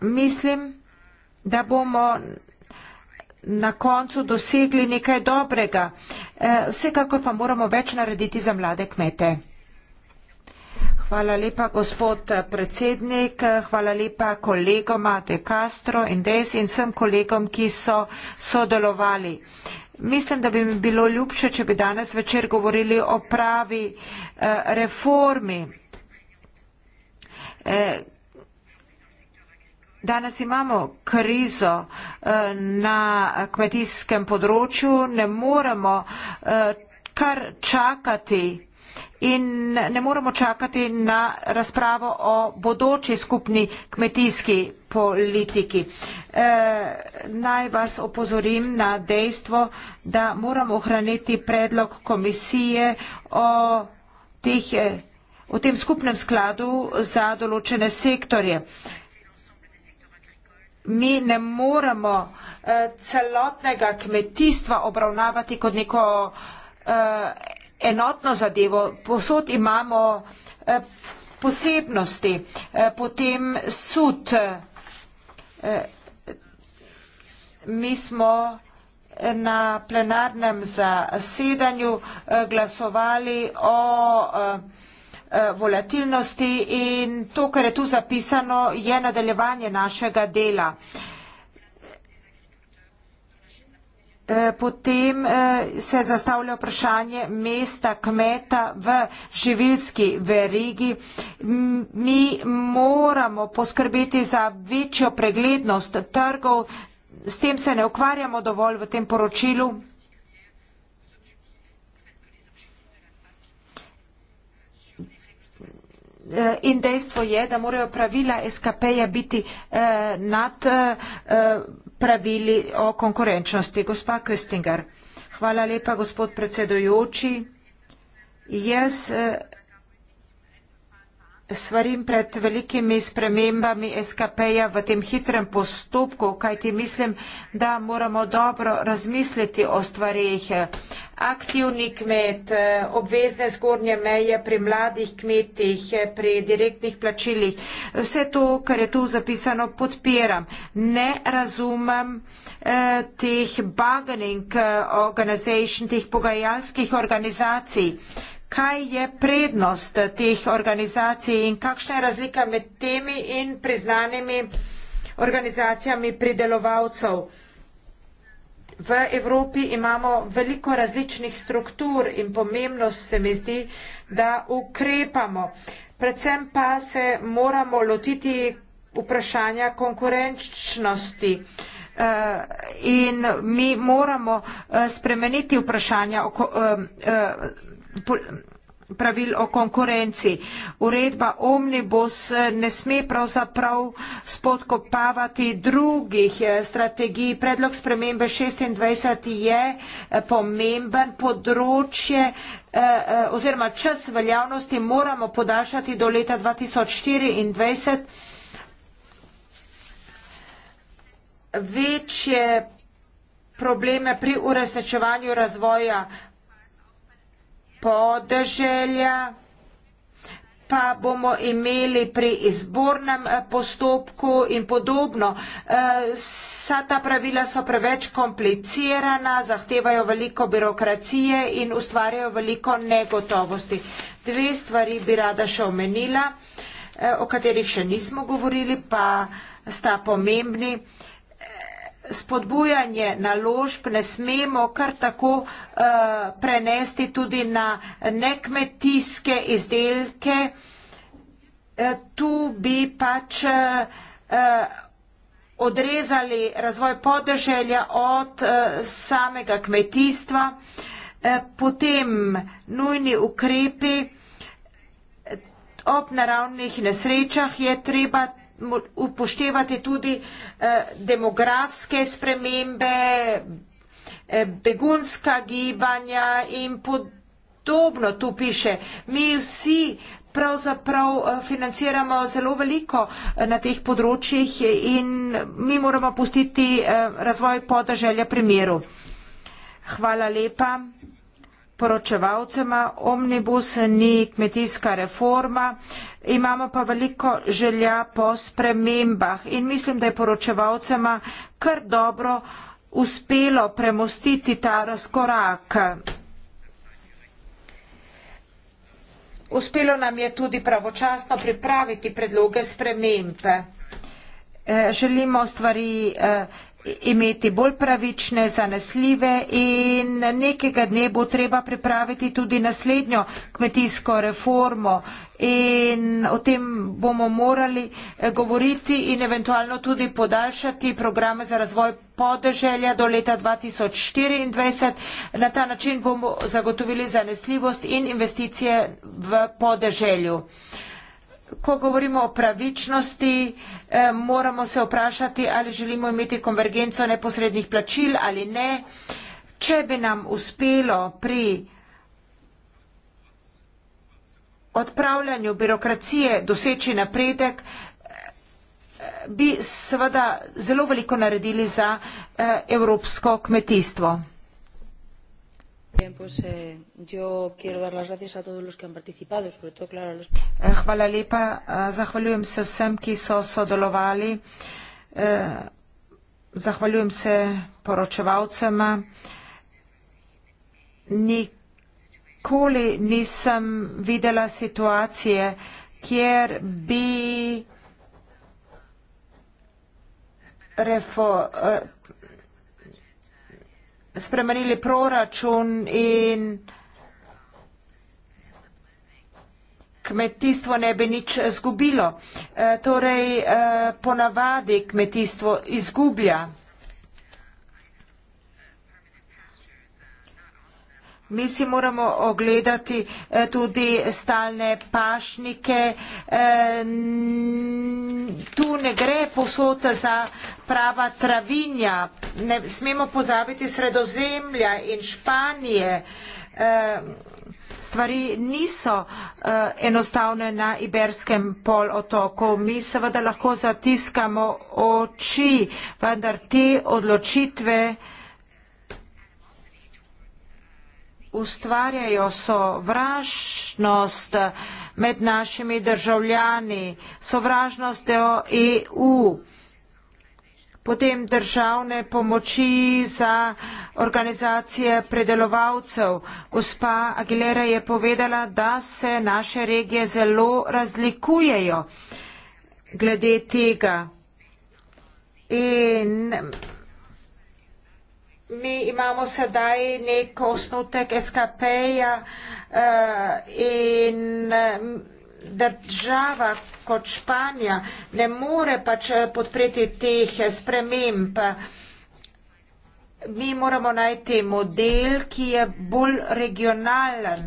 mislim, da bomo na koncu dosegli nekaj dobrega. Eh, vsekakor pa moramo več narediti za mlade kmete. Hvala lepa, gospod predsednik. Hvala lepa kolegoma De Castro in Dez in vsem kolegom, ki so sodelovali. Mislim, da bi mi bilo ljubše, če bi danes večer govorili o pravi eh, reformi. Eh, danes imamo krizo eh, na kmetijskem področju, ne moremo kar čakati in ne moremo čakati na razpravo o bodoči skupni kmetijski politiki. E, naj vas opozorim na dejstvo, da moramo ohraniti predlog komisije o, tih, e, o tem skupnem skladu za določene sektorje. Mi ne moremo e, celotnega kmetijstva obravnavati kot neko e, enotno zadevo. Posod imamo eh, posebnosti, eh, potem sud. Eh, mi smo na plenarnem zasedanju glasovali o volatilnosti in to, kar je tu zapisano, je nadaljevanje našega dela. Eh, potem eh, se zastavlja vprašanje mesta kmeta v živilski verigi. Mi moramo poskrbeti za večjo preglednost trgov. S tem se ne ukvarjamo dovolj v tem poročilu. Eh, in dejstvo je, da morajo pravila SKP-ja biti eh, nad eh, pravili o konkurenčnosti. Gospa Köstinger, hvala lepa, gospod predsedojoči. Jaz eh, svarim pred velikimi spremembami SKP-ja v tem hitrem postopku, kajti mislim, da moramo dobro razmisliti o stvarih. Eh, aktivni kmet, eh, obvezne zgornje meje pri mladih kmetih, eh, pri direktnih plačilih. Vse to, kar je tu zapisano, podpiram. Ne razumem eh, teh bargaining eh, organization, teh pogajalskih organizacij. Kaj je prednost teh organizacij in kakšna je razlika med temi in priznanimi organizacijami pridelovalcev? V Evropi imamo veliko različnih struktur in pomembnost se mi zdi, da ukrepamo. Predvsem pa se moramo lotiti vprašanja konkurenčnosti eh, in mi moramo eh, spremeniti vprašanja. Oko, eh, pravil o konkurenci. Uredba Omnibus ne sme pravzaprav spodkopavati drugih eh, strategij. Predlog spremembe 26 je eh, pomemben področje eh, oziroma čas veljavnosti moramo podaljšati do leta 2024. Večje probleme pri uresničevanju razvoja podeželja, pa bomo imeli pri izbornem eh, postopku in podobno. Eh, vsa ta pravila so preveč komplicirana, zahtevajo veliko birokracije in ustvarjajo veliko negotovosti. Dve stvari bi rada še omenila, eh, o katerih še nismo govorili, pa sta pomembni spodbujanje naložb ne smemo kar tako uh, prenesti tudi na nekmetijske izdelke. Uh, tu bi pač uh, uh, odrezali razvoj podeželja od uh, samega kmetijstva. Uh, potem nujni ukrepi. Ob naravnih nesrečah je treba upoštevati tudi eh, demografske spremembe, eh, begunska gibanja in podobno tu piše. Mi vsi pravzaprav eh, financiramo zelo veliko na teh področjih in mi moramo pustiti razvoj podeželja primeru. Hvala lepa poročevalcema, omnibus ni kmetijska reforma, imamo pa veliko želja po spremembah in mislim, da je poročevalcema kar dobro uspelo premostiti ta razkorak. Uspelo nam je tudi pravočasno pripraviti predloge spremembe. E, eh, želimo stvari e, imeti bolj pravične, zanesljive in nekega dne bo treba pripraviti tudi naslednjo kmetijsko reformo in o tem bomo morali eh, govoriti in eventualno tudi podaljšati programe za razvoj podeželja do leta 2024. Na ta način bomo zagotovili zanesljivost in investicije v podeželju. Uh, Ko govorimo o pravičnosti, eh, moramo se vprašati, ali želimo imeti konvergenco neposrednih plačil ali ne. Če bi nam uspelo pri odpravljanju birokracije doseči napredek, eh, bi seveda zelo veliko naredili za eh, evropsko kmetijstvo. Bien, pues eh, yo quiero dar las gracias a todos los que han participado, sobre todo, claro, a los... Eh, hvala lepa. Eh, zahvaljujem se vsem, ki so sodelovali. Eh, zahvaljujem se poročevalcema. Nikoli nisem videla situacije, kjer bi reform spremenili proračun in kmetijstvo ne bi nič zgubilo. E, torej, e, ponavadi kmetijstvo izgublja. Mi si moramo ogledati e, tudi stalne pašnike. Tu ne gre posod za prava travinja, ne smemo pozabiti sredozemlja in Španije. Ehm, stvari niso eh, enostavne na Iberskem polotoku. Mi seveda lahko zatiskamo oči, vendar te odločitve ustvarjajo sovražnost med našimi državljani, sovražnost do EU potem državne pomoči za organizacije predelovalcev. Gospa Aguilera je povedala, da se naše regije zelo razlikujejo glede tega. In mi imamo sedaj nek osnutek SKP-ja uh, eh, in eh, država, kot Španija ne more pač eh, podpreti teh eh, sprememb. Mi moramo najti model, ki je bolj regionalen.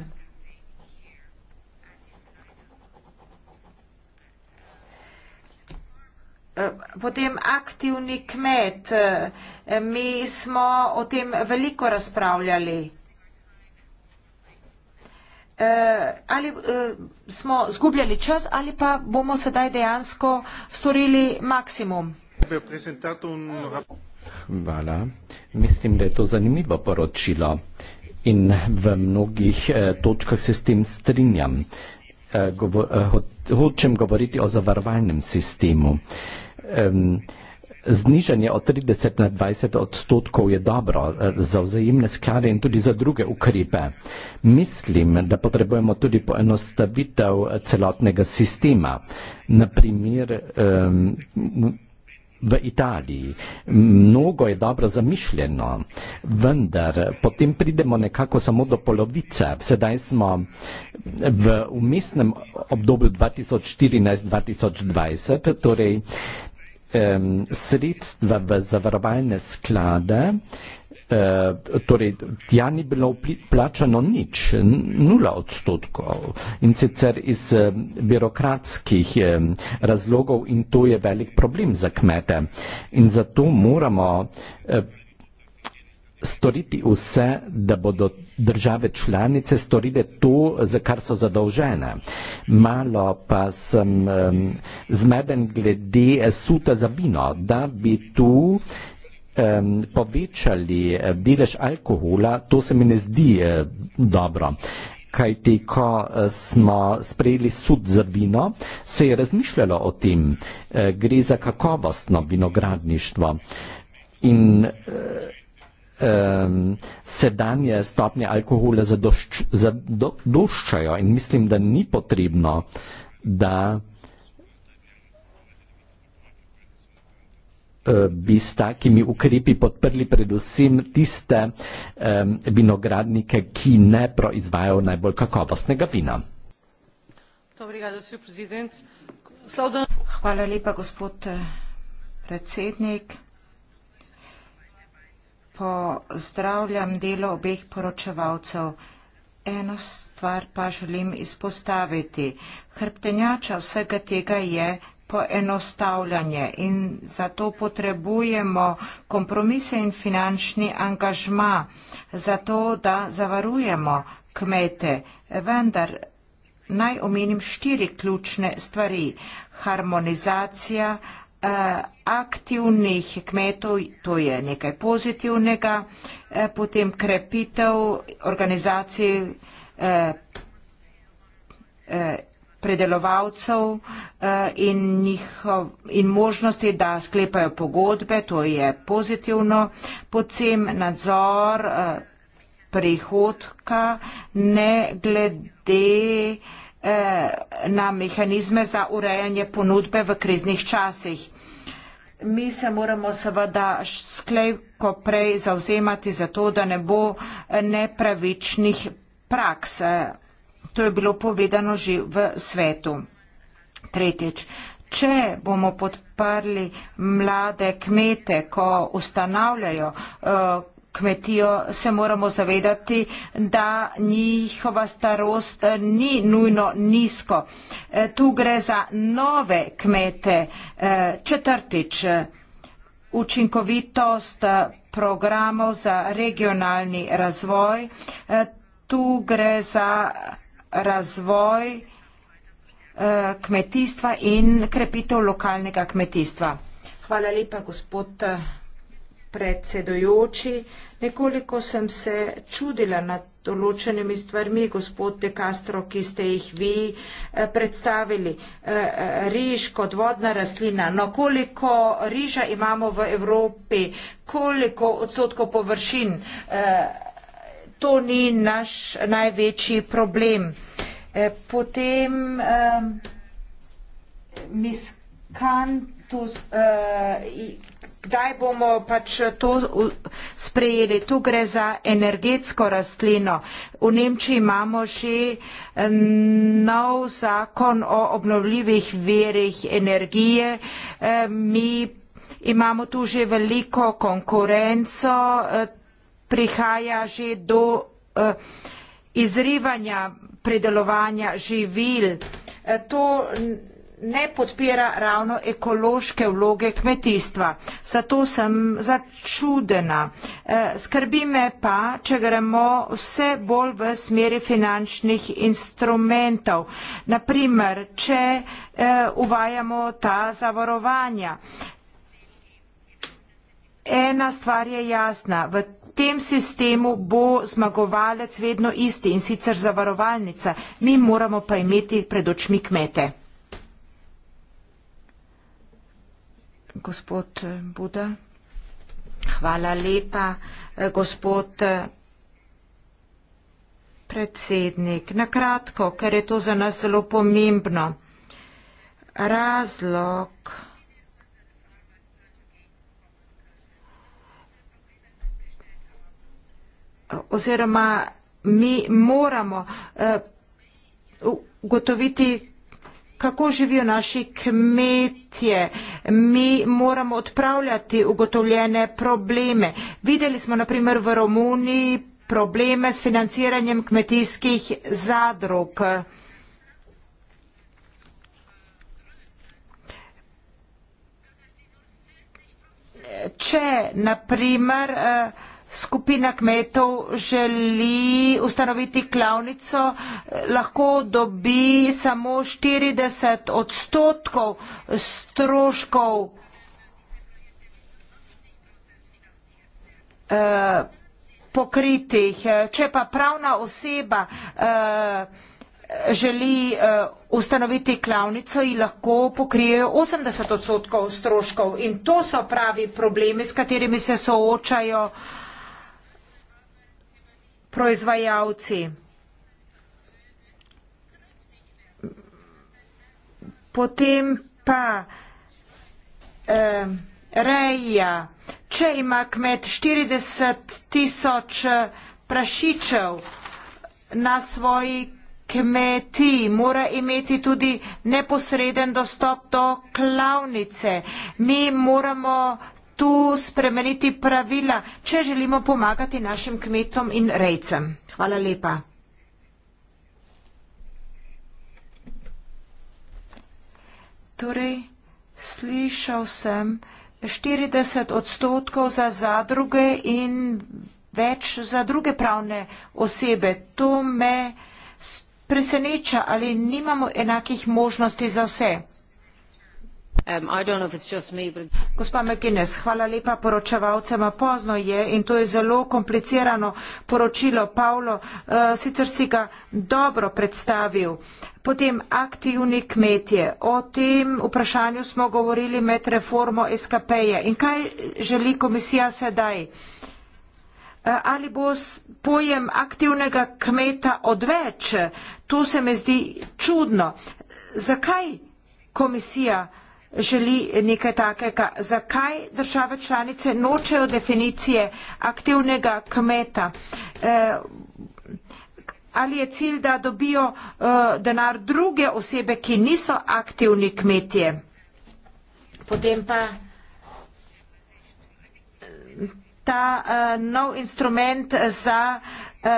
Eh, potem aktivni kmet. Mi smo o tem veliko razpravljali eh, ali eh, smo zgubljali čas ali pa bomo sedaj dejansko storili maksimum. Hvala. Mislim, da je to zanimivo poročilo in v mnogih eh, točkah se s tem strinjam. Eh, govo, eh, hočem govoriti o zavarovalnem sistemu. Eh, Znižanje od 30 na 20 odstotkov je dobro eh, za vzajemne sklade in tudi za druge ukrepe. Mislim, da potrebujemo tudi poenostavitev eh, celotnega sistema. Naprimer, v Italiji. Mnogo je dobro zamišljeno, vendar potem pridemo nekako samo do polovice. Sedaj smo v umestnem obdobju 2014-2020, torej sredstva v zavarovalne sklade, eh, torej tja ni bilo plačano nič, nula odstotkov in sicer iz birokratskih razlogov in to je velik problem za kmete in zato moramo eh, storiti vse, da bodo tja, države članice storile to, za kar so zadolžene. Malo pa sem um, zmeden glede eh, suta za vino, da bi tu um, povečali eh, delež alkohola, to se mi ne zdi uh, dobro. Kaj te, ko smo sprejeli sud za vino, se je razmišljalo o tem, gre za kakovostno vinogradništvo. In, uh, um, sedanje stopnje alkohola zadošč, zadoščajo in mislim, da ni potrebno, da eh, bi s takimi ukrepi podprli predvsem tiste um, vinogradnike, ki ne proizvajajo najbolj kakovostnega vina. Hvala lepa, gospod eh, predsednik pozdravljam delo obeh poročevalcev. Eno stvar pa želim izpostaviti. Hrbtenjača vsega tega je poenostavljanje in zato potrebujemo kompromise in finančni angažma, zato da zavarujemo kmete. Vendar naj omenim štiri ključne stvari. Harmonizacija, Eh, aktivnih kmetov, to je nekaj pozitivnega, eh, potem krepitev organizacij eh, predelovalcev in, njihov, in možnosti, da sklepajo pogodbe, to je pozitivno, potem nadzor prihodka, ne glede Eh, na mehanizme za urejanje ponudbe v kriznih časih. Mi se moramo seveda sklejko prej zauzemati za to, da ne bo eh, nepravičnih praks. Eh, to je bilo povedano že v svetu. Tretjič, če bomo podprli mlade kmete, ko ustanavljajo uh, kmetijo, se moramo zavedati, da njihova starost ni nujno nizko. E, tu gre za nove kmete. E, četrtič, učinkovitost e, programov za regionalni razvoj. Tu gre za razvoj kmetijstva in krepitev lokalnega kmetijstva. Hvala lepa, gospod predsedojoči. Nekoliko sem se čudila nad določenimi stvarmi, gospod De Castro, ki ste jih vi eh, predstavili. Eh, eh, riž kot vodna rastlina, no koliko riža imamo v Evropi, koliko odstotkov površin, to ni naš največji problem. Potem miskantus, kdaj bomo pač to sprejeli. Tu gre za energetsko rastlino. V Nemčiji imamo že eh, nov zakon o obnovljivih verih energije. Eh, mi imamo tu že veliko konkurenco, eh, prihaja že do izrivanja predelovanja živil. To ne podpira ravno ekološke vloge kmetijstva. Zato sem začudena. E, skrbi me pa, če gremo vse bolj v smeri finančnih instrumentov. Naprimer, če e, uvajamo ta zavarovanja. Ena stvar je jasna. V V tem sistemu bo zmagovalec vedno isti in sicer zavarovalnica. Mi moramo pa imeti pred očmi kmete. gospod eh, Buda. Hvala lepa, eh, gospod eh, predsednik. Nakratko, ker je to za nas zelo pomembno. Razlog, oziroma mi moramo ugotoviti, uh, kako živijo naši kmetje. Mi moramo odpravljati ugotovljene probleme. Videli smo naprimer v Romuniji probleme s financiranjem kmetijskih zadrug. Če, naprimer, eh, skupina kmetov želi ustanoviti klavnico, eh, lahko dobi samo 40 odstotkov stroškov eh, pokritih. Če pa pravna oseba eh, želi ustanoviti klavnico, ji lahko pokrijejo 80 odstotkov stroškov. In to so pravi problemi, s katerimi se soočajo proizvajalci. Potem pa eh, reja, če ima kmet 40 tisoč eh, prašičev na svoji kmeti, mora imeti tudi neposreden dostop do klavnice. Mi moramo tu spremeniti pravila, če želimo pomagati našim kmetom in rejcem. Hvala lepa. Torej, slišal sem 40 odstotkov za zadruge in več za druge pravne osebe. To me preseneča ali nimamo enakih možnosti za vse. Um, Gospa McGuinness, hvala lepa poročevalcema. Pozno je in to je zelo komplicirano poročilo. Paulo, uh, sicer si ga dobro predstavil. Potem aktivni kmetje. O tem vprašanju smo govorili med reformo SKP-je. In kaj želi komisija sedaj? Uh, ali bo pojem aktivnega kmeta odveč? To se mi zdi čudno. Zakaj komisija? želi nekaj takega. Zakaj države članice nočejo definicije aktivnega kmeta? Eh, ali je cilj, da dobijo eh, denar druge osebe, ki niso aktivni kmetje? Potem pa ta eh, nov instrument za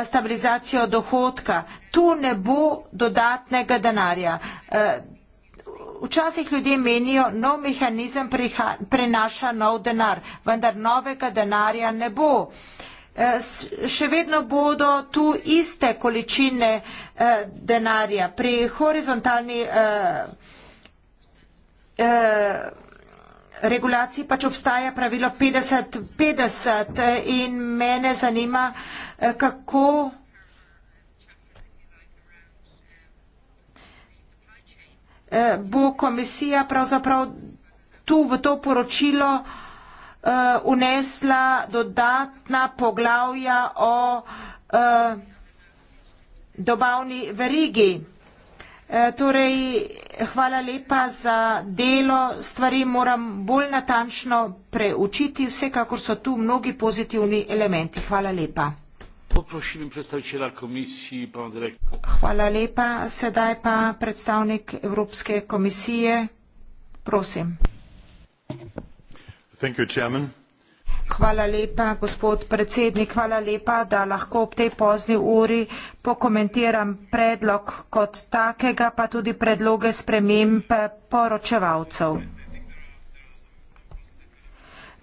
stabilizacijo dohodka. Tu ne bo dodatnega denarja. Včasih ljudje menijo, nov mehanizem preha, prenaša nov denar, vendar novega denarja ne bo. Eh, še vedno bodo tu iste količine eh, denarja. Pri horizontalni eh, eh, regulaciji pač obstaja pravilo 50-50 eh, in mene zanima, eh, kako Eh, bo komisija pravzaprav tu v to poročilo eh, unesla dodatna poglavja o eh, dobavni verigi. Torej, hvala lepa za delo, stvari moram bolj natančno preučiti, vsekakor so tu mnogi pozitivni elementi. Hvala lepa poprosim predstavitelja komisije pana direktorja. Hvala lepa. Sedaj pa predstavnik Evropske komisije. Prosim. Thank you, chairman. Hvala lepa, gospod predsednik. Hvala lepa, da lahko ob tej pozni uri pokomentiram predlog kot takega, pa tudi predloge sprememb poročevalcev. Mm -hmm.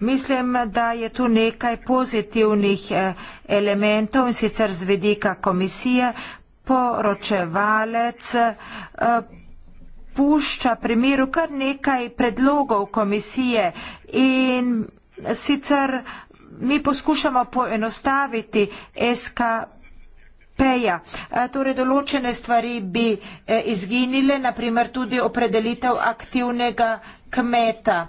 Mislim, da je tu nekaj pozitivnih eh, elementov in sicer z vedika komisije poročevalec eh, pušča primeru kar nekaj predlogov komisije in sicer mi poskušamo poenostaviti SKP-ja. Eh, torej določene stvari bi izginile, naprimer tudi opredelitev aktivnega kmeta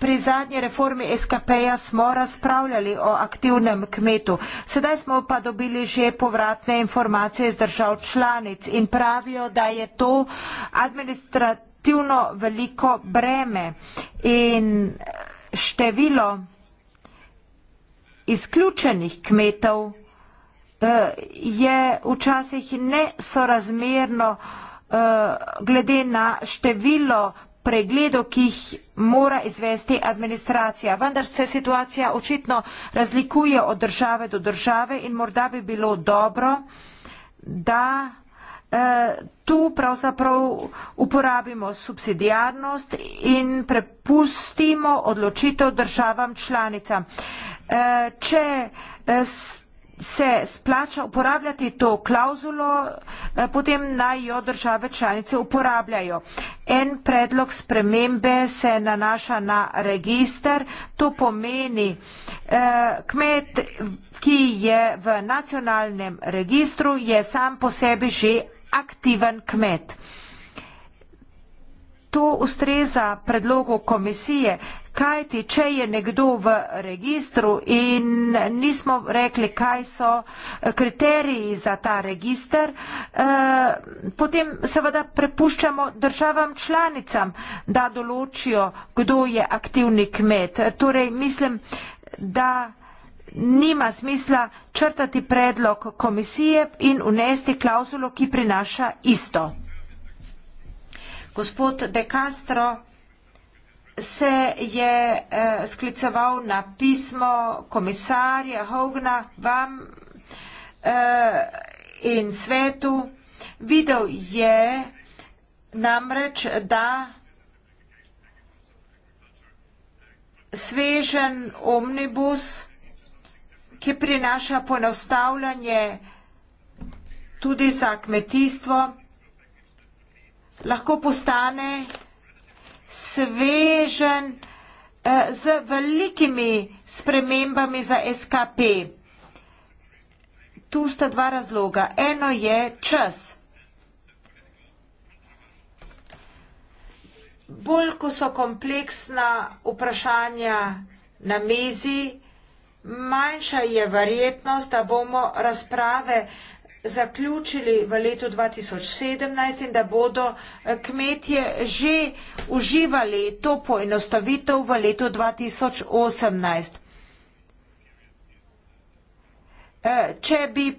pri zadnji reformi SKP-ja smo razpravljali o aktivnem kmetu. Sedaj smo pa dobili že povratne informacije iz držav članic in pravijo, da je to administrativno veliko breme in število izključenih kmetov eh, je včasih nesorazmerno eh, glede na število pregledu, ki jih mora izvesti administracija. Vendar se situacija očitno razlikuje od države do države in morda bi bilo dobro, da eh, tu pravzaprav uporabimo subsidijarnost in prepustimo odločitev državam članicam. Eh, če eh, se splača uporabljati to klauzulo, eh, potem naj jo države članice uporabljajo. En predlog spremembe se nanaša na register, to pomeni eh, kmet, ki je v nacionalnem registru, je sam po sebi že aktiven kmet. To ustreza predlogu komisije, Kajti, če je nekdo v registru in nismo rekli, kaj so eh, kriteriji za ta registr, eh, potem seveda prepuščamo državam članicam, da določijo, kdo je aktivni kmet. Torej, mislim, da nima smisla črtati predlog komisije in unesti klauzulo, ki prinaša isto. Gospod De Castro, se je eh, skliceval na pismo komisarja Hogna vam eh, in svetu. Videl je namreč, da svežen omnibus, ki prinaša poenostavljanje tudi za kmetijstvo, lahko postane svežen eh, z velikimi spremembami za SKP. Tu sta dva razloga. Eno je čas. Bolj, ko so kompleksna vprašanja na mizi, manjša je verjetnost, da bomo razprave zaključili v letu 2017 in da bodo eh, kmetje že uživali to poenostavitev v letu 2018. Eh, če bi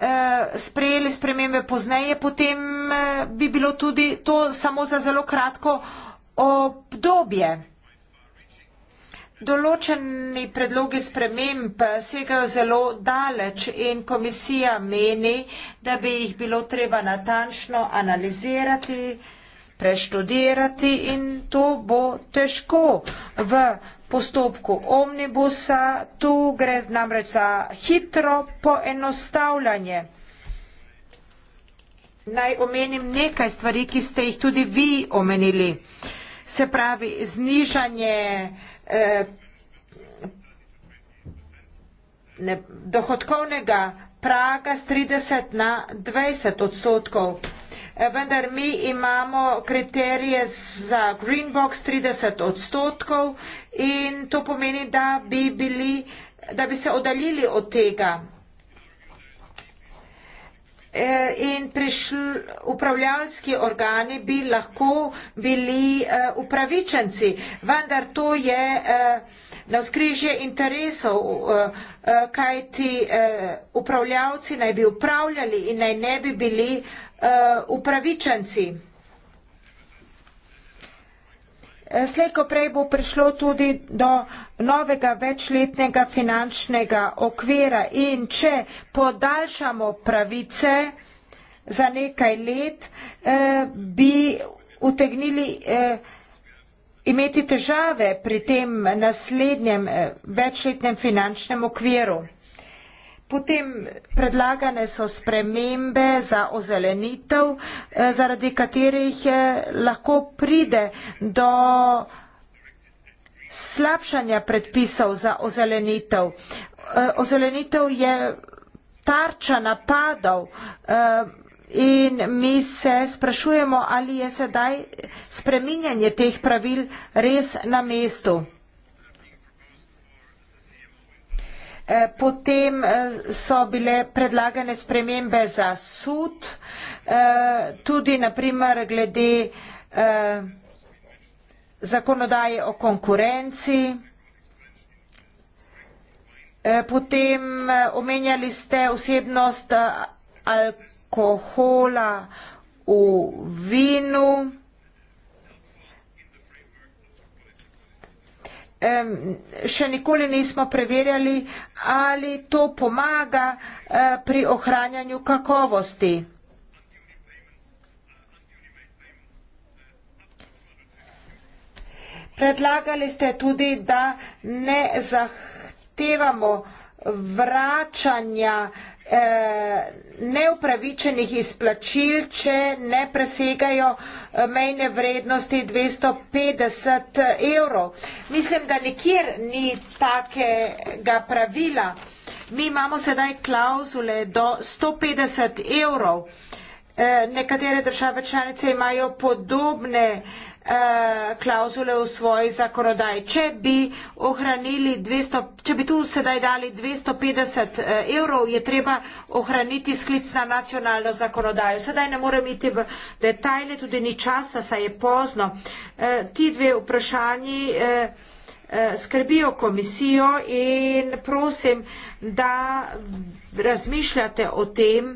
eh, sprejeli spremembe pozneje, potem bi bilo tudi to samo za zelo kratko obdobje. Določeni predlogi sprememb segajo zelo daleč in komisija meni, da bi jih bilo treba natančno analizirati, preštudirati in to bo težko v postopku omnibusa. Tu gre namreč za hitro poenostavljanje. Naj omenim nekaj stvari, ki ste jih tudi vi omenili. Se pravi, znižanje Eh, dohodkovnega praga z 30 na 20 odstotkov. Eh, vendar mi imamo kriterije za Greenbox 30 odstotkov in to pomeni, da bi, bili, da bi se odaljili od tega. Eh, in prišl, upravljalski organi bi lahko bili uh, upravičenci, vendar to je uh, eh, na skrižje interesov, uh, uh, kaj ti uh, upravljalci naj bi upravljali in naj ne bi bili uh, upravičenci. Eh, Slejko prej bo prišlo tudi do novega večletnega finančnega okvira in če podaljšamo pravice za nekaj let, eh, bi utegnili eh, imeti težave pri tem naslednjem večletnem finančnem okviru. Potem predlagane so spremembe za ozelenitev, eh, zaradi katerih eh, lahko pride do slabšanja predpisov za ozelenitev. Eh, ozelenitev je tarča napadov in mi se sprašujemo, ali je sedaj spreminjanje teh pravil res na mestu. Eh, potem eh, so bile predlagane spremembe za sud, eh, tudi naprimer glede zakonodaje o konkurenci. Potem omenjali ste osebnost alkohola v vinu. um, še nikoli nismo preverjali, ali to pomaga uh, pri ohranjanju kakovosti. Predlagali ste tudi, da ne zahtevamo vračanja uh, Eh, neupravičenih izplačil, če ne presegajo eh, mejne vrednosti 250 evrov. Mislim, da nikjer ni takega pravila. Mi imamo sedaj klauzule do 150 evrov. Eh, nekatere države članice imajo podobne eh, Eh, klauzule v svoji zakonodaji. Če bi ohranili 200, če bi tu sedaj dali 250 eh, evrov, je treba ohraniti sklic na nacionalno zakonodajo. Sedaj ne morem iti v detajle, tudi ni časa, saj je pozno. Eh, ti dve vprašanji skrbijo komisijo in prosim, da razmišljate o tem,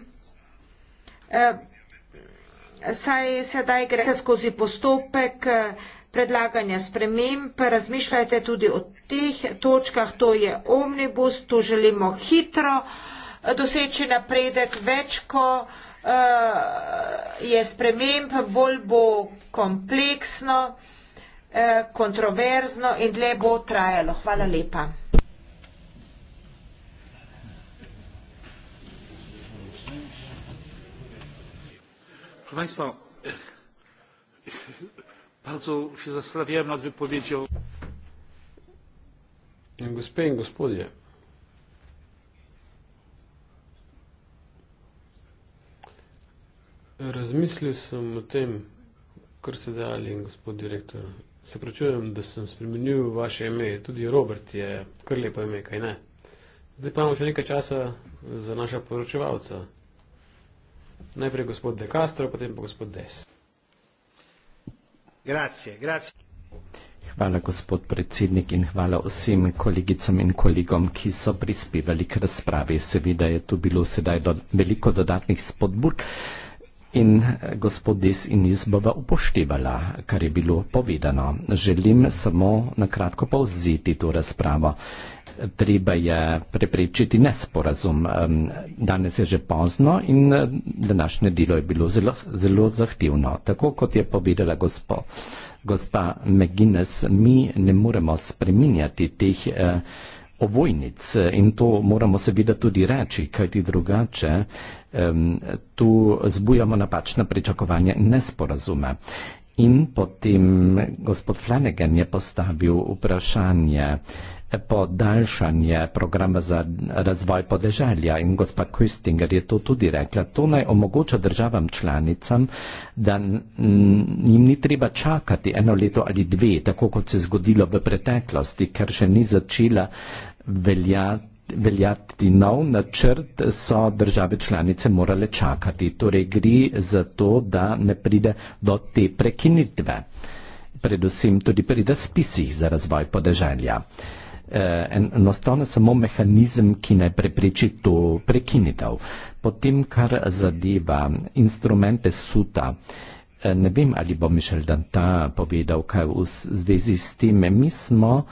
saj sedaj grete skozi postopek eh, predlaganja sprememb, razmišljajte tudi o teh točkah, to je omnibus, tu želimo hitro eh, doseči napredek, več ko eh, je sprememb, bolj bo kompleksno, kontroverzno in dlje bo trajalo. Hvala lepa. proszę państwa bardzo się zastanawiałem nad wypowiedzią gospodzie i gospodzie rozmyślił sam o tym kar se dali gospod direktor se pročujem da sem spremenil vaše ime tudi Robert je kar lepo ime kaj ne zdaj pa imamo še nekaj časa za naša poročevalca Najprej gospod De Castro, potem pa gospod Des. Grazie, grazie. Hvala, gospod predsednik, in hvala vsem kolegicam in kolegom, ki so prispevali k razpravi. Seveda je tu bilo sedaj do, veliko dodatnih spodbud in eh, gospod Des in jaz bova upoštevala, kar je bilo povedano. Želim samo na kratko povzeti to razpravo treba je preprečiti nesporazum. Danes je že pozno in e, današnje delo je bilo zelo, zelo zahtevno. Tako kot je povedala gospo, gospa McGuinness, mi ne moremo spreminjati teh e, ovojnic in to moramo seveda tudi reči, kajti drugače tu zbujamo napačna pričakovanja in nesporazume. In potem gospod Flanagan je postavil vprašanje, podaljšanje programa za razvoj podeželja in gospa Kristinger je to tudi rekla. To naj omogoča državam članicam, da jim ni treba čakati eno leto ali dve, tako kot se je zgodilo v preteklosti, ker še ni začela veljati veljati nov načrt, so države članice morale čakati. Torej gre za to, da ne pride do te prekinitve. Predvsem tudi pri razpisih za razvoj podeželja. Eh, enostavno samo mehanizem, ki naj prepreči to prekinitev. Potem, kar zadeva instrumente suta, eh, ne vem, ali bo Mišel Danta povedal, kaj v zvezi s tem. Mi smo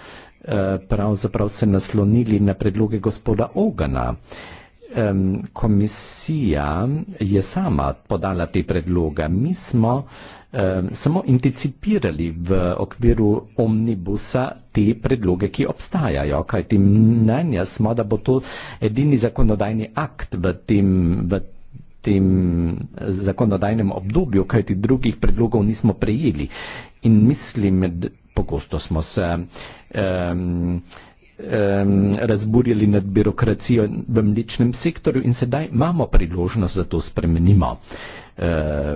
eh, pravzaprav se naslonili na predloge gospoda Ogana. Komisija je sama podala te predloge. Mi smo Ehm, samo anticipirali v okviru omnibusa te predloge, ki obstajajo. Kaj ti mnenja smo, da bo to edini zakonodajni akt v tem, v tem eh, zakonodajnem obdobju, kaj ti drugih predlogov nismo prejeli. In mislim, pogosto smo se. Um, razburjali nad birokracijo v mličnem sektorju in sedaj imamo priložnost, da to spremenimo. Eh,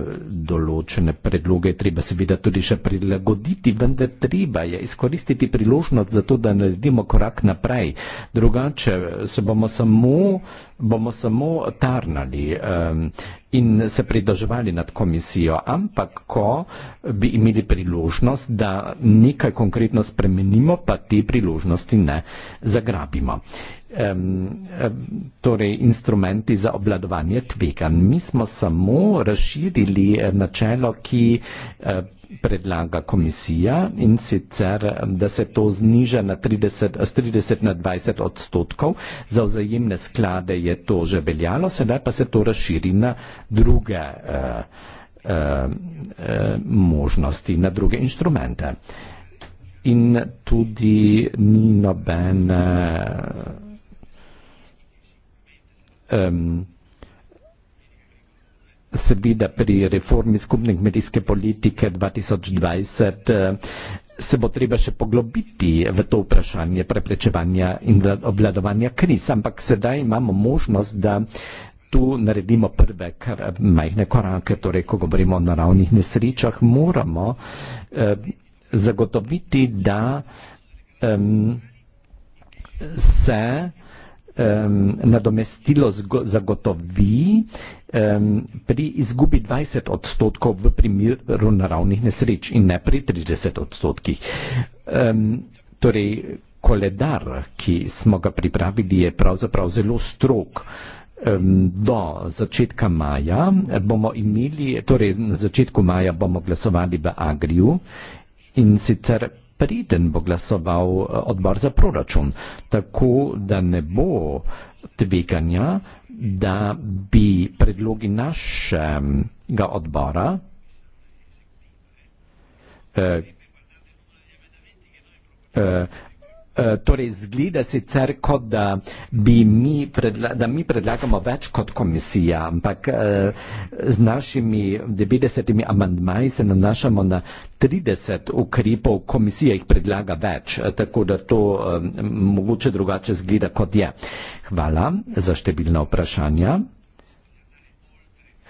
določene predloge je treba seveda tudi še prilagoditi, vendar treba je izkoristiti priložnost za to, da naredimo korak naprej. Drugače se bomo samo, bomo samo tarnali in se pridrževali nad komisijo, ampak ko bi imeli priložnost, da nekaj konkretno spremenimo, pa te priložnosti ne zagrabimo um, torej instrumenti za obladovanje tvegan. Mi smo samo razširili eh, načelo, ki eh, predlaga komisija in sicer, da se to zniža na 30, z 30 na 20 odstotkov, za vzajemne sklade je to že veljalo, sedaj pa se to razširi na druge uh, uh, možnosti, na druge inštrumente. In tudi ni nobene uh, um, seveda pri reformi skupne kmetijske politike 2020 uh, eh, se bo treba še poglobiti v to vprašanje preprečevanja in obvladovanja kriz, ampak sedaj imamo možnost, da tu naredimo prve kar, eh, majhne korake, torej ko govorimo o naravnih nesrečah, moramo uh, zagotoviti, da um, se uh, um, nadomestilo zagotovi um, pri izgubi 20 odstotkov v primeru naravnih nesreč in ne pri 30 odstotkih. Um, torej, koledar, ki smo ga pripravili, je pravzaprav zelo strok. Do začetka maja bomo imeli, torej na začetku maja bomo glasovali v Agriju in sicer priden bo glasoval eh, odbor za proračun, tako da ne bo tveganja, da bi predlogi našega odbora eh, eh, Eh, torej zgleda sicer, kot da mi, predla da mi predlagamo več kot komisija, ampak eh, z našimi 90 amandmaji se nanašamo na 30 ukrepov, komisija jih predlaga več, eh, tako da to mogoče drugače zgleda, kot je. Hvala za številna vprašanja.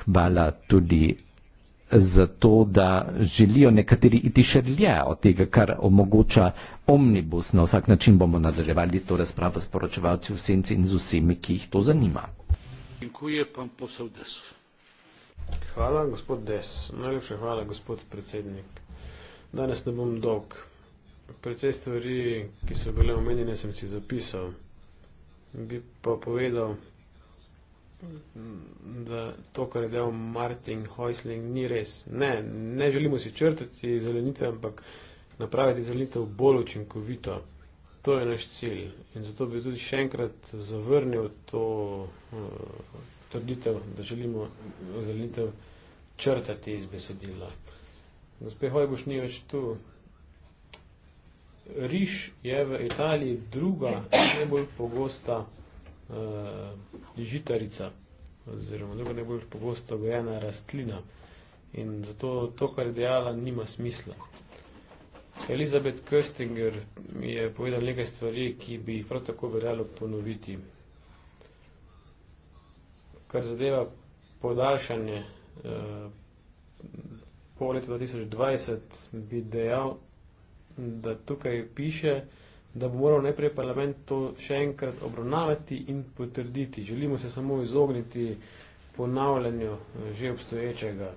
Hvala tudi zato da želijo nekateri iti še dlje od tega, kar omogoča omnibus. Na vsak način bomo nadaljevali to razpravo s poročevalci v senci in z vsemi, ki jih to zanima. Hvala, gospod Des. Najlepša hvala, gospod predsednik. Danes ne bom dolg. Precej stvari, ki so bile omenjene, sem si zapisal. Bi pa povedal Mm, da to, kar je delal Martin Heusling, ni res. Ne, ne želimo si črtati zelenitve, ampak napraviti zelenitev bolj učinkovito. To je naš cilj in zato bi tudi še enkrat zavrnil to uh, trditev, da želimo zelenitev črtati iz besedila. Gospod Hojbuš ni več tu. Riš je v Italiji druga najbolj pogosta uh, žitarica oziroma druga najbolj pogosto gojena rastlina in zato to, kar je dejala, nima smisla. Elizabeth Köstinger mi je povedal nekaj stvari, ki bi jih prav tako veljalo ponoviti. Kar zadeva podaljšanje uh, po letu 2020, bi dejal, da tukaj piše, da bo moral najprej parlament to še enkrat obravnavati in potrditi. Želimo se samo izogniti ponavljanju eh, že obstoječega.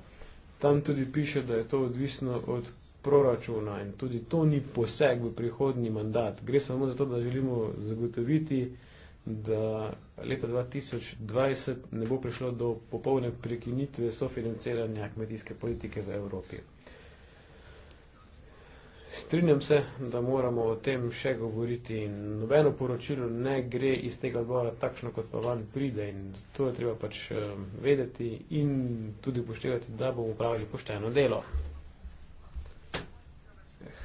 Tam tudi piše, da je to odvisno od proračuna in tudi to ni poseg v prihodni mandat. Gre samo za to, da želimo zagotoviti, da leta 2020 ne bo prišlo do popolne prekinitve sofinanciranja kmetijske politike v Evropi. Strinjam se, da moramo o tem še govoriti in nobeno poročilo ne gre iz tega odbora takšno, kot pa van pride in to je treba pač eh, vedeti in tudi upoštevati, da bomo upravili pošteno delo.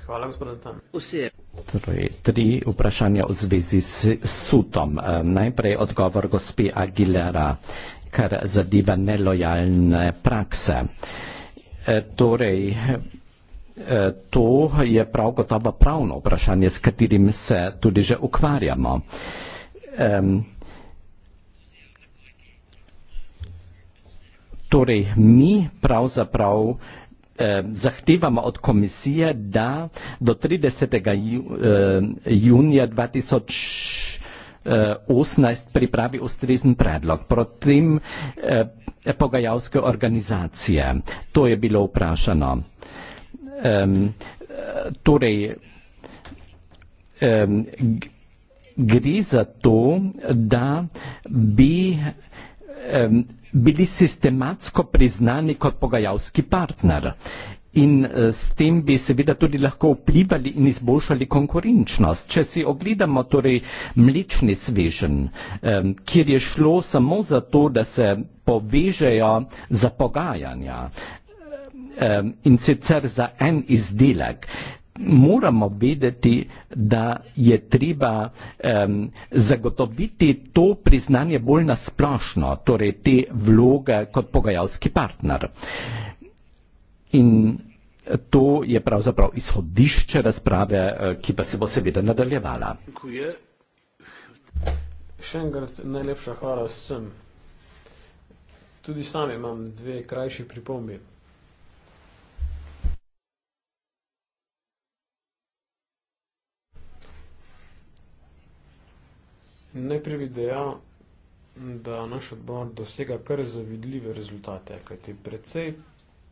Hvala, gospod Antan. Vsi. Torej, tri vprašanja v zvezi s sutom. Eh, najprej odgovor gospe Aguilera, kar zadeva nelojalne prakse. Eh, torej, E, to je prav gotovo pravno vprašanje, s katerim se tudi že ukvarjamo. Um, torej, mi pravzaprav eh, zahtevamo od komisije, da do 30. Ju, eh, junija 2018 e, pripravi ustrezen predlog. Protim eh, pogajalske organizacije, to je bilo vprašano um, torej, um, gre za to, da bi um, bili sistematsko priznani kot pogajalski partner. In eh, s tem bi seveda tudi lahko vplivali in izboljšali konkurenčnost. Če si ogledamo torej mlečni svežen, kjer je šlo samo za to, da se povežejo za pogajanja, um, in sicer za en izdelek. Moramo vedeti, da je treba um, zagotoviti to priznanje bolj nasplošno, torej te vloge kot pogajalski partner. In to je pravzaprav izhodišče razprave, uh, ki pa se bo seveda nadaljevala. Kuje. Še enkrat najlepša hvala vsem. Tudi sam imam dve krajši pripombe. Najprej bi dejal, da naš odbor dosega kar zavidljive rezultate, kajti precej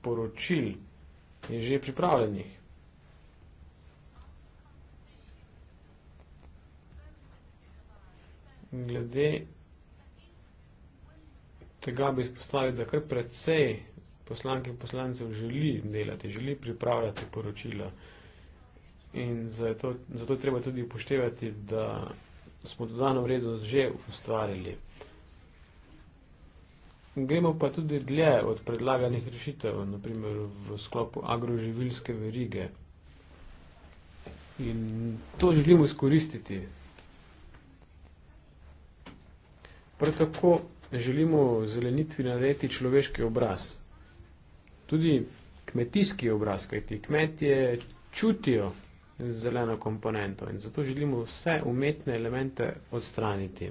poročil je že pripravljenih. Glede tega bi izpostavil, da kar precej poslank in poslancev želi delati, želi pripravljati poročila. In zato, zato treba tudi upoštevati, da smo dodano vrednost že ustvarili. Gremo pa tudi dlje od predlaganih rešitev, naprimer v sklopu agroživilske verige. In to želimo izkoristiti. Prav tako želimo zelenitvi narediti človeški obraz. Tudi kmetijski obraz, kajti kmetje čutijo zeleno komponento in zato želimo vse umetne elemente odstraniti.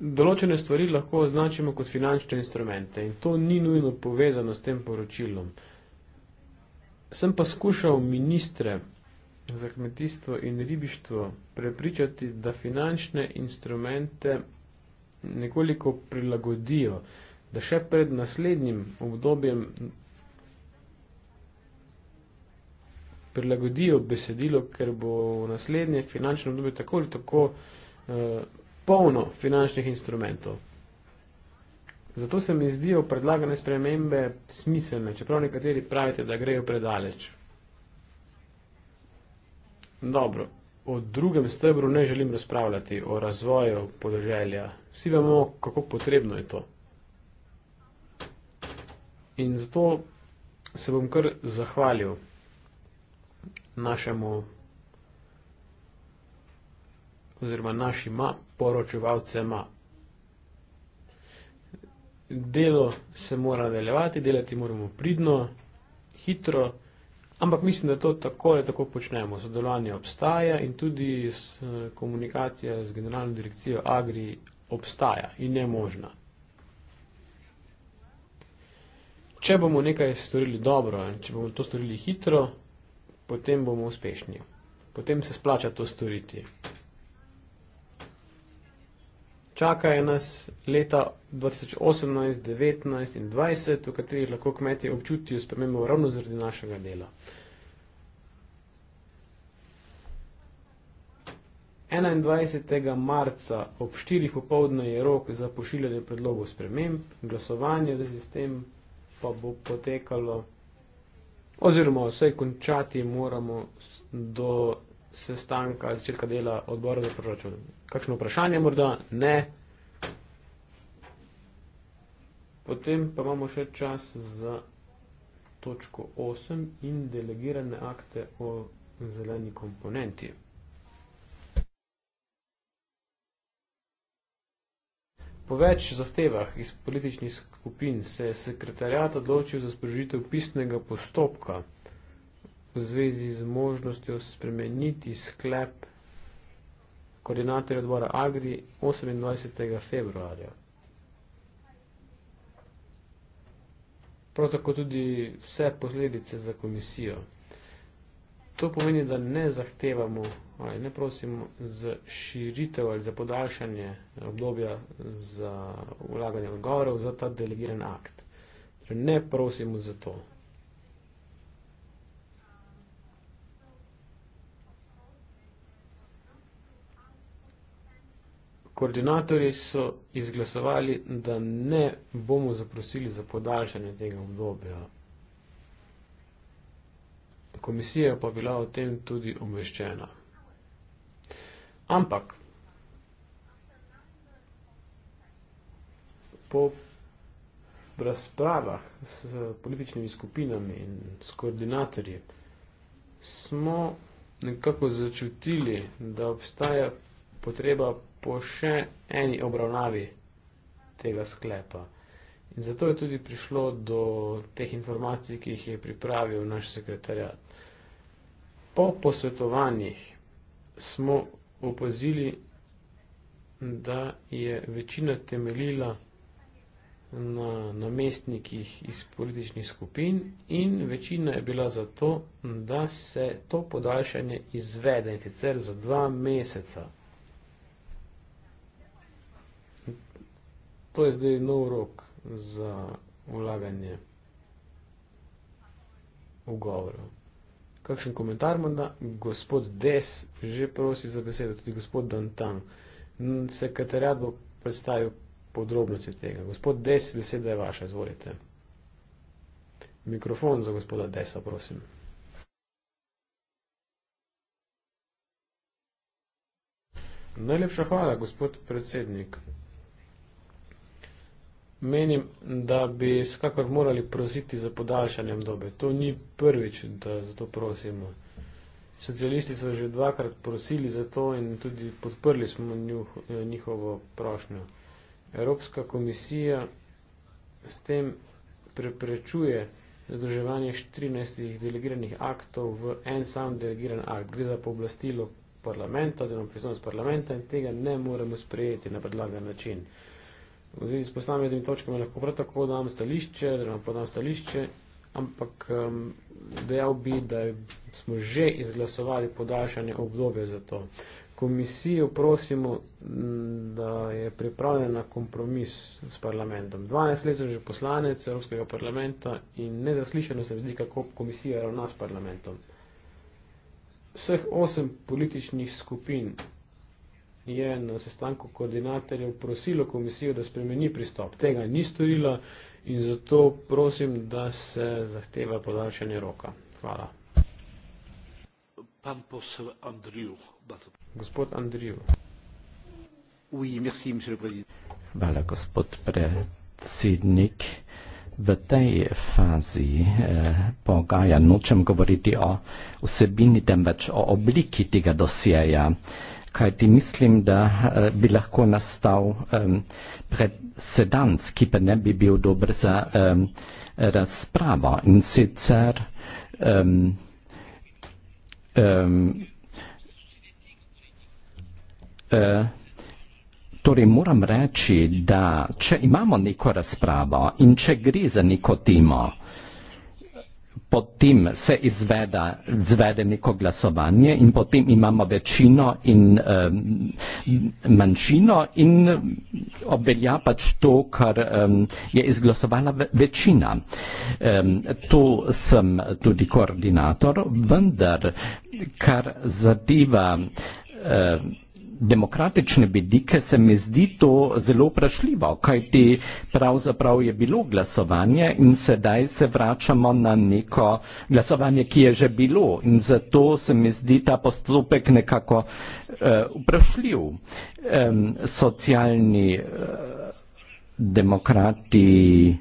Določene stvari lahko označimo kot finančne instrumente in to ni nujno povezano s tem poročilom. Sem pa skušal ministre za kmetijstvo in ribištvo prepričati, da finančne instrumente nekoliko prilagodijo da še pred naslednjim obdobjem prilagodijo besedilo, ker bo v naslednje finančno obdobje tako ali tako eh, polno finančnih instrumentov. Zato se mi zdijo predlagane spremembe smiselne, čeprav nekateri pravite, da grejo predaleč. Dobro, o drugem stebru ne želim razpravljati, o razvoju podeželja. Vsi vemo, kako potrebno je to. In zato se bom kar zahvalil našemu oziroma našima poročevalcema. Delo se mora nadaljevati, delati moramo pridno, hitro, ampak mislim, da to tako ali tako počnemo. Sodelovanje obstaja in tudi eh, komunikacija z generalno direkcijo Agri obstaja in je možna. če bomo nekaj storili dobro in če bomo to storili hitro, potem bomo uspešni. Potem se splača to storiti. Čakajo nas leta 2018, 2019 in 2020, v katerih lahko kmetje občutijo spremembo ravno zaradi našega dela. Enaindvajsetega marca ob štirih popovdne je rok za pošiljanje predlogov sprememb, glasovanje v sistemu pa bo potekalo, oziroma vse končati moramo do sestanka začetka dela odbora za proračun. Kakšno vprašanje morda? Ne. Potem pa imamo še čas za točko 8 in delegirane akte o zeleni komponenti. Po več zahtevah iz političnih skupin se je sekretarjat odločil za sprožitev pisnega postopka v zvezi z možnostjo spremeniti sklep koordinatorja odbora Agri 28. februarja. Prav tako tudi vse posledice za komisijo. To pomeni, da ne zahtevamo ali ne prosimo za širitev ali za podaljšanje obdobja za ulaganje odgovorov za ta delegiran akt. Torej, ne prosimo za to. Koordinatorji so izglasovali, da ne bomo zaprosili za podaljšanje tega obdobja komisija pa bila o tem tudi umeščena. Ampak po razpravah s političnimi skupinami in s koordinatorji smo nekako začutili, da obstaja potreba po še eni obravnavi tega sklepa. In zato je tudi prišlo do teh informacij, ki jih je pripravil naš sekretarjat. Po posvetovanjih smo opazili, da je večina temeljila na namestnikih iz političnih skupin in večina je bila za to, da se to podaljšanje izvede in sicer za dva meseca. To je zdaj nov rok za ulaganje ugovorov kakšen komentar morda, gospod Des že prosi za besedo, tudi gospod Dantan. Sekretariat bo predstavil podrobnosti tega. Gospod Des, beseda je vaša, izvolite. Mikrofon za gospoda Desa, prosim. Najlepša hvala, gospod predsednik menim, da bi skakor morali prositi za podaljšanjem dobe. To ni prvič, da za to prosimo. Socialisti so že dvakrat prosili za to in tudi podprli smo njuh, njihovo prošnjo. Evropska komisija s tem preprečuje združevanje 14 delegiranih aktov v en sam delegiran akt. Gre za pooblastilo parlamenta oziroma pristojnost parlamenta in tega ne moremo sprejeti na predlagan način. Uh, v zvezi s posameznimi točkami lahko prav tako dam stališče, da podam stališče, ampak dejal bi, da smo že izglasovali podaljšanje obdobja za to. Komisijo prosimo, mm, da je pripravljena na kompromis s parlamentom. 12 let sem že poslanec Evropskega parlamenta in nezaslišano se vidi, kako komisija ravna s parlamentom. Vseh osem političnih skupin je na sestanku koordinatorjev prosilo komisijo, da spremeni pristop. Tega ni storila in zato prosim, da se zahteva podaljšanje roka. Hvala. Pan posel Andriju. Gospod Andriju. Oui, merci, monsieur le président. Hvala, gospod predsednik. V tej fazi eh, pogaja nočem govoriti o vsebini, temveč o obliki tega dosjeja. Eh, kaj ti mislim, da eh, bi lahko nastal um, predsedanc, ki pa ne bi bil dober za um, razpravo. In sicer um, um, uh, torej moram reči, da če imamo neko razpravo in če gre za neko temo, potem se izveda, izvede neko glasovanje in potem imamo večino in um, manjšino in obvelja pač to, kar um, je izglasovala večina. Um, tu sem tudi koordinator, vendar kar zadeva um, demokratične vidike se mi zdi to zelo vprašljivo, kajti pravzaprav je bilo glasovanje in sedaj se vračamo na neko glasovanje, ki je že bilo in zato se mi zdi ta postopek nekako uh, vprašljiv. Um, socialni uh, demokrati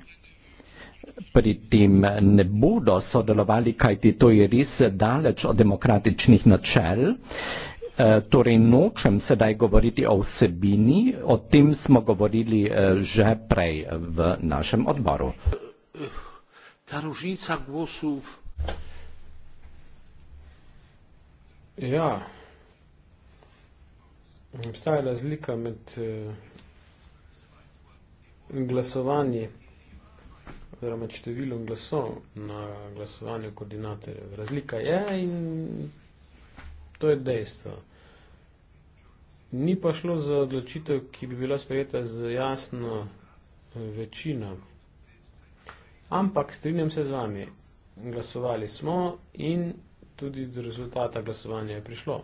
pri tem ne bodo sodelovali, kajti to je res daleč od demokratičnih načel. Eh, torej, nočem sedaj govoriti o vsebini, o tem smo govorili eh, že prej eh, v našem odboru. Ta rožica gosov. Ja, obstaja razlika med glasovanjem oziroma številom glasov na glasovanju koordinatorjev. Razlika je in to je dejstvo. Ni pa šlo za odločitev, ki bi bila sprejeta z jasno eh, večino. Ampak strinjam se z vami, glasovali smo in tudi do rezultata glasovanja je prišlo.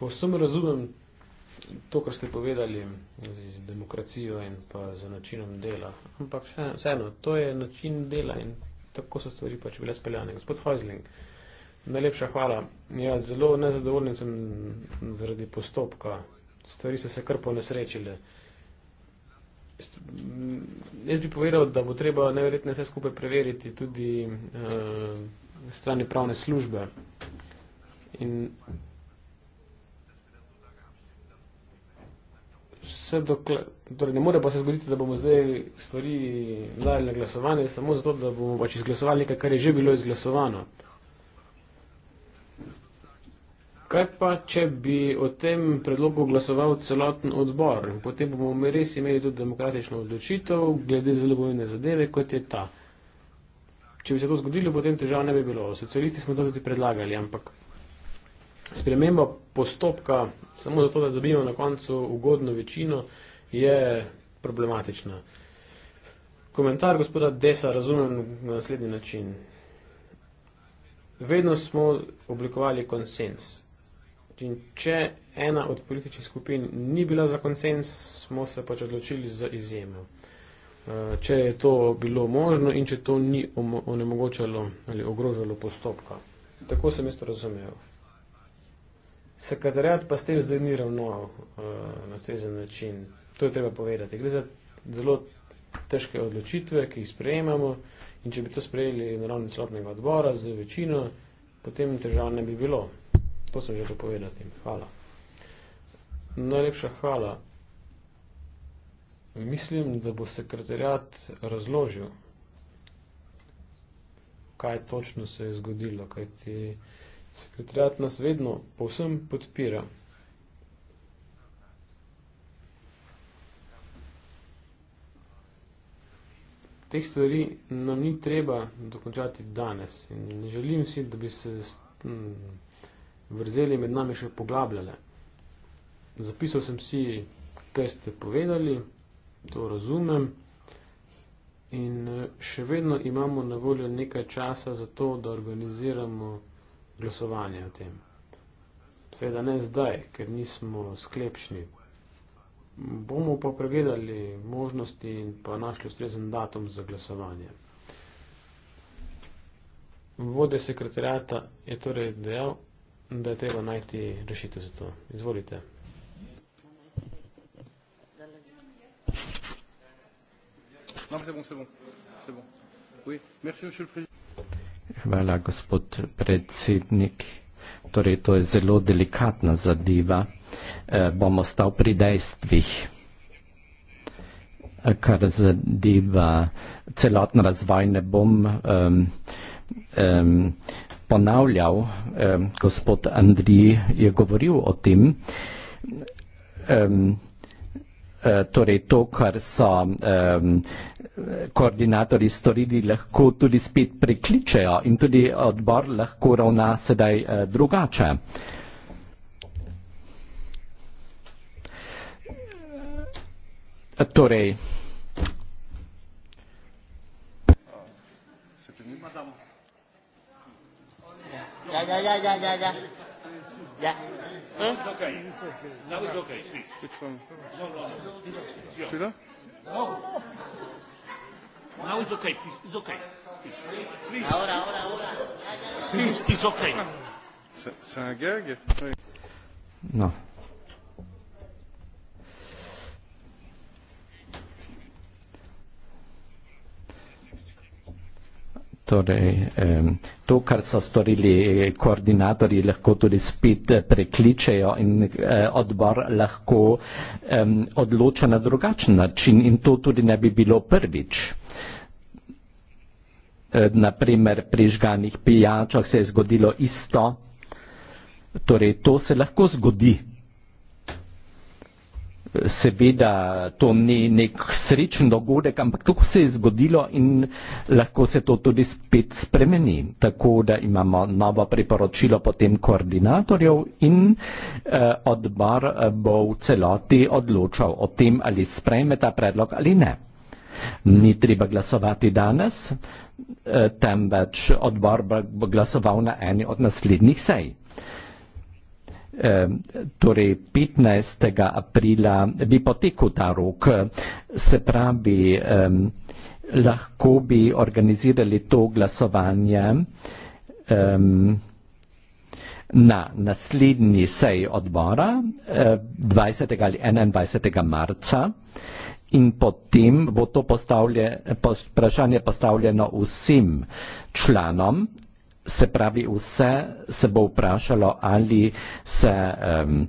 Povsem razumem to, kar ste povedali z demokracijo in pa z načinom dela. Ampak še vseeno, to je način dela in tako so stvari pač bile speljane. Gospod Heusling, uh, Najlepša hvala. Ja, zelo nezadovoljen sem zaradi postopka. Stvari so se kar ponesrečile. Mm, jaz bi povedal, da bo treba najverjetneje vse skupaj preveriti tudi eh, strani pravne službe. In vse dokle, torej ne more pa se zgoditi, da bomo zdaj stvari dali na glasovanje, samo zato, da bomo pač izglasovali nekaj, kar je že bilo izglasovano. Kaj pa, če bi o tem predlogu glasoval celoten odbor? Potem bomo res imeli tudi demokratično odločitev glede zelo bojne zadeve, kot je ta. Če bi se to zgodilo, potem težav ne bi bilo. Socialisti smo to tudi predlagali, ampak sprememba postopka samo zato, da dobimo na koncu ugodno večino, je problematična. Komentar gospoda Desa razumem na naslednji način. Vedno smo oblikovali konsens. In če ena od političnih skupin ni bila za konsens, smo se pač odločili za izjemo. Eh, če je to bilo možno in če to ni onemogočalo ali ogrožalo postopka. Tako sem jaz to razumel. Sekretariat pa s tem zdaj ni ravnal eh, na ustrezen način. To je treba povedati. Gre za zelo težke odločitve, ki jih sprejemamo in če bi to sprejeli na ravni celotnega odbora z večino, potem težav ne bi bilo. To sem želel povedati. Hvala. Najlepša hvala. Mislim, da bo sekretarjat razložil, kaj točno se je zgodilo, kaj ti sekretarjat nas vedno povsem podpira. Teh stvari nam ni treba dokončati danes in želim si, da bi se... Hm, vrzeli med nami še poglabljale. Zapisal sem si, kaj ste povedali, to razumem. In eh, še vedno imamo na voljo nekaj časa za to, da organiziramo glasovanje o tem. Seveda ne zdaj, ker nismo sklepšni. Bomo pa pregledali možnosti in pa našli ustrezen datum za glasovanje. Vode sekretarjata je torej dejal, da je treba najti rešitev za to. Izvolite. Hvala, gospod predsednik. Torej, to je zelo delikatna zadeva. E, bom ostal pri dejstvih, eh, kar zadeva celotno razvoj. Ne bom. Um, um, ponavljal, eh, gospod Andrij je govoril o tem, eh, eh, torej to, kar so eh, koordinatori storili, lahko tudi spet prekličejo in tudi odbor lahko ravna sedaj eh, drugače. Torej, yeah, ja, yeah, ja, yeah, ja, yeah, yeah, yeah. Yeah. Huh? Hm? It's okay. It's okay. Now it's okay. Please. Which one? No, no. no. Should I? No. Now it's okay. Please. It's okay. Please. Ahora, ahora, ahora. Please. It's okay. C'est un gag? Oui. Non. Torej, to, kar so storili koordinatorji, lahko tudi spet prekličejo in eh, odbor lahko odloča na drugačen način in to tudi ne bi bilo prvič. E, Naprimer, pri žganih pijačah se je zgodilo isto, torej to se lahko zgodi seveda to ni nek srečen dogodek, ampak to se je zgodilo in lahko se to tudi spet spremeni. Tako da imamo novo priporočilo potem koordinatorjev in eh, odbor eh, bo v celoti odločal o tem, ali sprejme ta predlog ali ne. Ni treba glasovati danes, eh, temveč odbor bo glasoval na eni od naslednjih sej. Ehm, torej 15. aprila bi potekal ta rok, se pravi, ehm, lahko bi organizirali to glasovanje ehm, na naslednji sej odbora 20. Eh, ali 21. marca in potem bo to vprašanje postavljeno vsem članom se pravi, vse se bo vprašalo, ali se um,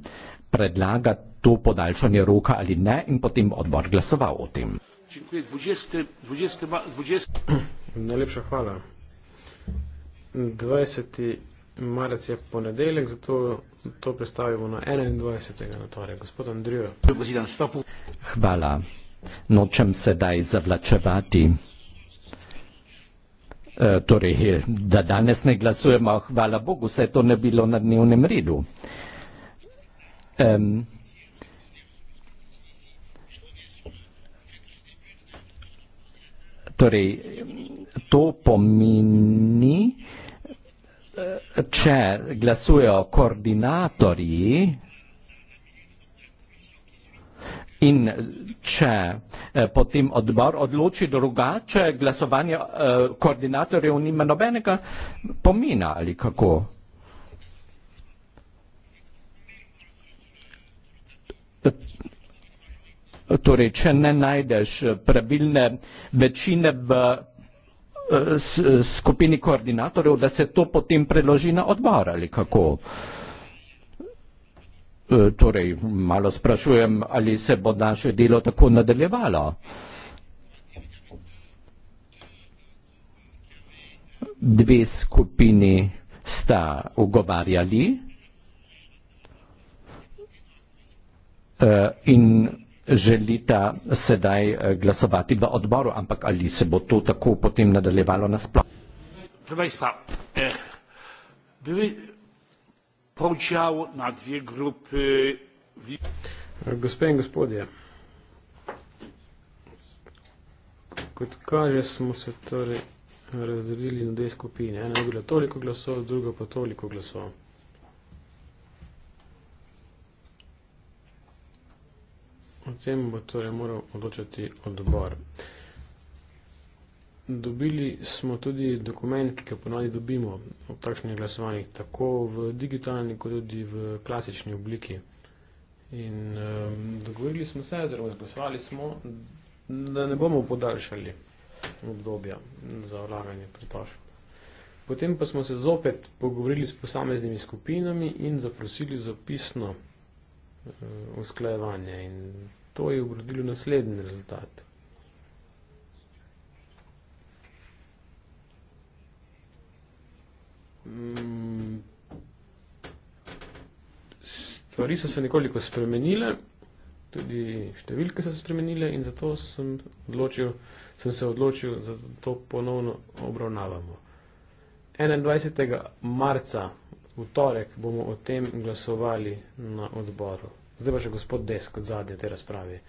predlaga to podaljšanje roka ali ne in potem odbor glasoval o tem. Dziękuję. 20, 22, 20. Najlepša hvala. 20. marec je ponedeljek, zato to predstavimo na 21. na torek. Gospod Andrijo. Hvala. Nočem sedaj zavlačevati. Eh, torej, eh, da danes ne glasujemo, hvala Bogu, vse to ne bilo na dnevnem redu. Um, torej, to pomeni, eh, če glasujejo koordinatorji, In če eh, potem odbor odloči drugače, glasovanje eh, koordinatorjev nima nobenega pomena ali kako. Torej, če ne najdeš pravilne večine v eh, skupini koordinatorjev, da se to potem preloži na odbor ali kako. Eh, Eh, torej malo sprašujem, ali se bo naše delo tako nadaljevalo. Dve skupini sta ugovarjali eh, in želita sedaj eh, glasovati v odboru, ampak ali se bo to tako potem nadaljevalo nasplošno podział na dwie grupy. Gospe in gospodje, kot kaže, smo se torej razdelili na dve skupine. Ena je bila toliko glasov, druga pa toliko glasov. O tem bo torej moral odločati odbor. Dobili smo tudi dokument, ki ga ponavadi dobimo ob takšnih glasovanjih, tako v digitalni, kot tudi v klasični obliki. In um, dogovorili smo se, zelo zglasovali smo, da ne bomo podaljšali obdobja za vlaganje pritožb. Potem pa smo se zopet pogovorili s posameznimi skupinami in zaprosili za pisno uh, usklajevanje. In to je obrodilo naslednji rezultat. stvari so se nekoliko spremenile, tudi številke so se spremenile in zato sem, odločil, sem se odločil, da to ponovno obravnavamo. 21. marca v torek bomo o tem glasovali na odboru. Zdaj pa še gospod Desk od zadnje te razprave.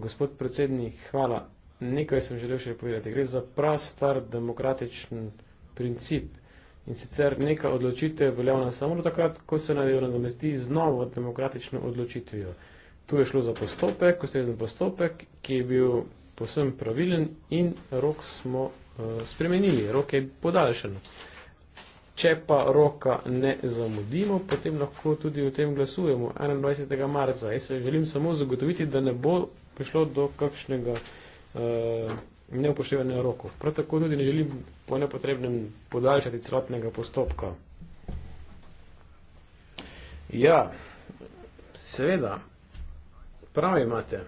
Gospod predsednik, hvala. Nekaj sem želel še povedati. Gre za prastar demokratičen princip. In sicer neka odločitev je veljavna samo takrat, ko se naj jo nadomesti z novo demokratično odločitvijo. Tu je šlo za postopek, ustrezen postopek, ki je bil posebno pravilen in rok smo uh, spremenili, rok je podaljšan. Če pa roka ne zamudimo, potem lahko tudi o tem glasujemo 21. marca. Jaz se želim samo zagotoviti, da ne bo prišlo do kakšnega. Uh, neupoštevanja rokov. Prav tako tudi ne želim po nepotrebnem podaljšati celotnega postopka. Ja, seveda, prav imate.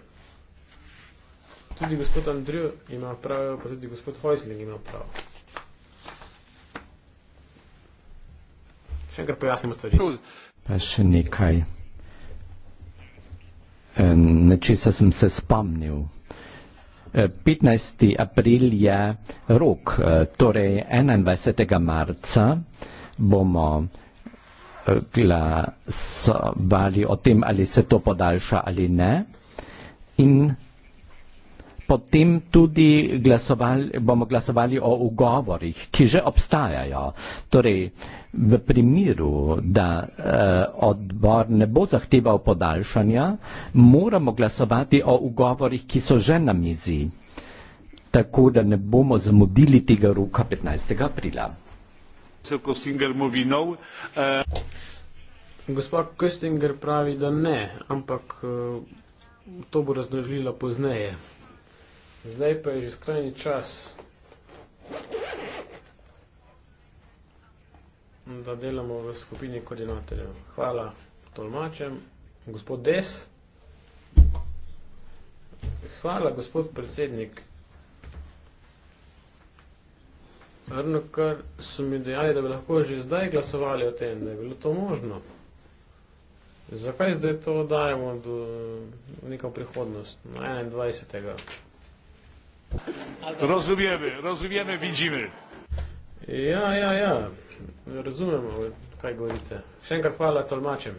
Tudi gospod Andrijo ima prav, pa tudi gospod Hojsling ima prav. Še enkrat pojasnimo stvari. Pa še nekaj. E, Nečesa sem se spomnil. 15. Eh, april je rok, eh, torej 21. marca bomo eh, glasovali o tem, ali se to podaljša ali ne. In potem tudi glasovali, bomo glasovali o ugovorih, ki že obstajajo. Torej, v primeru, da eh, odbor ne bo zahteval podaljšanja, moramo glasovati o ugovorih, ki so že na mizi, tako da ne bomo zamudili tega roka 15. aprila. Gospod Köstinger no, e- pravi, da ne, ampak e- to bo razložila pozneje. Zdaj pa je že skrajni čas, da delamo v skupini koordinatorjev. Hvala tolmačem. Gospod Des. Hvala, gospod predsednik. Vrno, kar so mi dejali, da bi lahko že zdaj glasovali o tem, da je bilo to možno. Zakaj zdaj to dajemo do neko prihodnost, na 21. Rozumiemy, rozumiemy, widzimy. Ja, ja, ja. Rozumiem, ale kaj govorite. Wszenka chwala tolmaczem.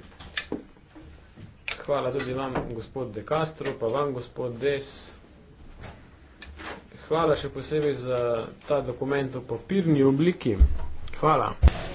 Chwala tutaj wam, gospod De Castro, pa wam, gospod Des. Hvala še posebej za ta dokument v papirni obliki. Hvala.